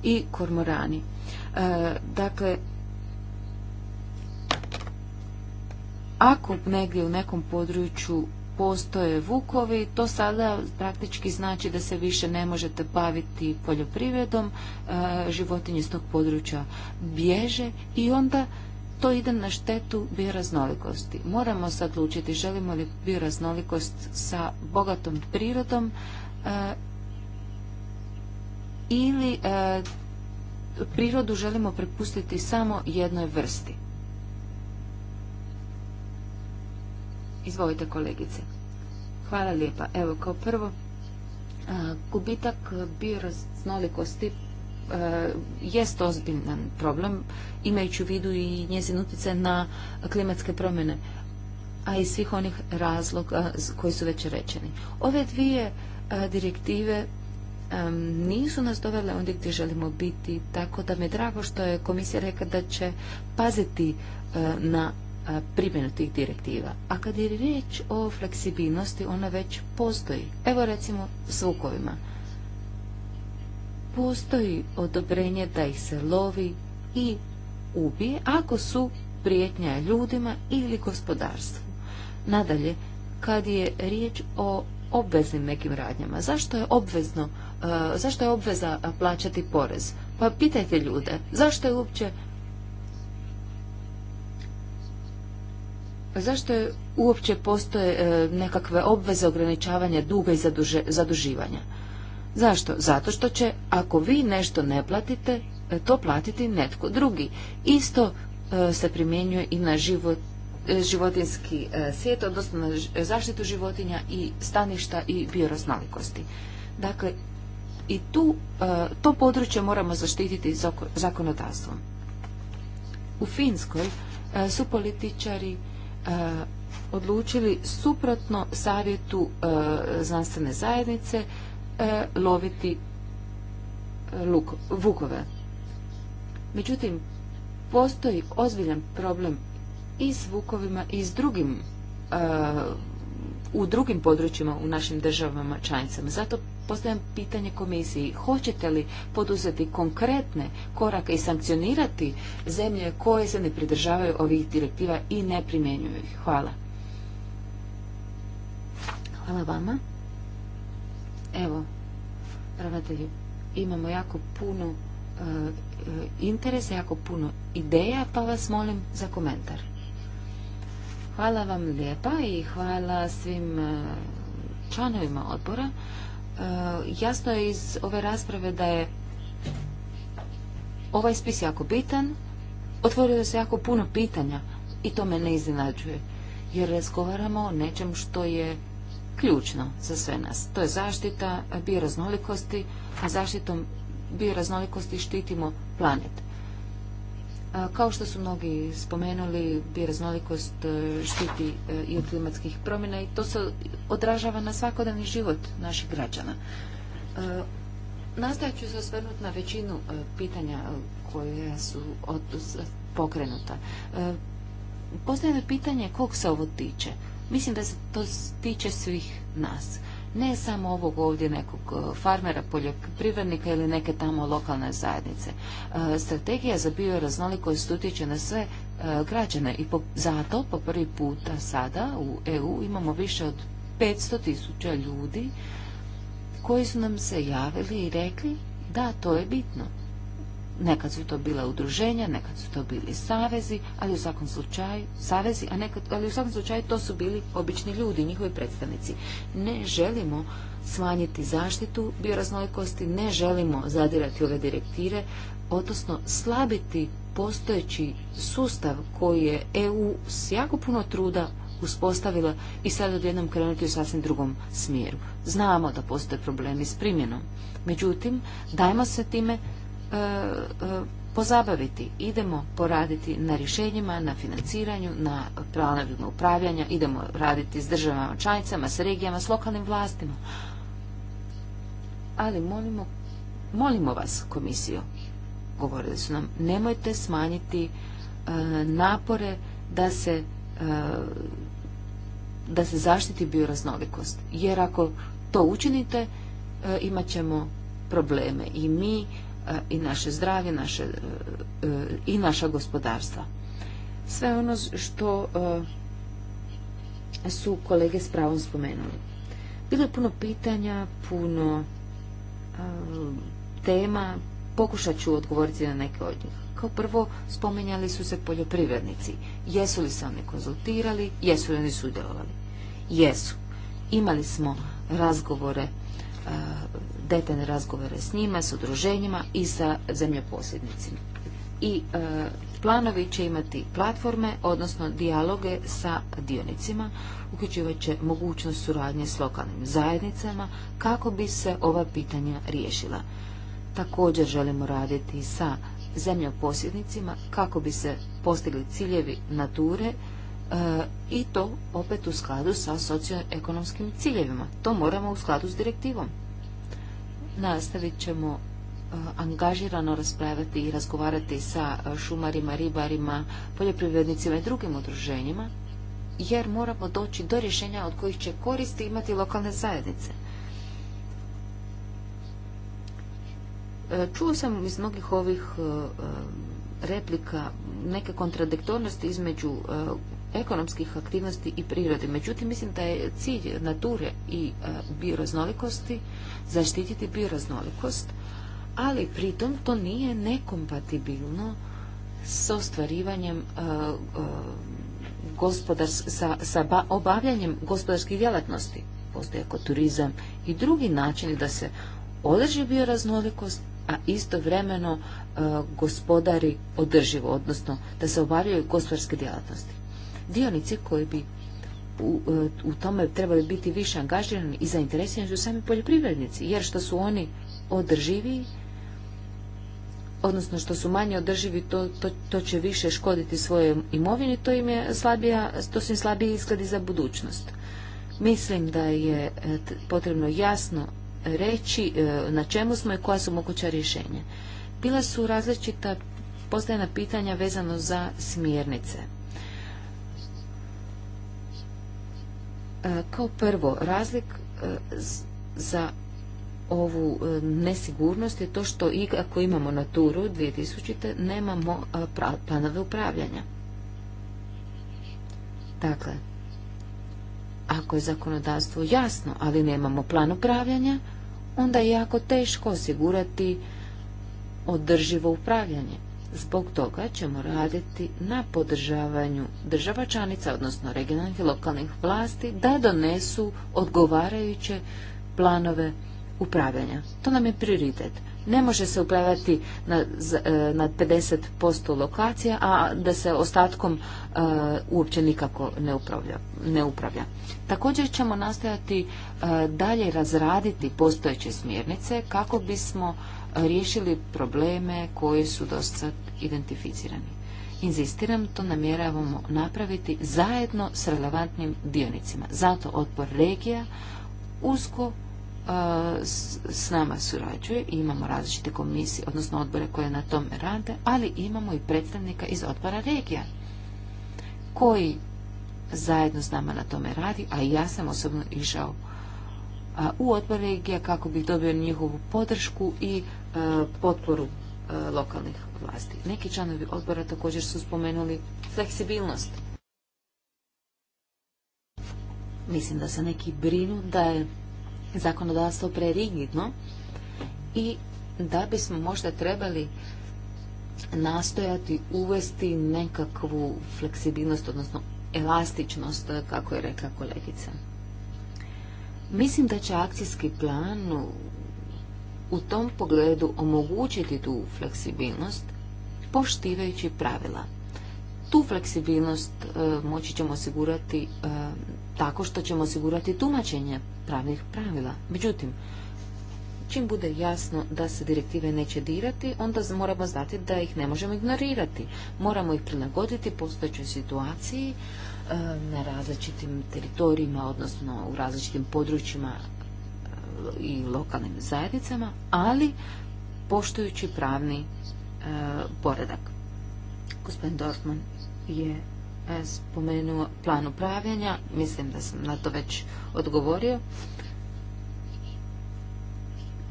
i kormorani. E, dakle, ako negdje u nekom području postoje vukovi, to sada praktički znači da se više ne možete baviti poljoprivredom, e, životinje s tog područja bježe i onda to ide na štetu bioraznolikosti. Moramo se odlučiti želimo li bioraznolikost sa bogatom prirodom e, ili e, prirodu želimo prepustiti samo jednoj vrsti. Izvolite kolegice. Hvala lijepa. Evo kao prvo, gubitak bioraznolikosti jest ozbiljan problem, imajući u vidu i njezin utjecaj na klimatske promjene, a i svih onih razloga koji su već rečeni. Ove dvije direktive nisu nas dovele ondje gdje želimo biti, tako da je drago što je komisija rekla da će paziti na primjenu tih direktiva. A kad je riječ o fleksibilnosti, ona već postoji. Evo recimo zvukovima. Postoji odobrenje da ih se lovi i ubije ako su prijetnja ljudima ili gospodarstvu. Nadalje, kad je riječ o obveznim nekim radnjama, zašto je obvezno, zašto je obveza plaćati porez? Pa pitajte ljude, zašto je uopće Zašto je uopće postoje e, nekakve obveze ograničavanja duga i zaduživanja? Zašto? Zato što će, ako vi nešto ne platite, e, to platiti netko drugi. Isto e, se primjenjuje i na život, životinski svijet, odnosno na zaštitu životinja i staništa i bioraznolikosti. Dakle, i tu, to područje moramo zaštititi zakonodavstvom. U Finskoj su političari E, odlučili suprotno savjetu e, znanstvene zajednice e, loviti vukove. Međutim, postoji ozbiljan problem i s vukovima i s drugim u drugim područjima u našim državama članicama. Zato postavljam pitanje komisiji. Hoćete li poduzeti konkretne korake i sankcionirati zemlje koje se ne pridržavaju ovih direktiva i ne primjenjuju ih? Hvala. Hvala vama. Evo, ravnatelju, imamo jako puno e, e, interesa, jako puno ideja, pa vas molim za komentar. Hvala vam lijepa i hvala svim e, članovima odbora E, jasno je iz ove rasprave da je ovaj spis jako bitan, otvorilo se jako puno pitanja i to me ne iznenađuje, jer razgovaramo o nečem što je ključno za sve nas. To je zaštita bioraznolikosti, a zaštitom bioraznolikosti štitimo planet. Kao što su mnogi spomenuli, bioraznolikost e, štiti e, i od klimatskih promjena i to se odražava na svakodnevni život naših građana. E, nastojat ću se osvrnuti na većinu pitanja koja su pokrenuta. Postavljeno je pitanje kog se ovo tiče. Mislim da se to tiče svih nas ne samo ovog ovdje nekog e, farmera, poljoprivrednika ili neke tamo lokalne zajednice. E, strategija za bioraznolikost utječe na sve e, građane i zato po prvi puta sada u EU imamo više od 500 tisuća ljudi koji su nam se javili i rekli da to je bitno. Nekad su to bila udruženja, nekad su to bili savezi, ali u svakom slučaju savezi, a nekad, ali u svakom slučaju to su bili obični ljudi, njihovi predstavnici. Ne želimo smanjiti zaštitu bioraznolikosti, ne želimo zadirati ove direktive, odnosno slabiti postojeći sustav koji je EU s jako puno truda uspostavila i sad odjednom krenuti u sasvim drugom smjeru. Znamo da postoje problemi s primjenom. Međutim, dajmo se time E, e, pozabaviti. Idemo poraditi na rješenjima, na financiranju, na planovima upravljanja, idemo raditi s državama članicama, s regijama, s lokalnim vlastima. Ali molimo, molimo vas, komisiju, govorili su nam, nemojte smanjiti e, napore da se da se zaštiti bioraznolikost. Jer ako to učinite, imat ćemo probleme i mi E, i naše zdravlje naše, e, e, i naša gospodarstva. Sve ono što su kolege s pravom spomenuli. Bilo je puno pitanja, puno tema, pokušat ću odgovoriti na neke od njih. Kao prvo, spomenjali su se poljoprivrednici. Jesu li se oni konzultirali? Jesu li oni sudjelovali? Jesu. Imali smo razgovore detaljne razgovore s njima, s udruženjima i sa zemljoposjednicima. I e, planovi će imati platforme, odnosno dijaloge sa dionicima, uključivat će mogućnost suradnje s lokalnim zajednicama kako bi se ova pitanja riješila. Također želimo raditi sa zemljoposjednicima kako bi se postigli ciljevi nature, e, i to opet u skladu sa socioekonomskim ciljevima. To moramo u skladu s direktivom. Nastavit ćemo e, angažirano raspravljati i razgovarati sa e, šumarima, ribarima, poljoprivrednicima i drugim udruženjima, jer moramo doći do rješenja od kojih će koristi imati lokalne zajednice. E, čuo sam iz mnogih ovih replika neke kontradiktornosti između ekonomskih aktivnosti i prirode. Međutim, mislim da je cilj nature i e, bioraznolikosti zaštititi bioraznolikost, ali pritom to nije nekompatibilno s ostvarivanjem e, e, sa, obavljanjem gospodarskih djelatnosti. Postoje ekoturizam i drugi načini da se održi bioraznolikost, a istovremeno gospodari održivo, odnosno da se obavljaju gospodarske djelatnosti dionici koji bi e, u, tome trebali biti više angažirani i zainteresirani su sami poljoprivrednici, jer što su oni održivi odnosno što su manje održivi, to, to, će više škoditi svojoj imovini, to im je slabija, to su im slabiji izgledi za budućnost. Mislim da je e, potrebno jasno reći e, na čemu smo i koja su moguća rješenja. Bila su različita postavljena pitanja vezano za smjernice. E, kao prvo, razlik e, za ovu e, nesigurnost je to što i ako imamo naturu 2000. nemamo planove upravljanja. Dakle, ako je zakonodavstvo jasno, ali nemamo plan upravljanja, onda je jako teško osigurati održivo upravljanje. Zbog toga ćemo raditi na podržavanju država članica, odnosno regionalnih i lokalnih vlasti, da donesu odgovarajuće planove upravljanja. To nam je prioritet. Ne može se upravljati na, e, na 50% lokacija, a da se ostatkom e, uopće nikako ne upravlja. Također ćemo nastojati e, dalje razraditi postojeće smjernice kako bismo riješili probleme koji su dosta identificirani. Inzistiram, to namjeravamo napraviti zajedno s relevantnim dionicima. Zato odbor regija usko e, s nama surađuje i imamo različite komisije, odnosno odbore koje na tome rade, ali imamo i predstavnika iz odbora regija koji zajedno s nama na tome radi, a ja sam osobno išao u odbor regija kako bih dobio njihovu podršku i E, potporu e, lokalnih vlasti. Neki članovi odbora također su spomenuli fleksibilnost. Mislim da se neki brinu da je zakonodavstvo prerigidno i da bismo možda trebali nastojati uvesti nekakvu fleksibilnost, odnosno elastičnost, kako je rekla kolegica. Mislim da će akcijski plan u tom pogledu omogućiti tu fleksibilnost poštivajući pravila. Tu fleksibilnost e, moći ćemo osigurati e, tako što ćemo osigurati tumačenje pravnih pravila. Međutim, čim bude jasno da se direktive neće dirati, onda moramo znati da ih ne možemo ignorirati. Moramo ih prilagoditi postojećoj situaciji e, na različitim teritorijima, odnosno u različitim područjima i lokalnim zajednicama, ali poštujući pravni e, poredak. Gospodin Dortman je e, spomenuo plan upravljanja, mislim da sam na to već odgovorio.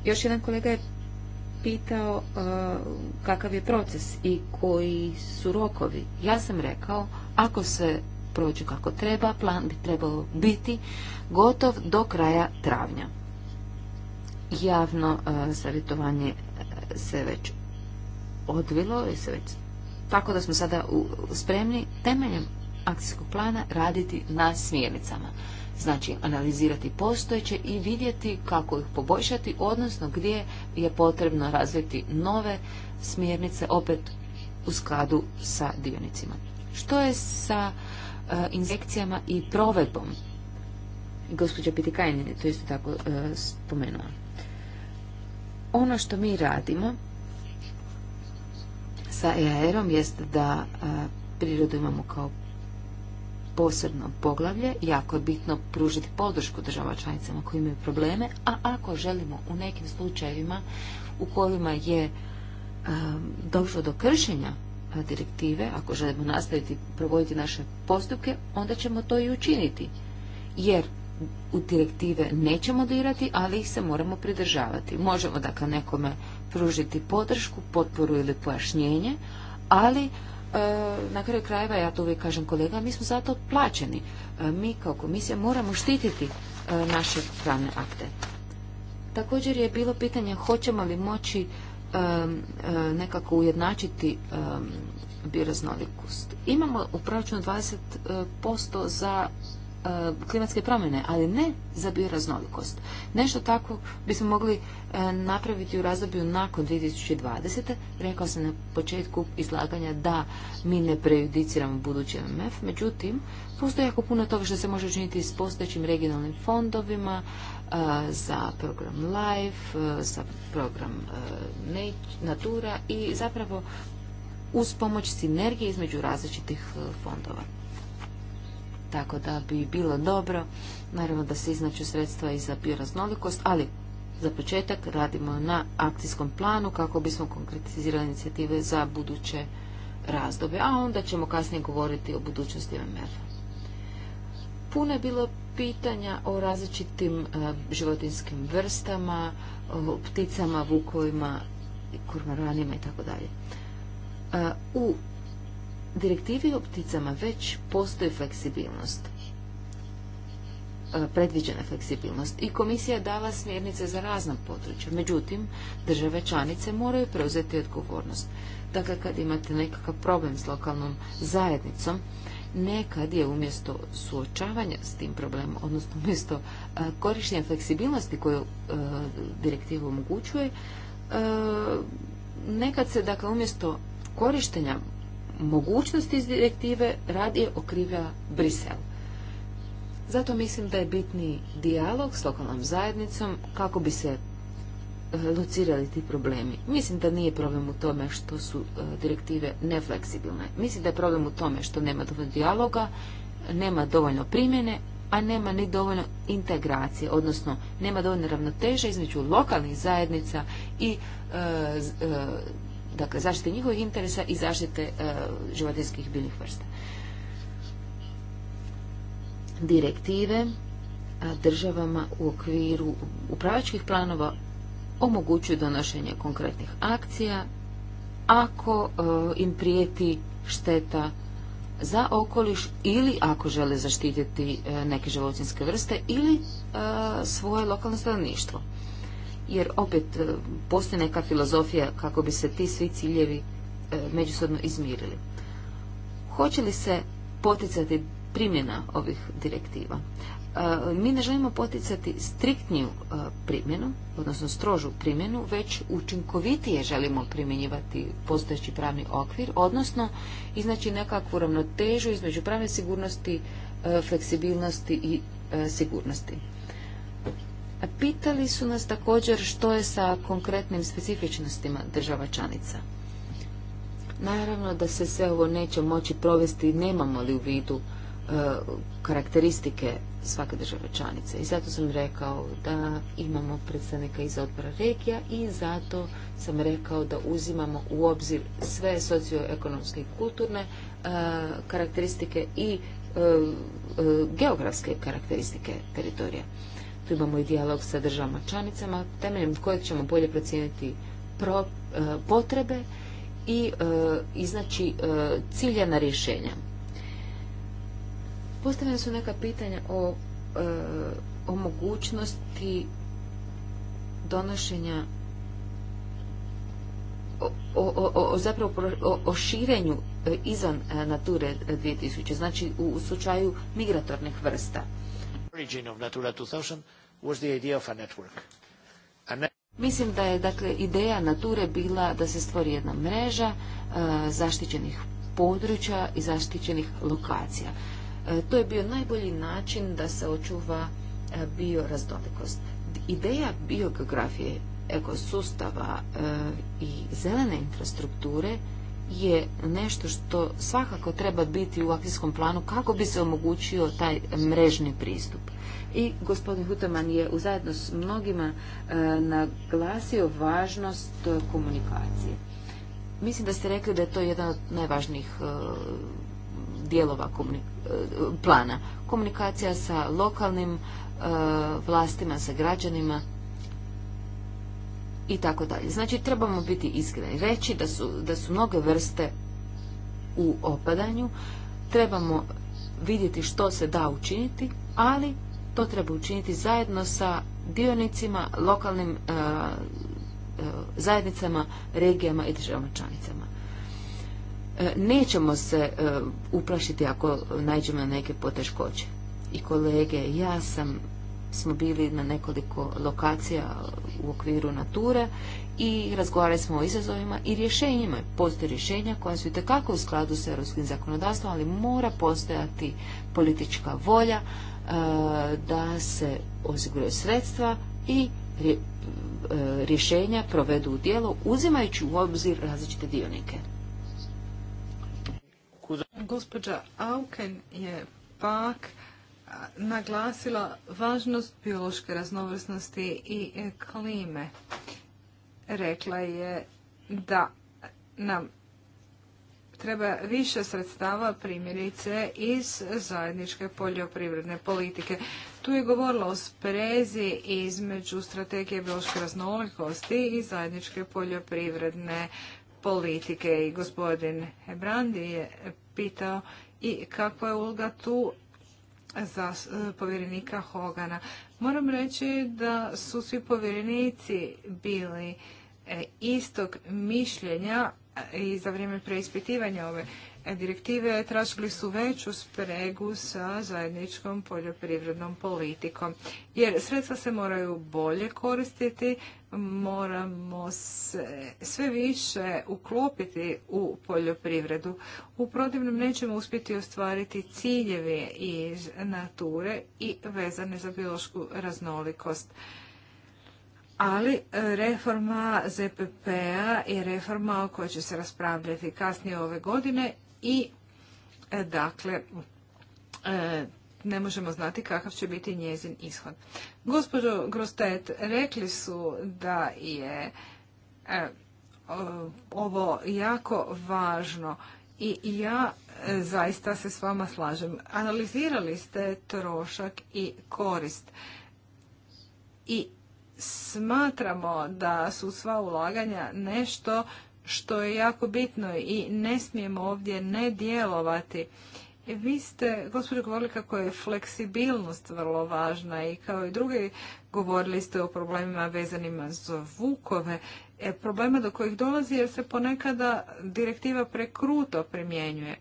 Još jedan kolega je pitao e, kakav je proces i koji su rokovi. Ja sam rekao, ako se prođe kako treba, plan bi trebao biti gotov do kraja travnja javno e, savjetovanje e, se već odvilo i se već tako da smo sada spremni temeljem akcijskog plana raditi na smjernicama. Znači, analizirati postojeće i vidjeti kako ih poboljšati, odnosno gdje je potrebno razviti nove smjernice, opet u skladu sa dionicima. Što je sa e, inspekcijama i provedbom? Gospođa Pitikajn je to isto tako spomenuo. Ono što mi radimo sa EAR-om jest da e, prirodu imamo kao posebno poglavlje, jako je bitno pružiti podršku država članicama koji imaju probleme, a ako želimo u nekim slučajevima u kojima je e, došlo do kršenja e, direktive, ako želimo nastaviti provoditi naše postupke, onda ćemo to i učiniti. Jer u direktive nećemo dirati, ali ih se moramo pridržavati. Možemo dakle nekome pružiti podršku, potporu ili pojašnjenje, ali e, na kraju krajeva, ja to uvijek kažem kolega, mi smo zato plaćeni. E, mi kao komisija moramo štititi e, naše pravne akte. Također je bilo pitanje hoćemo li moći nekako ujednačiti bioraznolikost. Imamo u proračunu 20% za E, klimatske promjene, ali ne za bioraznolikost. Nešto tako bismo mogli e, napraviti u razdoblju nakon 2020. Rekao sam na početku izlaganja da mi ne prejudiciramo budući MMF, međutim, postoji jako puno toga što se može učiniti s postojećim regionalnim fondovima, e, za program Life, za program Natura i zapravo uz pomoć sinergije između različitih fondova. Tako da bi bilo dobro, naravno da se iznaču sredstva i za bioraznolikost, ali za početak radimo na akcijskom planu kako bismo konkretizirali inicijative za buduće razdobe, a onda ćemo kasnije govoriti o budućnosti MMF-a. Puno je bilo pitanja o različitim e, životinskim vrstama, o pticama, vukovima, kormoranima i tako dalje. E, u direktivi o pticama već postoji fleksibilnost, e, predviđena fleksibilnost i komisija je dala smjernice za razna područja. Međutim, države članice moraju preuzeti odgovornost. Dakle, kad imate nekakav problem s lokalnom zajednicom, nekad je umjesto suočavanja s tim problemom, odnosno umjesto e, korištenja fleksibilnosti koju e, direktiva omogućuje, nekad se, dakle, umjesto korištenja Mogućnost iz direktive radije okrivila Brisel. Zato mislim da je bitni dijalog s lokalnom zajednicom kako bi se eh, locirali ti problemi. Mislim da nije problem u tome što su eh, direktive nefleksibilne. Mislim da je problem u tome što nema dovoljno dijaloga, nema dovoljno primjene, a nema ni dovoljno integracije, odnosno nema dovoljno ravnoteže između lokalnih zajednica i eh, dakle zaštite njihovih interesa i zaštite e, životinskih biljnih vrsta. Direktive državama u okviru upravačkih planova omogućuju donošenje konkretnih akcija ako e, im prijeti šteta za okoliš ili ako žele zaštititi e, neke životinske vrste ili svoje lokalno stanovništvo jer opet e, postoji neka filozofija kako bi se ti svi ciljevi e, međusobno izmirili. Hoće li se poticati primjena ovih direktiva? E, mi ne želimo poticati striktniju primjenu, odnosno strožu primjenu, već učinkovitije želimo primjenjivati postojeći pravni okvir, odnosno iznaći nekakvu ravnotežu između pravne sigurnosti, fleksibilnosti i sigurnosti. Pitali su nas također što je sa konkretnim specifičnostima država članica. Naravno da se sve ovo neće moći provesti, nemamo li u vidu e, karakteristike svake države članice. I zato sam rekao da imamo predstavnika iz odbora regija i zato sam rekao da uzimamo u obzir sve socioekonomske i kulturne e, karakteristike i e, geografske karakteristike teritorija. Tu imamo i dijalog sa državama članicama, temeljem kojeg ćemo bolje procijeniti e, potrebe i e, iznaći e, ciljena rješenja. Postavljena su neka pitanja o, mogućnosti donošenja o, zapravo o širenju izvan Nature 2000, znači u slučaju migratornih vrsta origin of Natura 2000 was the idea of a network. Mislim da je dakle ideja Nature bila da se stvori jedna mreža e, zaštićenih područja i zaštićenih lokacija. E, to je bio najbolji način da se očuva e, bioraznolikost. Ideja biogeografije, ekosustava i zelene infrastrukture je nešto što svakako treba biti u akcijskom planu kako bi se omogućio taj mrežni pristup. I gospodin Huteman je zajedno s mnogima e, naglasio važnost e, komunikacije. Mislim da ste rekli da je to jedan od najvažnijih e, dijelova plana. Komunikacija sa lokalnim vlastima, sa građanima, i tako dalje. Znači, trebamo biti iskreni. Reći da su, da su mnoge vrste u opadanju, trebamo vidjeti što se da učiniti, ali to treba učiniti zajedno sa dionicima, lokalnim e, e, zajednicama, regijama i državama članicama. E, nećemo se uplašiti ako najđemo na neke poteškoće. I kolege, ja sam smo bili na nekoliko lokacija u okviru nature i razgovarali smo o izazovima i rješenjima. Postoje rješenja koja su itekako u skladu sa europskim zakonodavstvom, ali mora postojati politička volja e, da se osiguraju sredstva i e, rješenja provedu u djelo uzimajući u obzir različite dionike. Gospođa Auken je pak naglasila važnost biološke raznovrsnosti i e, klime. Rekla je da nam treba više sredstava primjerice iz zajedničke poljoprivredne politike. Tu je govorila o sprezi između strategije biološke raznolikosti i zajedničke poljoprivredne politike i gospodin Hebrandi je pitao i kakva je ulga tu za e, povjerenika Hogana. Moram reći da su svi povjerenici bili e, istog mišljenja e, i za vrijeme preispitivanja ove direktive tražili su veću spregu sa zajedničkom poljoprivrednom politikom. Jer sredstva se moraju bolje koristiti, moramo se sve više uklopiti u poljoprivredu. U protivnom nećemo uspjeti ostvariti ciljeve iz nature i vezane za biološku raznolikost. Ali e, reforma ZPP-a je reforma o kojoj će se raspravljati kasnije ove godine i e, dakle e, ne možemo znati kakav će biti njezin ishod. Gospođo Grostet, rekli su da je e, ovo jako važno i ja e, zaista se s vama slažem. Analizirali ste trošak i korist i smatramo da su sva ulaganja nešto što je jako bitno i ne smijemo ovdje ne djelovati E, vi ste, gospođo, govorili kako je fleksibilnost vrlo važna i kao i drugi govorili ste o problemima vezanima za vukove, e, problema do kojih dolazi jer se ponekada direktiva prekruto primjenjuje.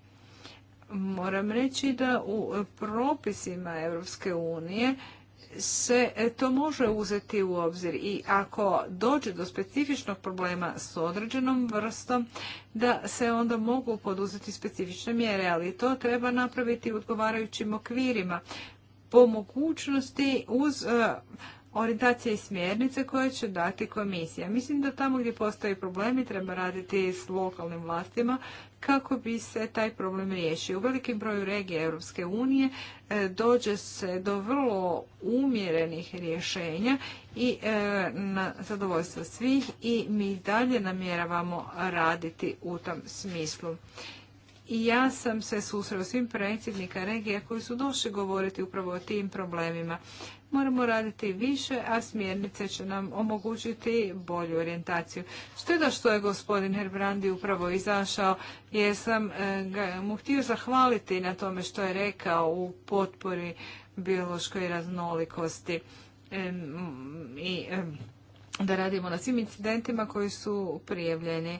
Moram reći da u propisima Europske unije se e, to može uzeti u obzir i ako dođe do specifičnog problema s određenom vrstom, da se onda mogu poduzeti specifične mjere, ali to treba napraviti u odgovarajućim okvirima po mogućnosti uz e, orijentacije i smjernice koje će dati komisija. Mislim da tamo gdje postoje problemi treba raditi s lokalnim vlastima kako bi se taj problem riješio. U velikim broju regije Europske unije e, dođe se do vrlo umjerenih rješenja i e, na zadovoljstvo svih i mi dalje namjeravamo raditi u tom smislu. I ja sam se susreo svim predsjednika regija koji su došli govoriti upravo o tim problemima moramo raditi više, a smjernice će nam omogućiti bolju orijentaciju. da što je gospodin Herbrandi upravo izašao, jer sam e, mu htio zahvaliti na tome što je rekao u potpori biološkoj raznolikosti e, i e, da radimo na svim incidentima koji su prijavljeni.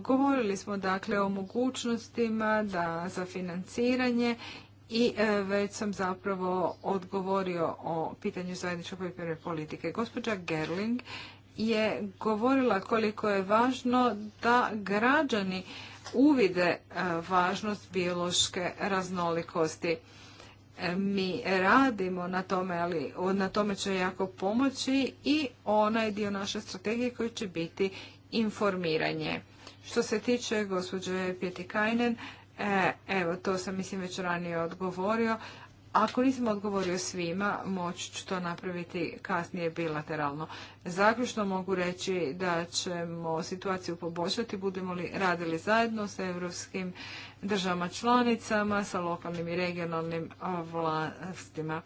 Govorili smo dakle o mogućnostima da za financiranje i e, već sam zapravo odgovorio o pitanju zajedničke poljoprivredne politike. Gospođa Gerling je govorila koliko je važno da građani uvide e, važnost biološke raznolikosti. E, mi radimo na tome, ali na tome će jako pomoći i onaj dio naše strategije koji će biti informiranje. Što se tiče gospođe Pjetikajnen, E, evo, to sam mislim već ranije odgovorio. Ako nisam odgovorio svima, moći ću to napraviti kasnije bilateralno. Zaključno mogu reći da ćemo situaciju poboljšati, budemo li radili zajedno sa europskim državama članicama, sa lokalnim i regionalnim vlastima.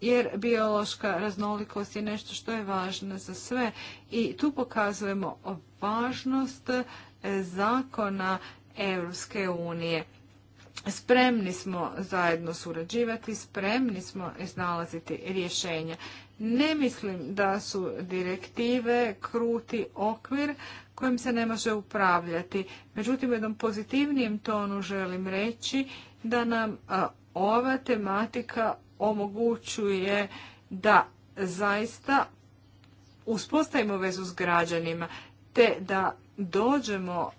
Jer biološka raznolikost je nešto što je važno za sve i tu pokazujemo važnost e, zakona Evropske unije. Spremni smo zajedno surađivati, spremni smo iznalaziti rješenja. Ne mislim da su direktive kruti okvir kojim se ne može upravljati. Međutim, u jednom pozitivnijem tonu želim reći da nam ova tematika omogućuje da zaista uspostavimo vezu s građanima te da dođemo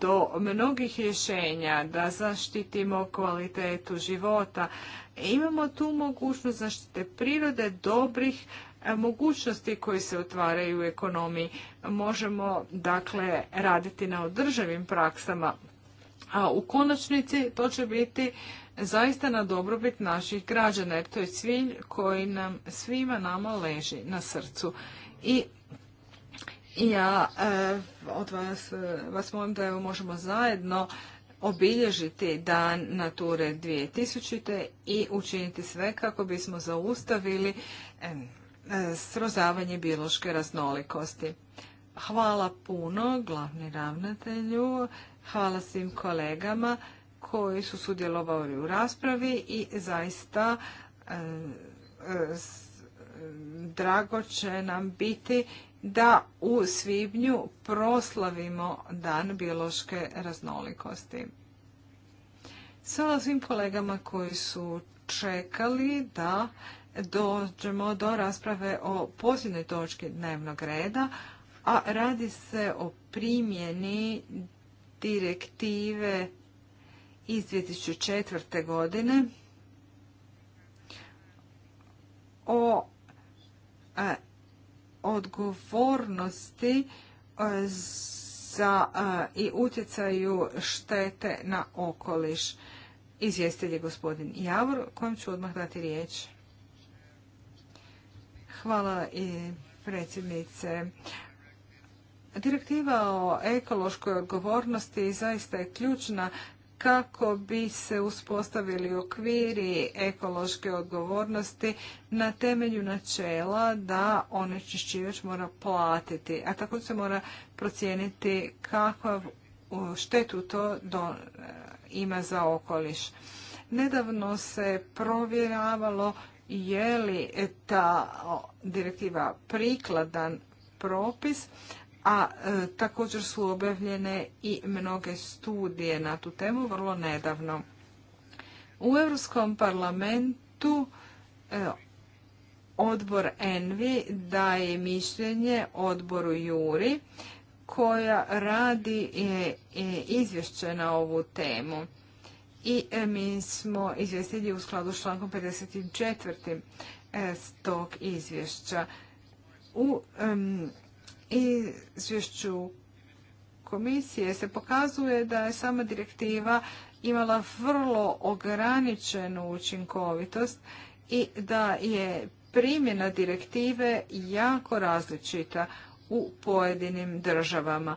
do mnogih rješenja, da zaštitimo kvalitetu života. Imamo tu mogućnost zaštite prirode, dobrih e, mogućnosti koji se otvaraju u ekonomiji. Možemo dakle raditi na održavim praksama, a u konačnici to će biti zaista na dobrobit naših građana, jer to je cilj koji nam svima nama leži na srcu. I ja e, od vas, e, vas molim da možemo zajedno obilježiti dan Nature 2000. i učiniti sve kako bismo zaustavili e, srozavanje biološke raznolikosti. Hvala puno glavni ravnatelju, hvala svim kolegama koji su sudjelovali u raspravi i zaista drago će nam biti da u svibnju proslavimo dan biološke raznolikosti. Sada svim kolegama koji su čekali da dođemo do rasprave o posljednoj točki dnevnog reda, a radi se o primjeni direktive iz 2004. godine o odgovornosti e, za e, i utjecaju štete na okoliš. Izvjestitelj gospodin Javor, kojem ću odmah dati riječ. Hvala i predsjednice. Direktiva o ekološkoj odgovornosti zaista je ključna kako bi se uspostavili okviri ekološke odgovornosti na temelju načela da onečišćivač mora platiti, a tako se mora procijeniti kakav štetu to ima za okoliš. Nedavno se provjeravalo je li ta direktiva prikladan propis, a e, također su objavljene i mnoge studije na tu temu vrlo nedavno. U Europskom parlamentu e, odbor Envi daje mišljenje odboru Juri koja radi e, e izvješće na ovu temu. I mi smo izvjestili u skladu s člankom 54. tog izvješća. U izvješću komisije se pokazuje da je sama direktiva imala vrlo ograničenu učinkovitost i da je primjena direktive jako različita u pojedinim državama.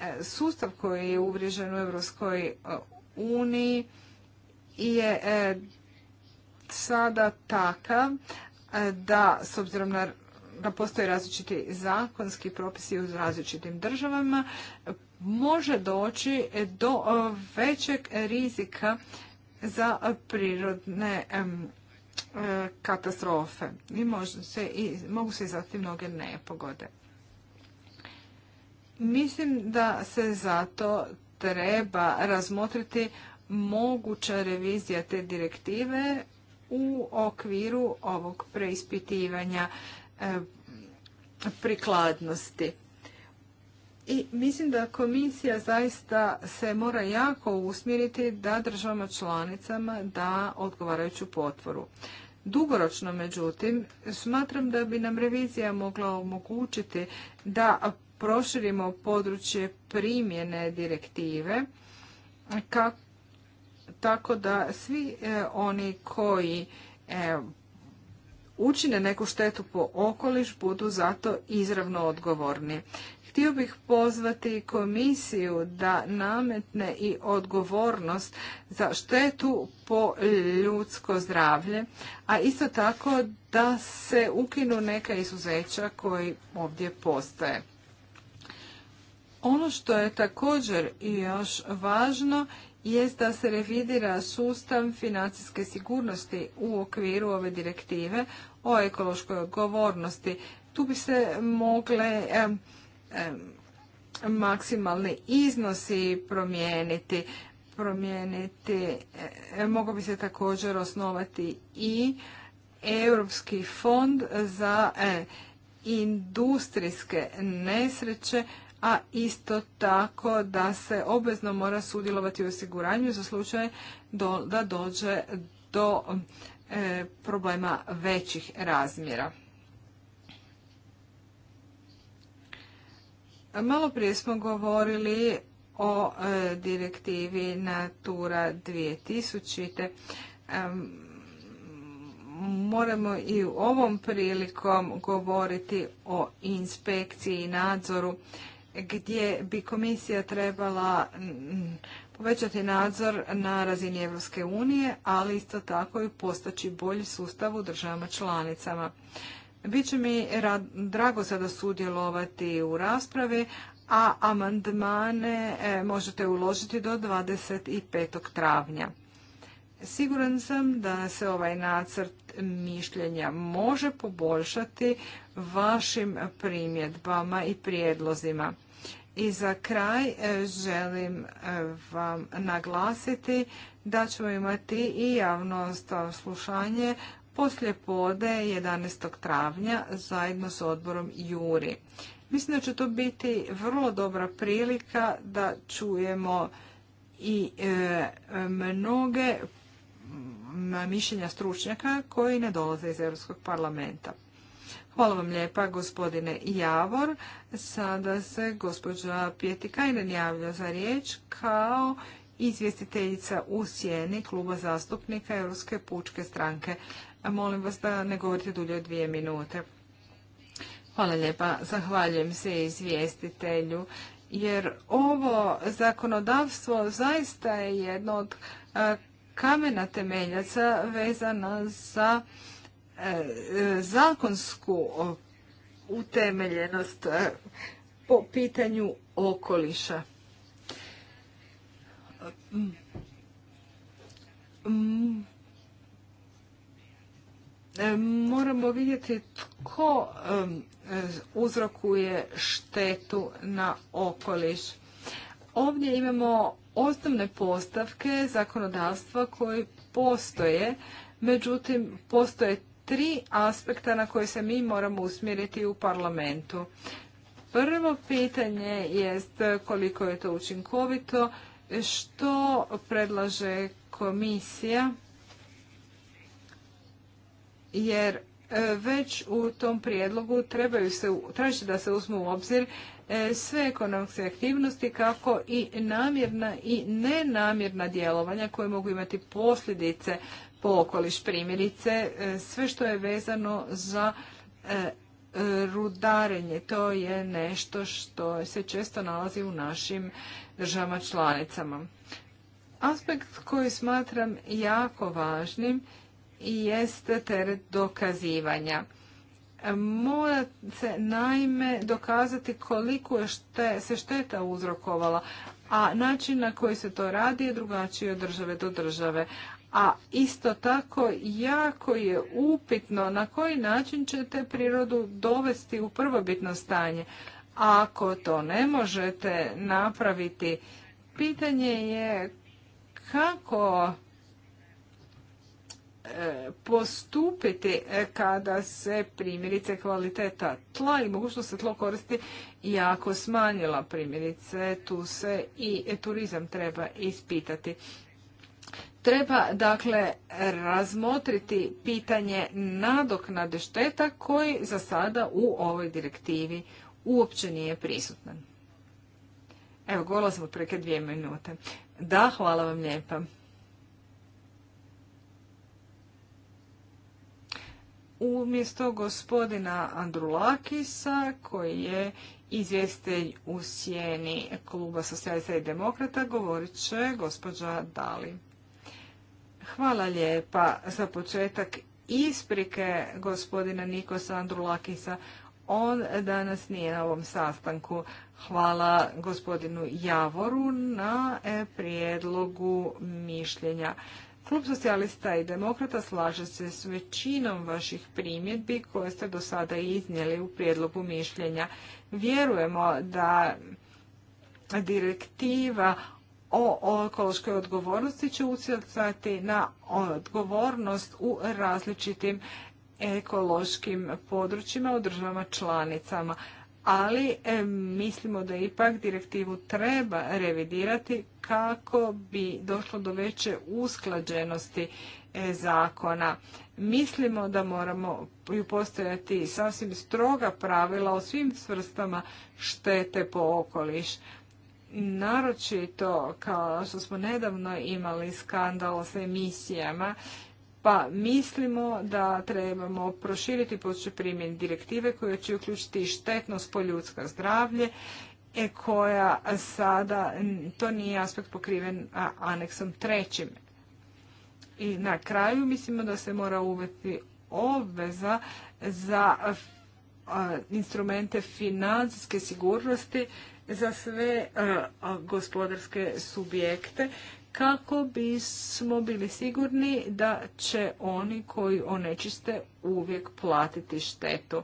E, sustav koji je uvriježen u Europskoj e, uniji je e, sada takav da s obzirom na da postoje različiti zakonski propisi u različitim državama, može doći do e, većeg rizika za prirodne e, katastrofe i, se, i mogu se izvati mnoge nepogode. Mislim da se zato treba razmotriti moguća revizija te direktive u okviru ovog preispitivanja E, prikladnosti. I mislim da komisija zaista se mora jako usmjeriti da državama članicama da odgovarajuću potvoru. Dugoročno, međutim, smatram da bi nam revizija mogla omogućiti da proširimo područje primjene direktive tako da svi e, oni koji e, učine neku štetu po okoliš budu zato izravno odgovorni. Htio bih pozvati komisiju da nametne i odgovornost za štetu po ljudsko zdravlje, a isto tako da se ukinu neka izuzeća koji ovdje postoje. Ono što je također još važno jest da se revidira sustav financijske sigurnosti u okviru ove direktive o ekološkoj odgovornosti. Tu bi se mogle maksimalni iznosi promijeniti. promijeniti. E, mogu bi se također osnovati i Europski fond za e, industrijske nesreće a isto tako da se obvezno mora sudjelovati u osiguranju za slučaj do, da dođe do e, problema većih razmjera. Malo prije smo govorili o e, direktivi Natura 2000. E, moramo i u ovom prilikom govoriti o inspekciji i nadzoru gdje bi komisija trebala mm, povećati nadzor na razini Europske unije, ali isto tako i postaći bolji sustav u državama članicama. Biće mi drago sada sudjelovati u raspravi, a amandmane e, možete uložiti do 25. travnja. Siguran sam da se ovaj nacrt mišljenja može poboljšati vašim primjedbama i prijedlozima. I za kraj e, želim e, vam naglasiti da ćemo imati i javno slušanje poslije pode 11. travnja zajedno s odborom Juri. Mislim da će to biti vrlo dobra prilika da čujemo i e, mnoge mišljenja stručnjaka koji ne dolaze iz Europskog parlamenta. Hvala vam lijepa, gospodine Javor. Sada se gospođa Kajnen javlja za riječ kao izvjestiteljica u sjeni kluba zastupnika Europske pučke stranke. Molim vas da ne govorite dulje od dvije minute. Hvala lijepa. Zahvaljujem se izvjestitelju jer ovo zakonodavstvo zaista je jedno od kamena temeljaca vezana za zakonsku utemeljenost e, po pitanju okoliša. Mm. Mm. Moramo vidjeti tko uzrokuje štetu na okoliš. Ovdje imamo osnovne postavke zakonodavstva koje postoje, međutim postoje tri aspekta na koje se mi moramo usmjeriti u parlamentu. Prvo pitanje jest koliko je to učinkovito, što predlaže komisija, jer e, već u tom prijedlogu trebaju se tražiti da se uzmu u obzir e, sve ekonomske aktivnosti kako i namjerna i nenamjerna djelovanja koje mogu imati posljedice po okoliš primjerice, e, sve što je vezano za e, rudarenje, to je nešto što se često nalazi u našim državama članicama. Aspekt koji smatram jako važnim jeste teret dokazivanja. Mora se naime dokazati koliko je se šteta uzrokovala, a način na koji se to radi je drugačiji od države do države a isto tako jako je upitno na koji način ćete prirodu dovesti u prvobitno stanje. Ako to ne možete napraviti, pitanje je kako e, postupiti e, kada se primjerice kvaliteta tla i mogućnost se tlo koristi jako smanjila primjerice tu se i turizam treba ispitati Treba dakle razmotriti pitanje nadoknade šteta koji za sada u ovoj direktivi uopće nije prisutan. Evo, gola smo preke dvije minute. Da, hvala vam lijepa. Umjesto gospodina Andrulakisa, koji je izvjestelj u sjeni kluba socijalista i demokrata, govorit će gospođa Dali. Hvala lijepa za početak isprike gospodina Nikosa Andrulakisa. On danas nije na ovom sastanku. Hvala gospodinu Javoru na e, prijedlogu mišljenja. Klub socijalista i demokrata slaže se s većinom vaših primjedbi koje ste do sada iznijeli u prijedlogu mišljenja. Vjerujemo da direktiva o ekološkoj odgovornosti će utjecati na odgovornost u različitim ekološkim područjima u državama članicama. Ali e, mislimo da ipak direktivu treba revidirati kako bi došlo do veće usklađenosti e, zakona. Mislimo da moramo postojati sasvim stroga pravila o svim svrstama štete po okoliš naročito kao što smo nedavno imali skandal sa emisijama, pa mislimo da trebamo proširiti područje primjen direktive koje će uključiti štetnost po ljudsko zdravlje e koja sada, to nije aspekt pokriven aneksom trećim. I na kraju mislimo da se mora uvesti obveza za instrumente financijske sigurnosti za sve gospodarske subjekte kako bismo bili sigurni da će oni koji onečiste uvijek platiti štetu.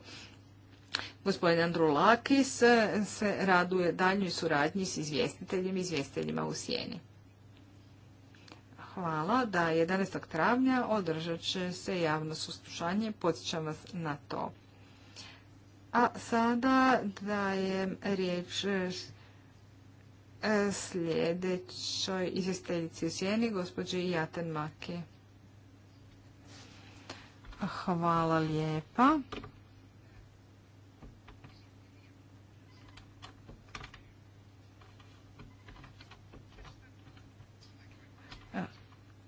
Gospodin Andrulakis se raduje daljnjoj suradnji s izvjestiteljima i izvjestiteljima u Sjeni. Hvala da 11. travnja održat će se javno sustušanje, Podsjećam vas na to. A sada dajem riječ e, sljedećoj izvjestiteljici u sjeni, gospođi Jaten Maki. Hvala lijepa.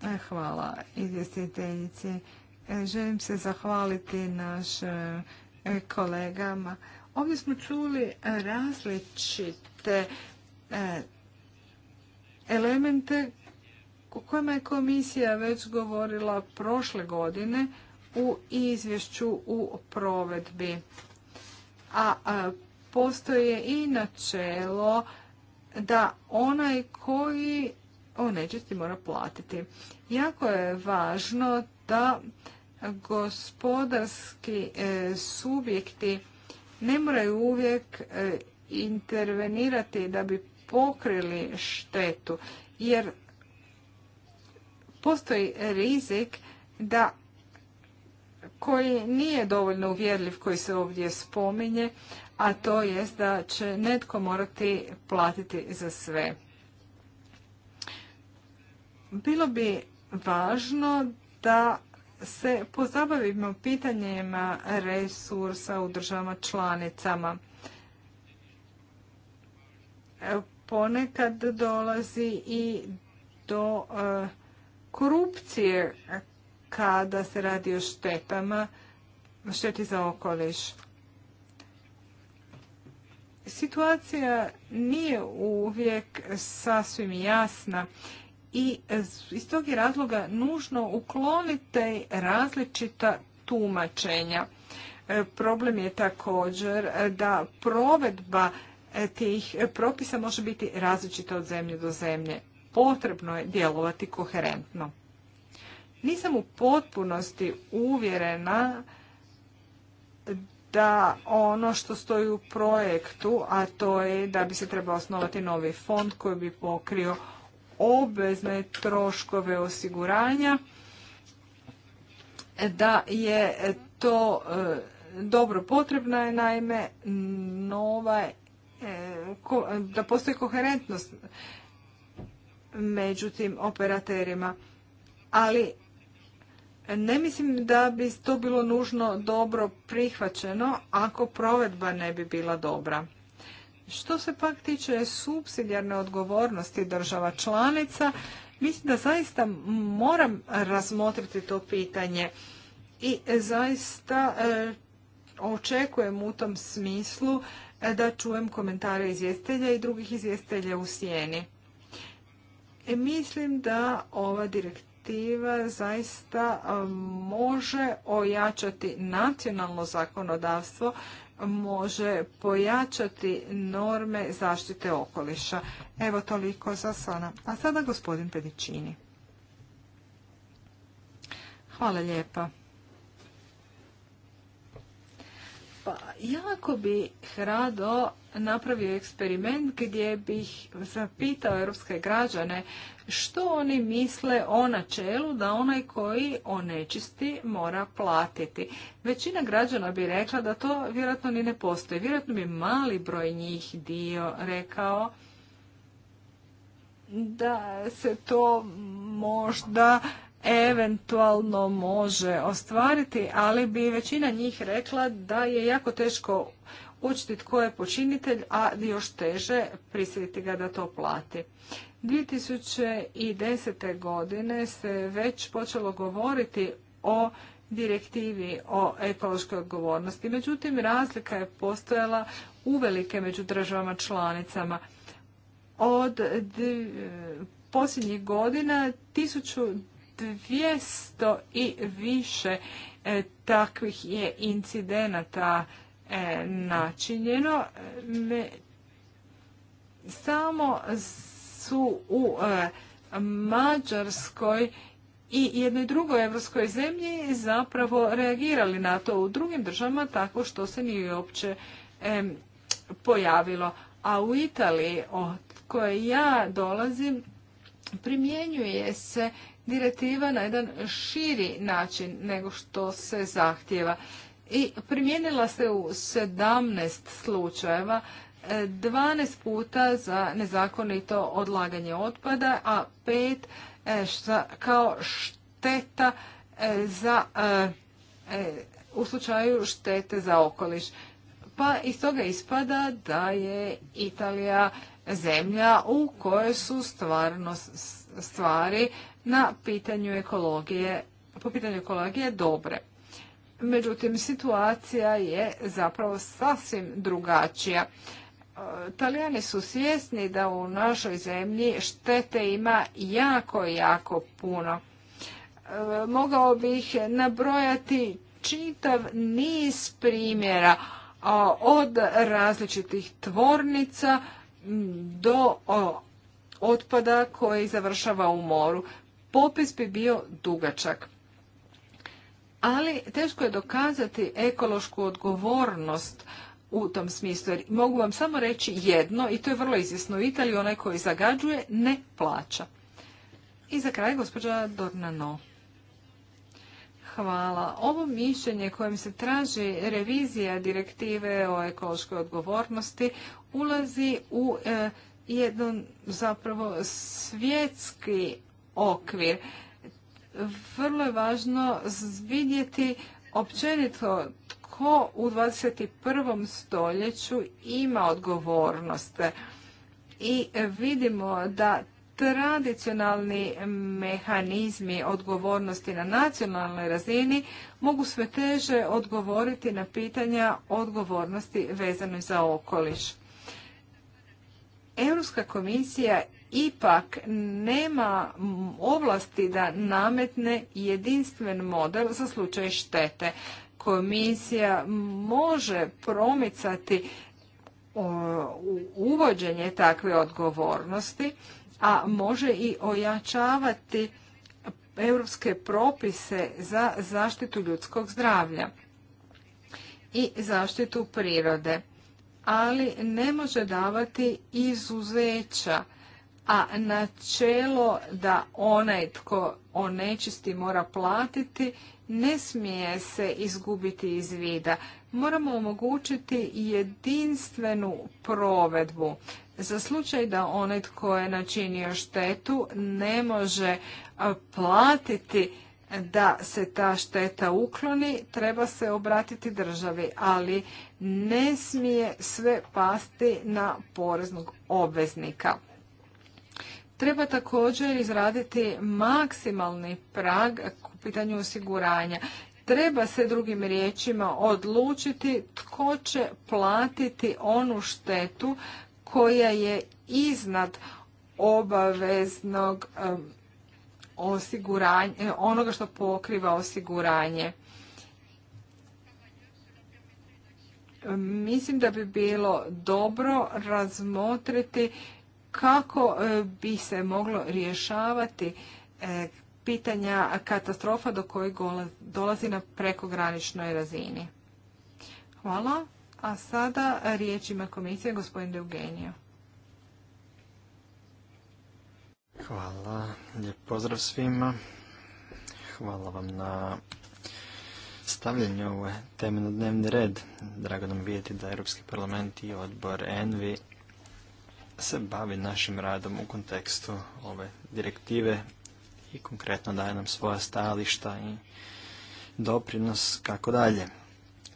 E, hvala izvjestiteljici. E, želim se zahvaliti našem E, kolegama. Ovdje smo čuli e, različite e, elemente o kojima je komisija već govorila prošle godine u izvješću u provedbi. A postoje i načelo da onaj koji o nečesti mora platiti. Jako je važno da gospodarski e, subjekti ne moraju uvijek e, intervenirati da bi pokrili štetu jer postoji rizik da koji nije dovoljno uvjerljiv koji se ovdje spominje, a to je da će netko morati platiti za sve. Bilo bi važno da se pozabavimo pitanjima resursa u državama članicama. Ponekad dolazi i do e, korupcije kada se radi o štetama, šteti za okoliš. Situacija nije uvijek sasvim jasna i e, iz tog je razloga nužno uklonite različita tumačenja. E, problem je također e, da provedba tih propisa može biti različita od zemlje do zemlje. Potrebno je djelovati koherentno. Nisam u potpunosti uvjerena da ono što stoji u projektu, a to je da bi se trebao osnovati novi fond koji bi pokrio obvezne troškove osiguranja, da je to e, dobro potrebno je naime e, da postoji koherentnost među tim operaterima. Ali ne mislim da bi to bilo nužno dobro prihvaćeno ako provedba ne bi bila dobra. Što se pak tiče subsidijarne odgovornosti država članica, mislim da zaista moram razmotriti to pitanje i zaista e, očekujem u tom smislu e, da čujem komentare izvjestelja i drugih izvjestitelja u sjeni. E, mislim da ova direktiva zaista može ojačati nacionalno zakonodavstvo može pojačati norme zaštite okoliša. Evo toliko za sada. A sada gospodin Pedičini. Hvala lijepa. Pa jako bi rado napravio eksperiment gdje bih zapitao europske građane što oni misle o načelu da onaj koji onečisti mora platiti. Većina građana bi rekla da to vjerojatno ni ne postoji. Vjerojatno bi mali broj njih dio rekao da se to možda eventualno može ostvariti, ali bi većina njih rekla da je jako teško učiti tko je počinitelj, a još teže prisiliti ga da to plati. 2010. godine se već počelo govoriti o direktivi o ekološkoj odgovornosti. Međutim, razlika je postojala uvelike među državama članicama. Od posljednjih godina 1000 200 i više e, takvih je incidenata e, načinjeno. Samo su u e, Mađarskoj i jednoj drugoj evropskoj zemlji zapravo reagirali na to u drugim državama tako što se nije uopće pojavilo. A u Italiji od koje ja dolazim primjenjuje se direktiva na jedan širi način nego što se zahtjeva. I primijenila se u 17 slučajeva, 12 e, puta za nezakonito odlaganje otpada, a pet e, kao šteta e, za, u slučaju štete za okoliš. Pa iz toga ispada da je Italija zemlja u kojoj su stvarno stvari na pitanju ekologije, po pitanju ekologije dobre. Međutim, situacija je zapravo sasvim drugačija. Italijani e, su svjesni da u našoj zemlji štete ima jako, jako puno. E, mogao bih nabrojati čitav niz primjera e, od različitih tvornica do otpada koji završava u moru popis bi bio dugačak. Ali teško je dokazati ekološku odgovornost u tom smislu. Jer mogu vam samo reći jedno, i to je vrlo izvjesno u Italiji, onaj koji zagađuje ne plaća. I za kraj gospođa Dornano. Hvala. Ovo mišljenje kojim se traži revizija direktive o ekološkoj odgovornosti ulazi u eh, jedan zapravo svjetski okvir. Vrlo je važno vidjeti općenito tko u 21. stoljeću ima odgovornost. I vidimo da tradicionalni mehanizmi odgovornosti na nacionalnoj razini mogu sve teže odgovoriti na pitanja odgovornosti vezane za okoliš. Europska komisija ipak nema ovlasti da nametne jedinstven model za slučaj štete. Komisija može promicati uvođenje takve odgovornosti, a može i ojačavati europske propise za zaštitu ljudskog zdravlja i zaštitu prirode, ali ne može davati izuzeća a načelo da onaj tko nečisti mora platiti ne smije se izgubiti iz vida. Moramo omogućiti jedinstvenu provedbu. Za slučaj da onaj tko je načinio štetu ne može platiti da se ta šteta ukloni, treba se obratiti državi, ali ne smije sve pasti na poreznog obveznika. Treba također izraditi maksimalni prag u pitanju osiguranja. Treba se drugim riječima odlučiti tko će platiti onu štetu koja je iznad obaveznog osiguranja, onoga što pokriva osiguranje. Mislim da bi bilo dobro razmotriti kako e, bi se moglo rješavati e, pitanja katastrofa do kojih dolazi na prekograničnoj razini. Hvala. A sada riječ ima komisija gospodin Deugenio. Hvala. Lijep pozdrav svima. Hvala vam na stavljanju ove ovaj teme na dnevni red. Drago nam vidjeti da Europski parlament i odbor ENVI se bavi našim radom u kontekstu ove direktive i konkretno daje nam svoja stajališta i doprinos kako dalje.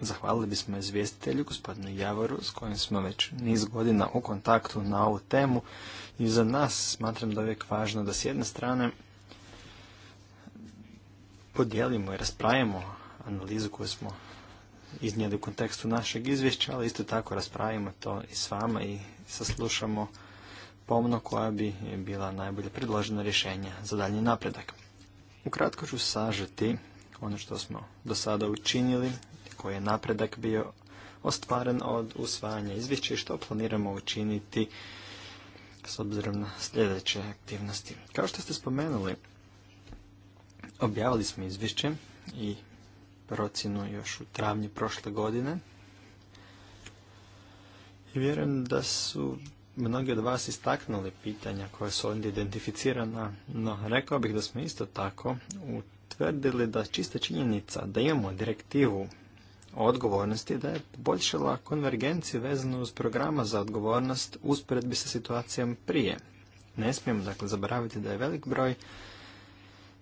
Zahvalili bismo izvjestitelju gospodinu Javoru s kojim smo već niz godina u kontaktu na ovu temu i za nas smatram da je uvijek važno da s jedne strane podijelimo i raspravimo analizu koju smo iznijeli u kontekstu našeg izvješća, ali isto tako raspravimo to i s vama i saslušamo pomno koja bi bila najbolje predložena rješenja za daljnji napredak. Ukratko ću sažeti ono što smo do sada učinili, koji je napredak bio ostvaren od usvajanja izvješća i što planiramo učiniti s obzirom na sljedeće aktivnosti. Kao što ste spomenuli, objavili smo izvješće i procjenu još u travnju prošle godine vjerujem da su mnogi od vas istaknuli pitanja koja su ovdje identificirana, no rekao bih da smo isto tako utvrdili da čista činjenica da imamo direktivu o odgovornosti da je poboljšala konvergenciju vezanu uz programa za odgovornost usporedbi sa situacijom prije. Ne smijemo dakle zaboraviti da je velik broj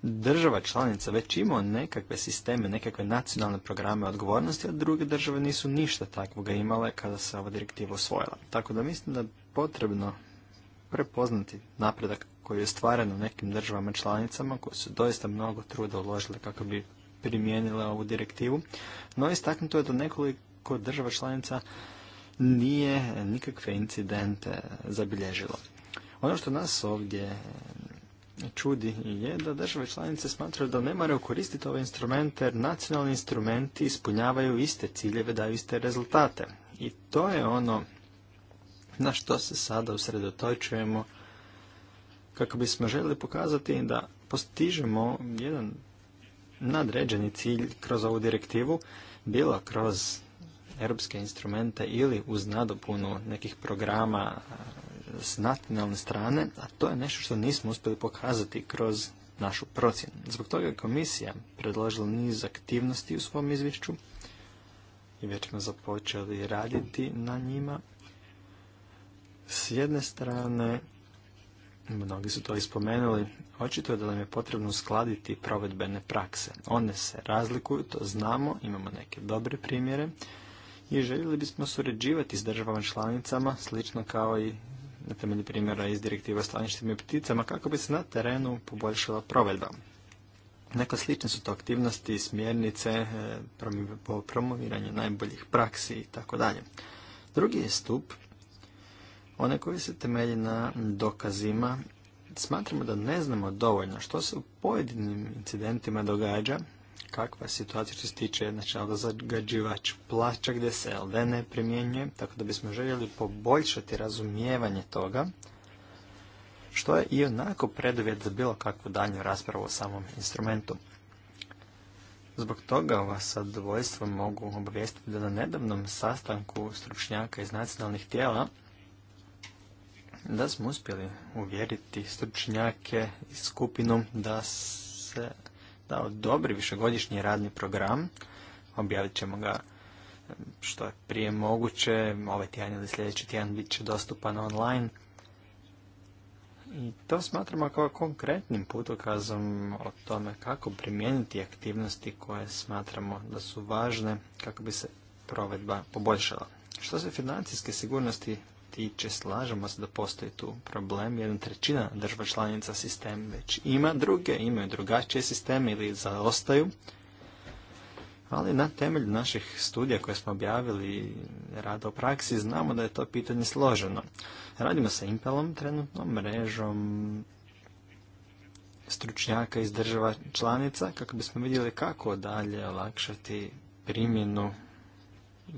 država članica već imao nekakve sisteme, nekakve nacionalne programe odgovornosti, a druge države nisu ništa takvoga imale kada se ova direktiva osvojila. Tako da mislim da je potrebno prepoznati napredak koji je ostvaren u nekim državama članicama koje su doista mnogo truda uložile kako bi primijenile ovu direktivu, no istaknuto je da nekoliko država članica nije nikakve incidente zabilježilo. Ono što nas ovdje čudi je da države članice smatraju da ne moraju koristiti ove instrumente jer nacionalni instrumenti ispunjavaju iste ciljeve, daju iste rezultate. I to je ono na što se sada usredotočujemo kako bismo željeli pokazati da postižemo jedan nadređeni cilj kroz ovu direktivu, bilo kroz europske instrumente ili uz nadopunu nekih programa s nacionalne strane, a to je nešto što nismo uspjeli pokazati kroz našu procjenu. Zbog toga je komisija predložila niz aktivnosti u svom izvješću i već smo započeli raditi na njima. S jedne strane, mnogi su to ispomenuli, očito je da nam je potrebno uskladiti provedbene prakse. One se razlikuju, to znamo, imamo neke dobre primjere i željeli bismo surađivati s državama članicama, slično kao i na temelju primjera iz direktiva staništima i pticama kako bi se na terenu poboljšala provedba. Neko slične su to aktivnosti, smjernice, e, promoviranje najboljih praksi i tako Drugi je stup, one koji se temelji na dokazima, smatramo da ne znamo dovoljno što se u pojedinim incidentima događa kakva situacija što se tiče načela zagađivač plaća gdje se LD ne primjenjuje, tako da bismo željeli poboljšati razumijevanje toga, što je i onako preduvjet za bilo kakvu danju raspravu o samom instrumentu. Zbog toga vas sa mogu obavijestiti da na nedavnom sastanku stručnjaka iz nacionalnih tijela da smo uspjeli uvjeriti stručnjake i skupinu da se Dao dobri višegodišnji radni program. Objavit ćemo ga što je prije moguće. Ovaj tjedan ili sljedeći tjedan bit će dostupan online. I to smatramo kao konkretnim putokazom o tome kako primijeniti aktivnosti koje smatramo da su važne kako bi se provedba poboljšala. Što se financijske sigurnosti tiče, slažemo se da postoji tu problem. Jedna trećina država članica sistem već ima druge, imaju drugačije sisteme ili zaostaju. Ali na temelju naših studija koje smo objavili rada u praksi znamo da je to pitanje složeno. Radimo sa Impelom trenutno, mrežom stručnjaka iz država članica kako bismo vidjeli kako dalje olakšati primjenu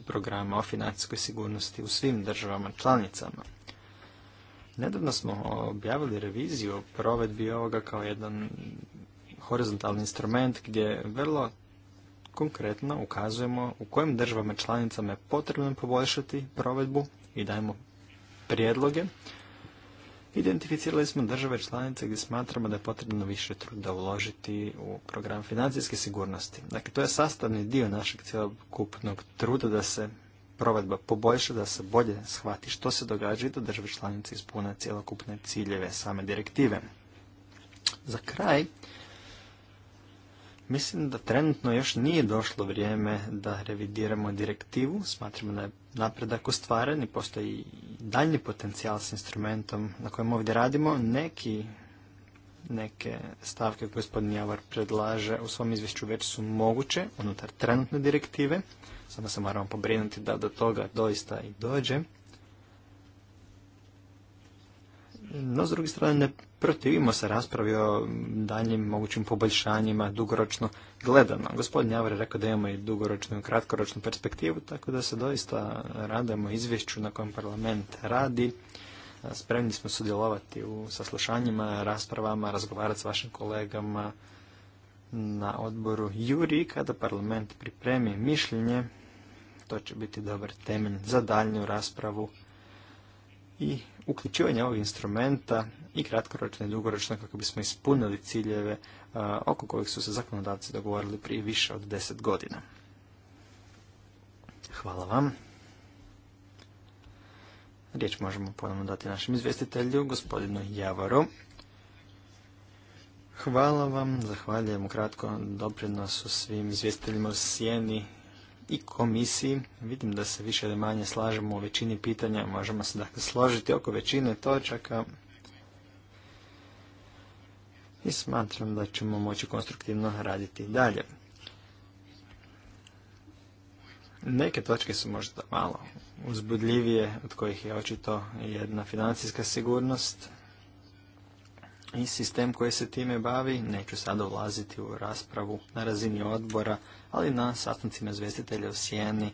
programa o financijskoj sigurnosti u svim državama članicama. Nedavno smo objavili reviziju o provedbi ovoga kao jedan horizontalni instrument gdje vrlo konkretno ukazujemo u kojim državama članicama je potrebno poboljšati provedbu i dajemo prijedloge Identificirali smo države članice gdje smatramo da je potrebno više truda uložiti u program financijske sigurnosti. Dakle, to je sastavni dio našeg cjelokupnog truda da se provedba poboljša, da se bolje shvati što se događa i da države članice ispune cjelokupne ciljeve same direktive. Za kraj, Mislim da trenutno još nije došlo vrijeme da revidiramo direktivu. Smatramo da je napredak ostvaren i postoji daljnji potencijal s instrumentom na kojem ovdje radimo. Neki, neke stavke koje gospodin Javar predlaže u svom izvješću već su moguće unutar trenutne direktive. Samo se moramo pobrinuti da do toga doista i dođe. No, s druge strane, ne protivimo se raspravi o daljim mogućim poboljšanjima dugoročno gledano. Gospodin Javor je rekao da imamo i dugoročnu i kratkoročnu perspektivu, tako da se doista radujemo izvješću na kojem parlament radi. Spremni smo sudjelovati u saslušanjima, raspravama, razgovarati s vašim kolegama na odboru Juri. Kada parlament pripremi mišljenje, to će biti dobar temelj za daljnju raspravu i uključivanje ovog instrumenta i kratkoročno i dugoročno kako bismo ispunili ciljeve oko kojih su se zakonodavci dogovorili prije više od deset godina. Hvala vam. Riječ možemo ponovno dati našem izvjestitelju, gospodinu Javoru. Hvala vam, zahvaljujem ukratko doprinosu svim izvjestiteljima u Sijeni i komisiji. Vidim da se više ili manje slažemo u većini pitanja, možemo se dakle složiti oko većine točaka. I smatram da ćemo moći konstruktivno raditi dalje. Neke točke su možda malo uzbudljivije, od kojih je očito jedna financijska sigurnost i sistem koji se time bavi. Neću sada ulaziti u raspravu na razini odbora ali na sastancima izvjestitelja u Sijeni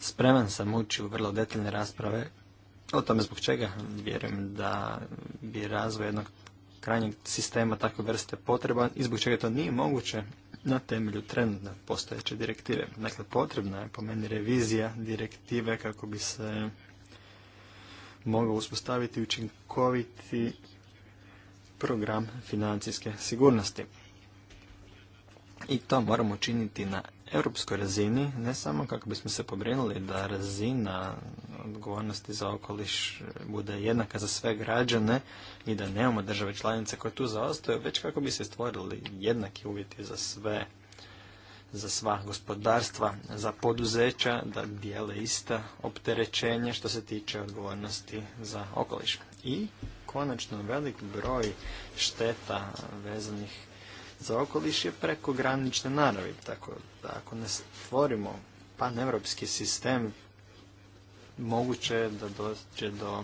spreman sam ući u vrlo detaljne rasprave o tome zbog čega vjerujem da bi razvoj jednog krajnjeg sistema takve vrste potreban i zbog čega to nije moguće na temelju trenutne postojeće direktive. Dakle, potrebna je po meni revizija direktive kako bi se mogao uspostaviti učinkoviti program financijske sigurnosti. I to moramo činiti na europskoj razini, ne samo kako bismo se pobrinuli da razina odgovornosti za okoliš bude jednaka za sve građane i da nemamo države članice koje tu zaostaju, već kako bi se stvorili jednaki uvjeti za sve, za sva gospodarstva, za poduzeća, da dijele ista opterećenje što se tiče odgovornosti za okoliš. I konačno velik broj šteta vezanih za okoliš je prekogranične naravi. Tako da ako ne stvorimo paneuropski sistem, moguće je da dođe do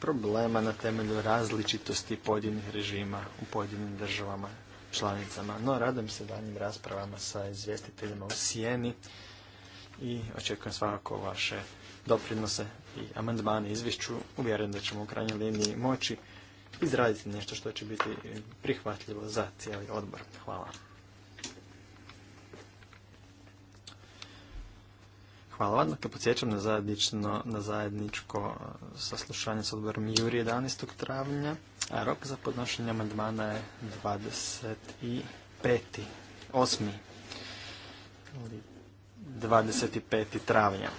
problema na temelju različitosti pojedinih režima u pojedinim državama članicama. No, radim se danjim raspravama sa izvjestiteljima u Sijeni i očekujem svakako vaše doprinose i amandmane izvješću, uvjeren da ćemo u krajnjoj liniji moći izraditi nešto što će biti prihvatljivo za cijeli odbor. Hvala. Hvala vam. Dakle, podsjećam na, na zajedničko uh, saslušanje s odborom Juri 11. travnja, a rok za podnošenje amandmana je 25. 8. 25. travnja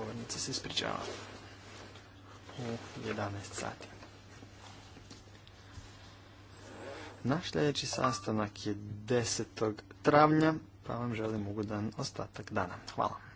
govornica se ispričava u 11 sati. Naš sljedeći sastanak je 10. travnja, pa vam želim ugodan ostatak dana. Hvala.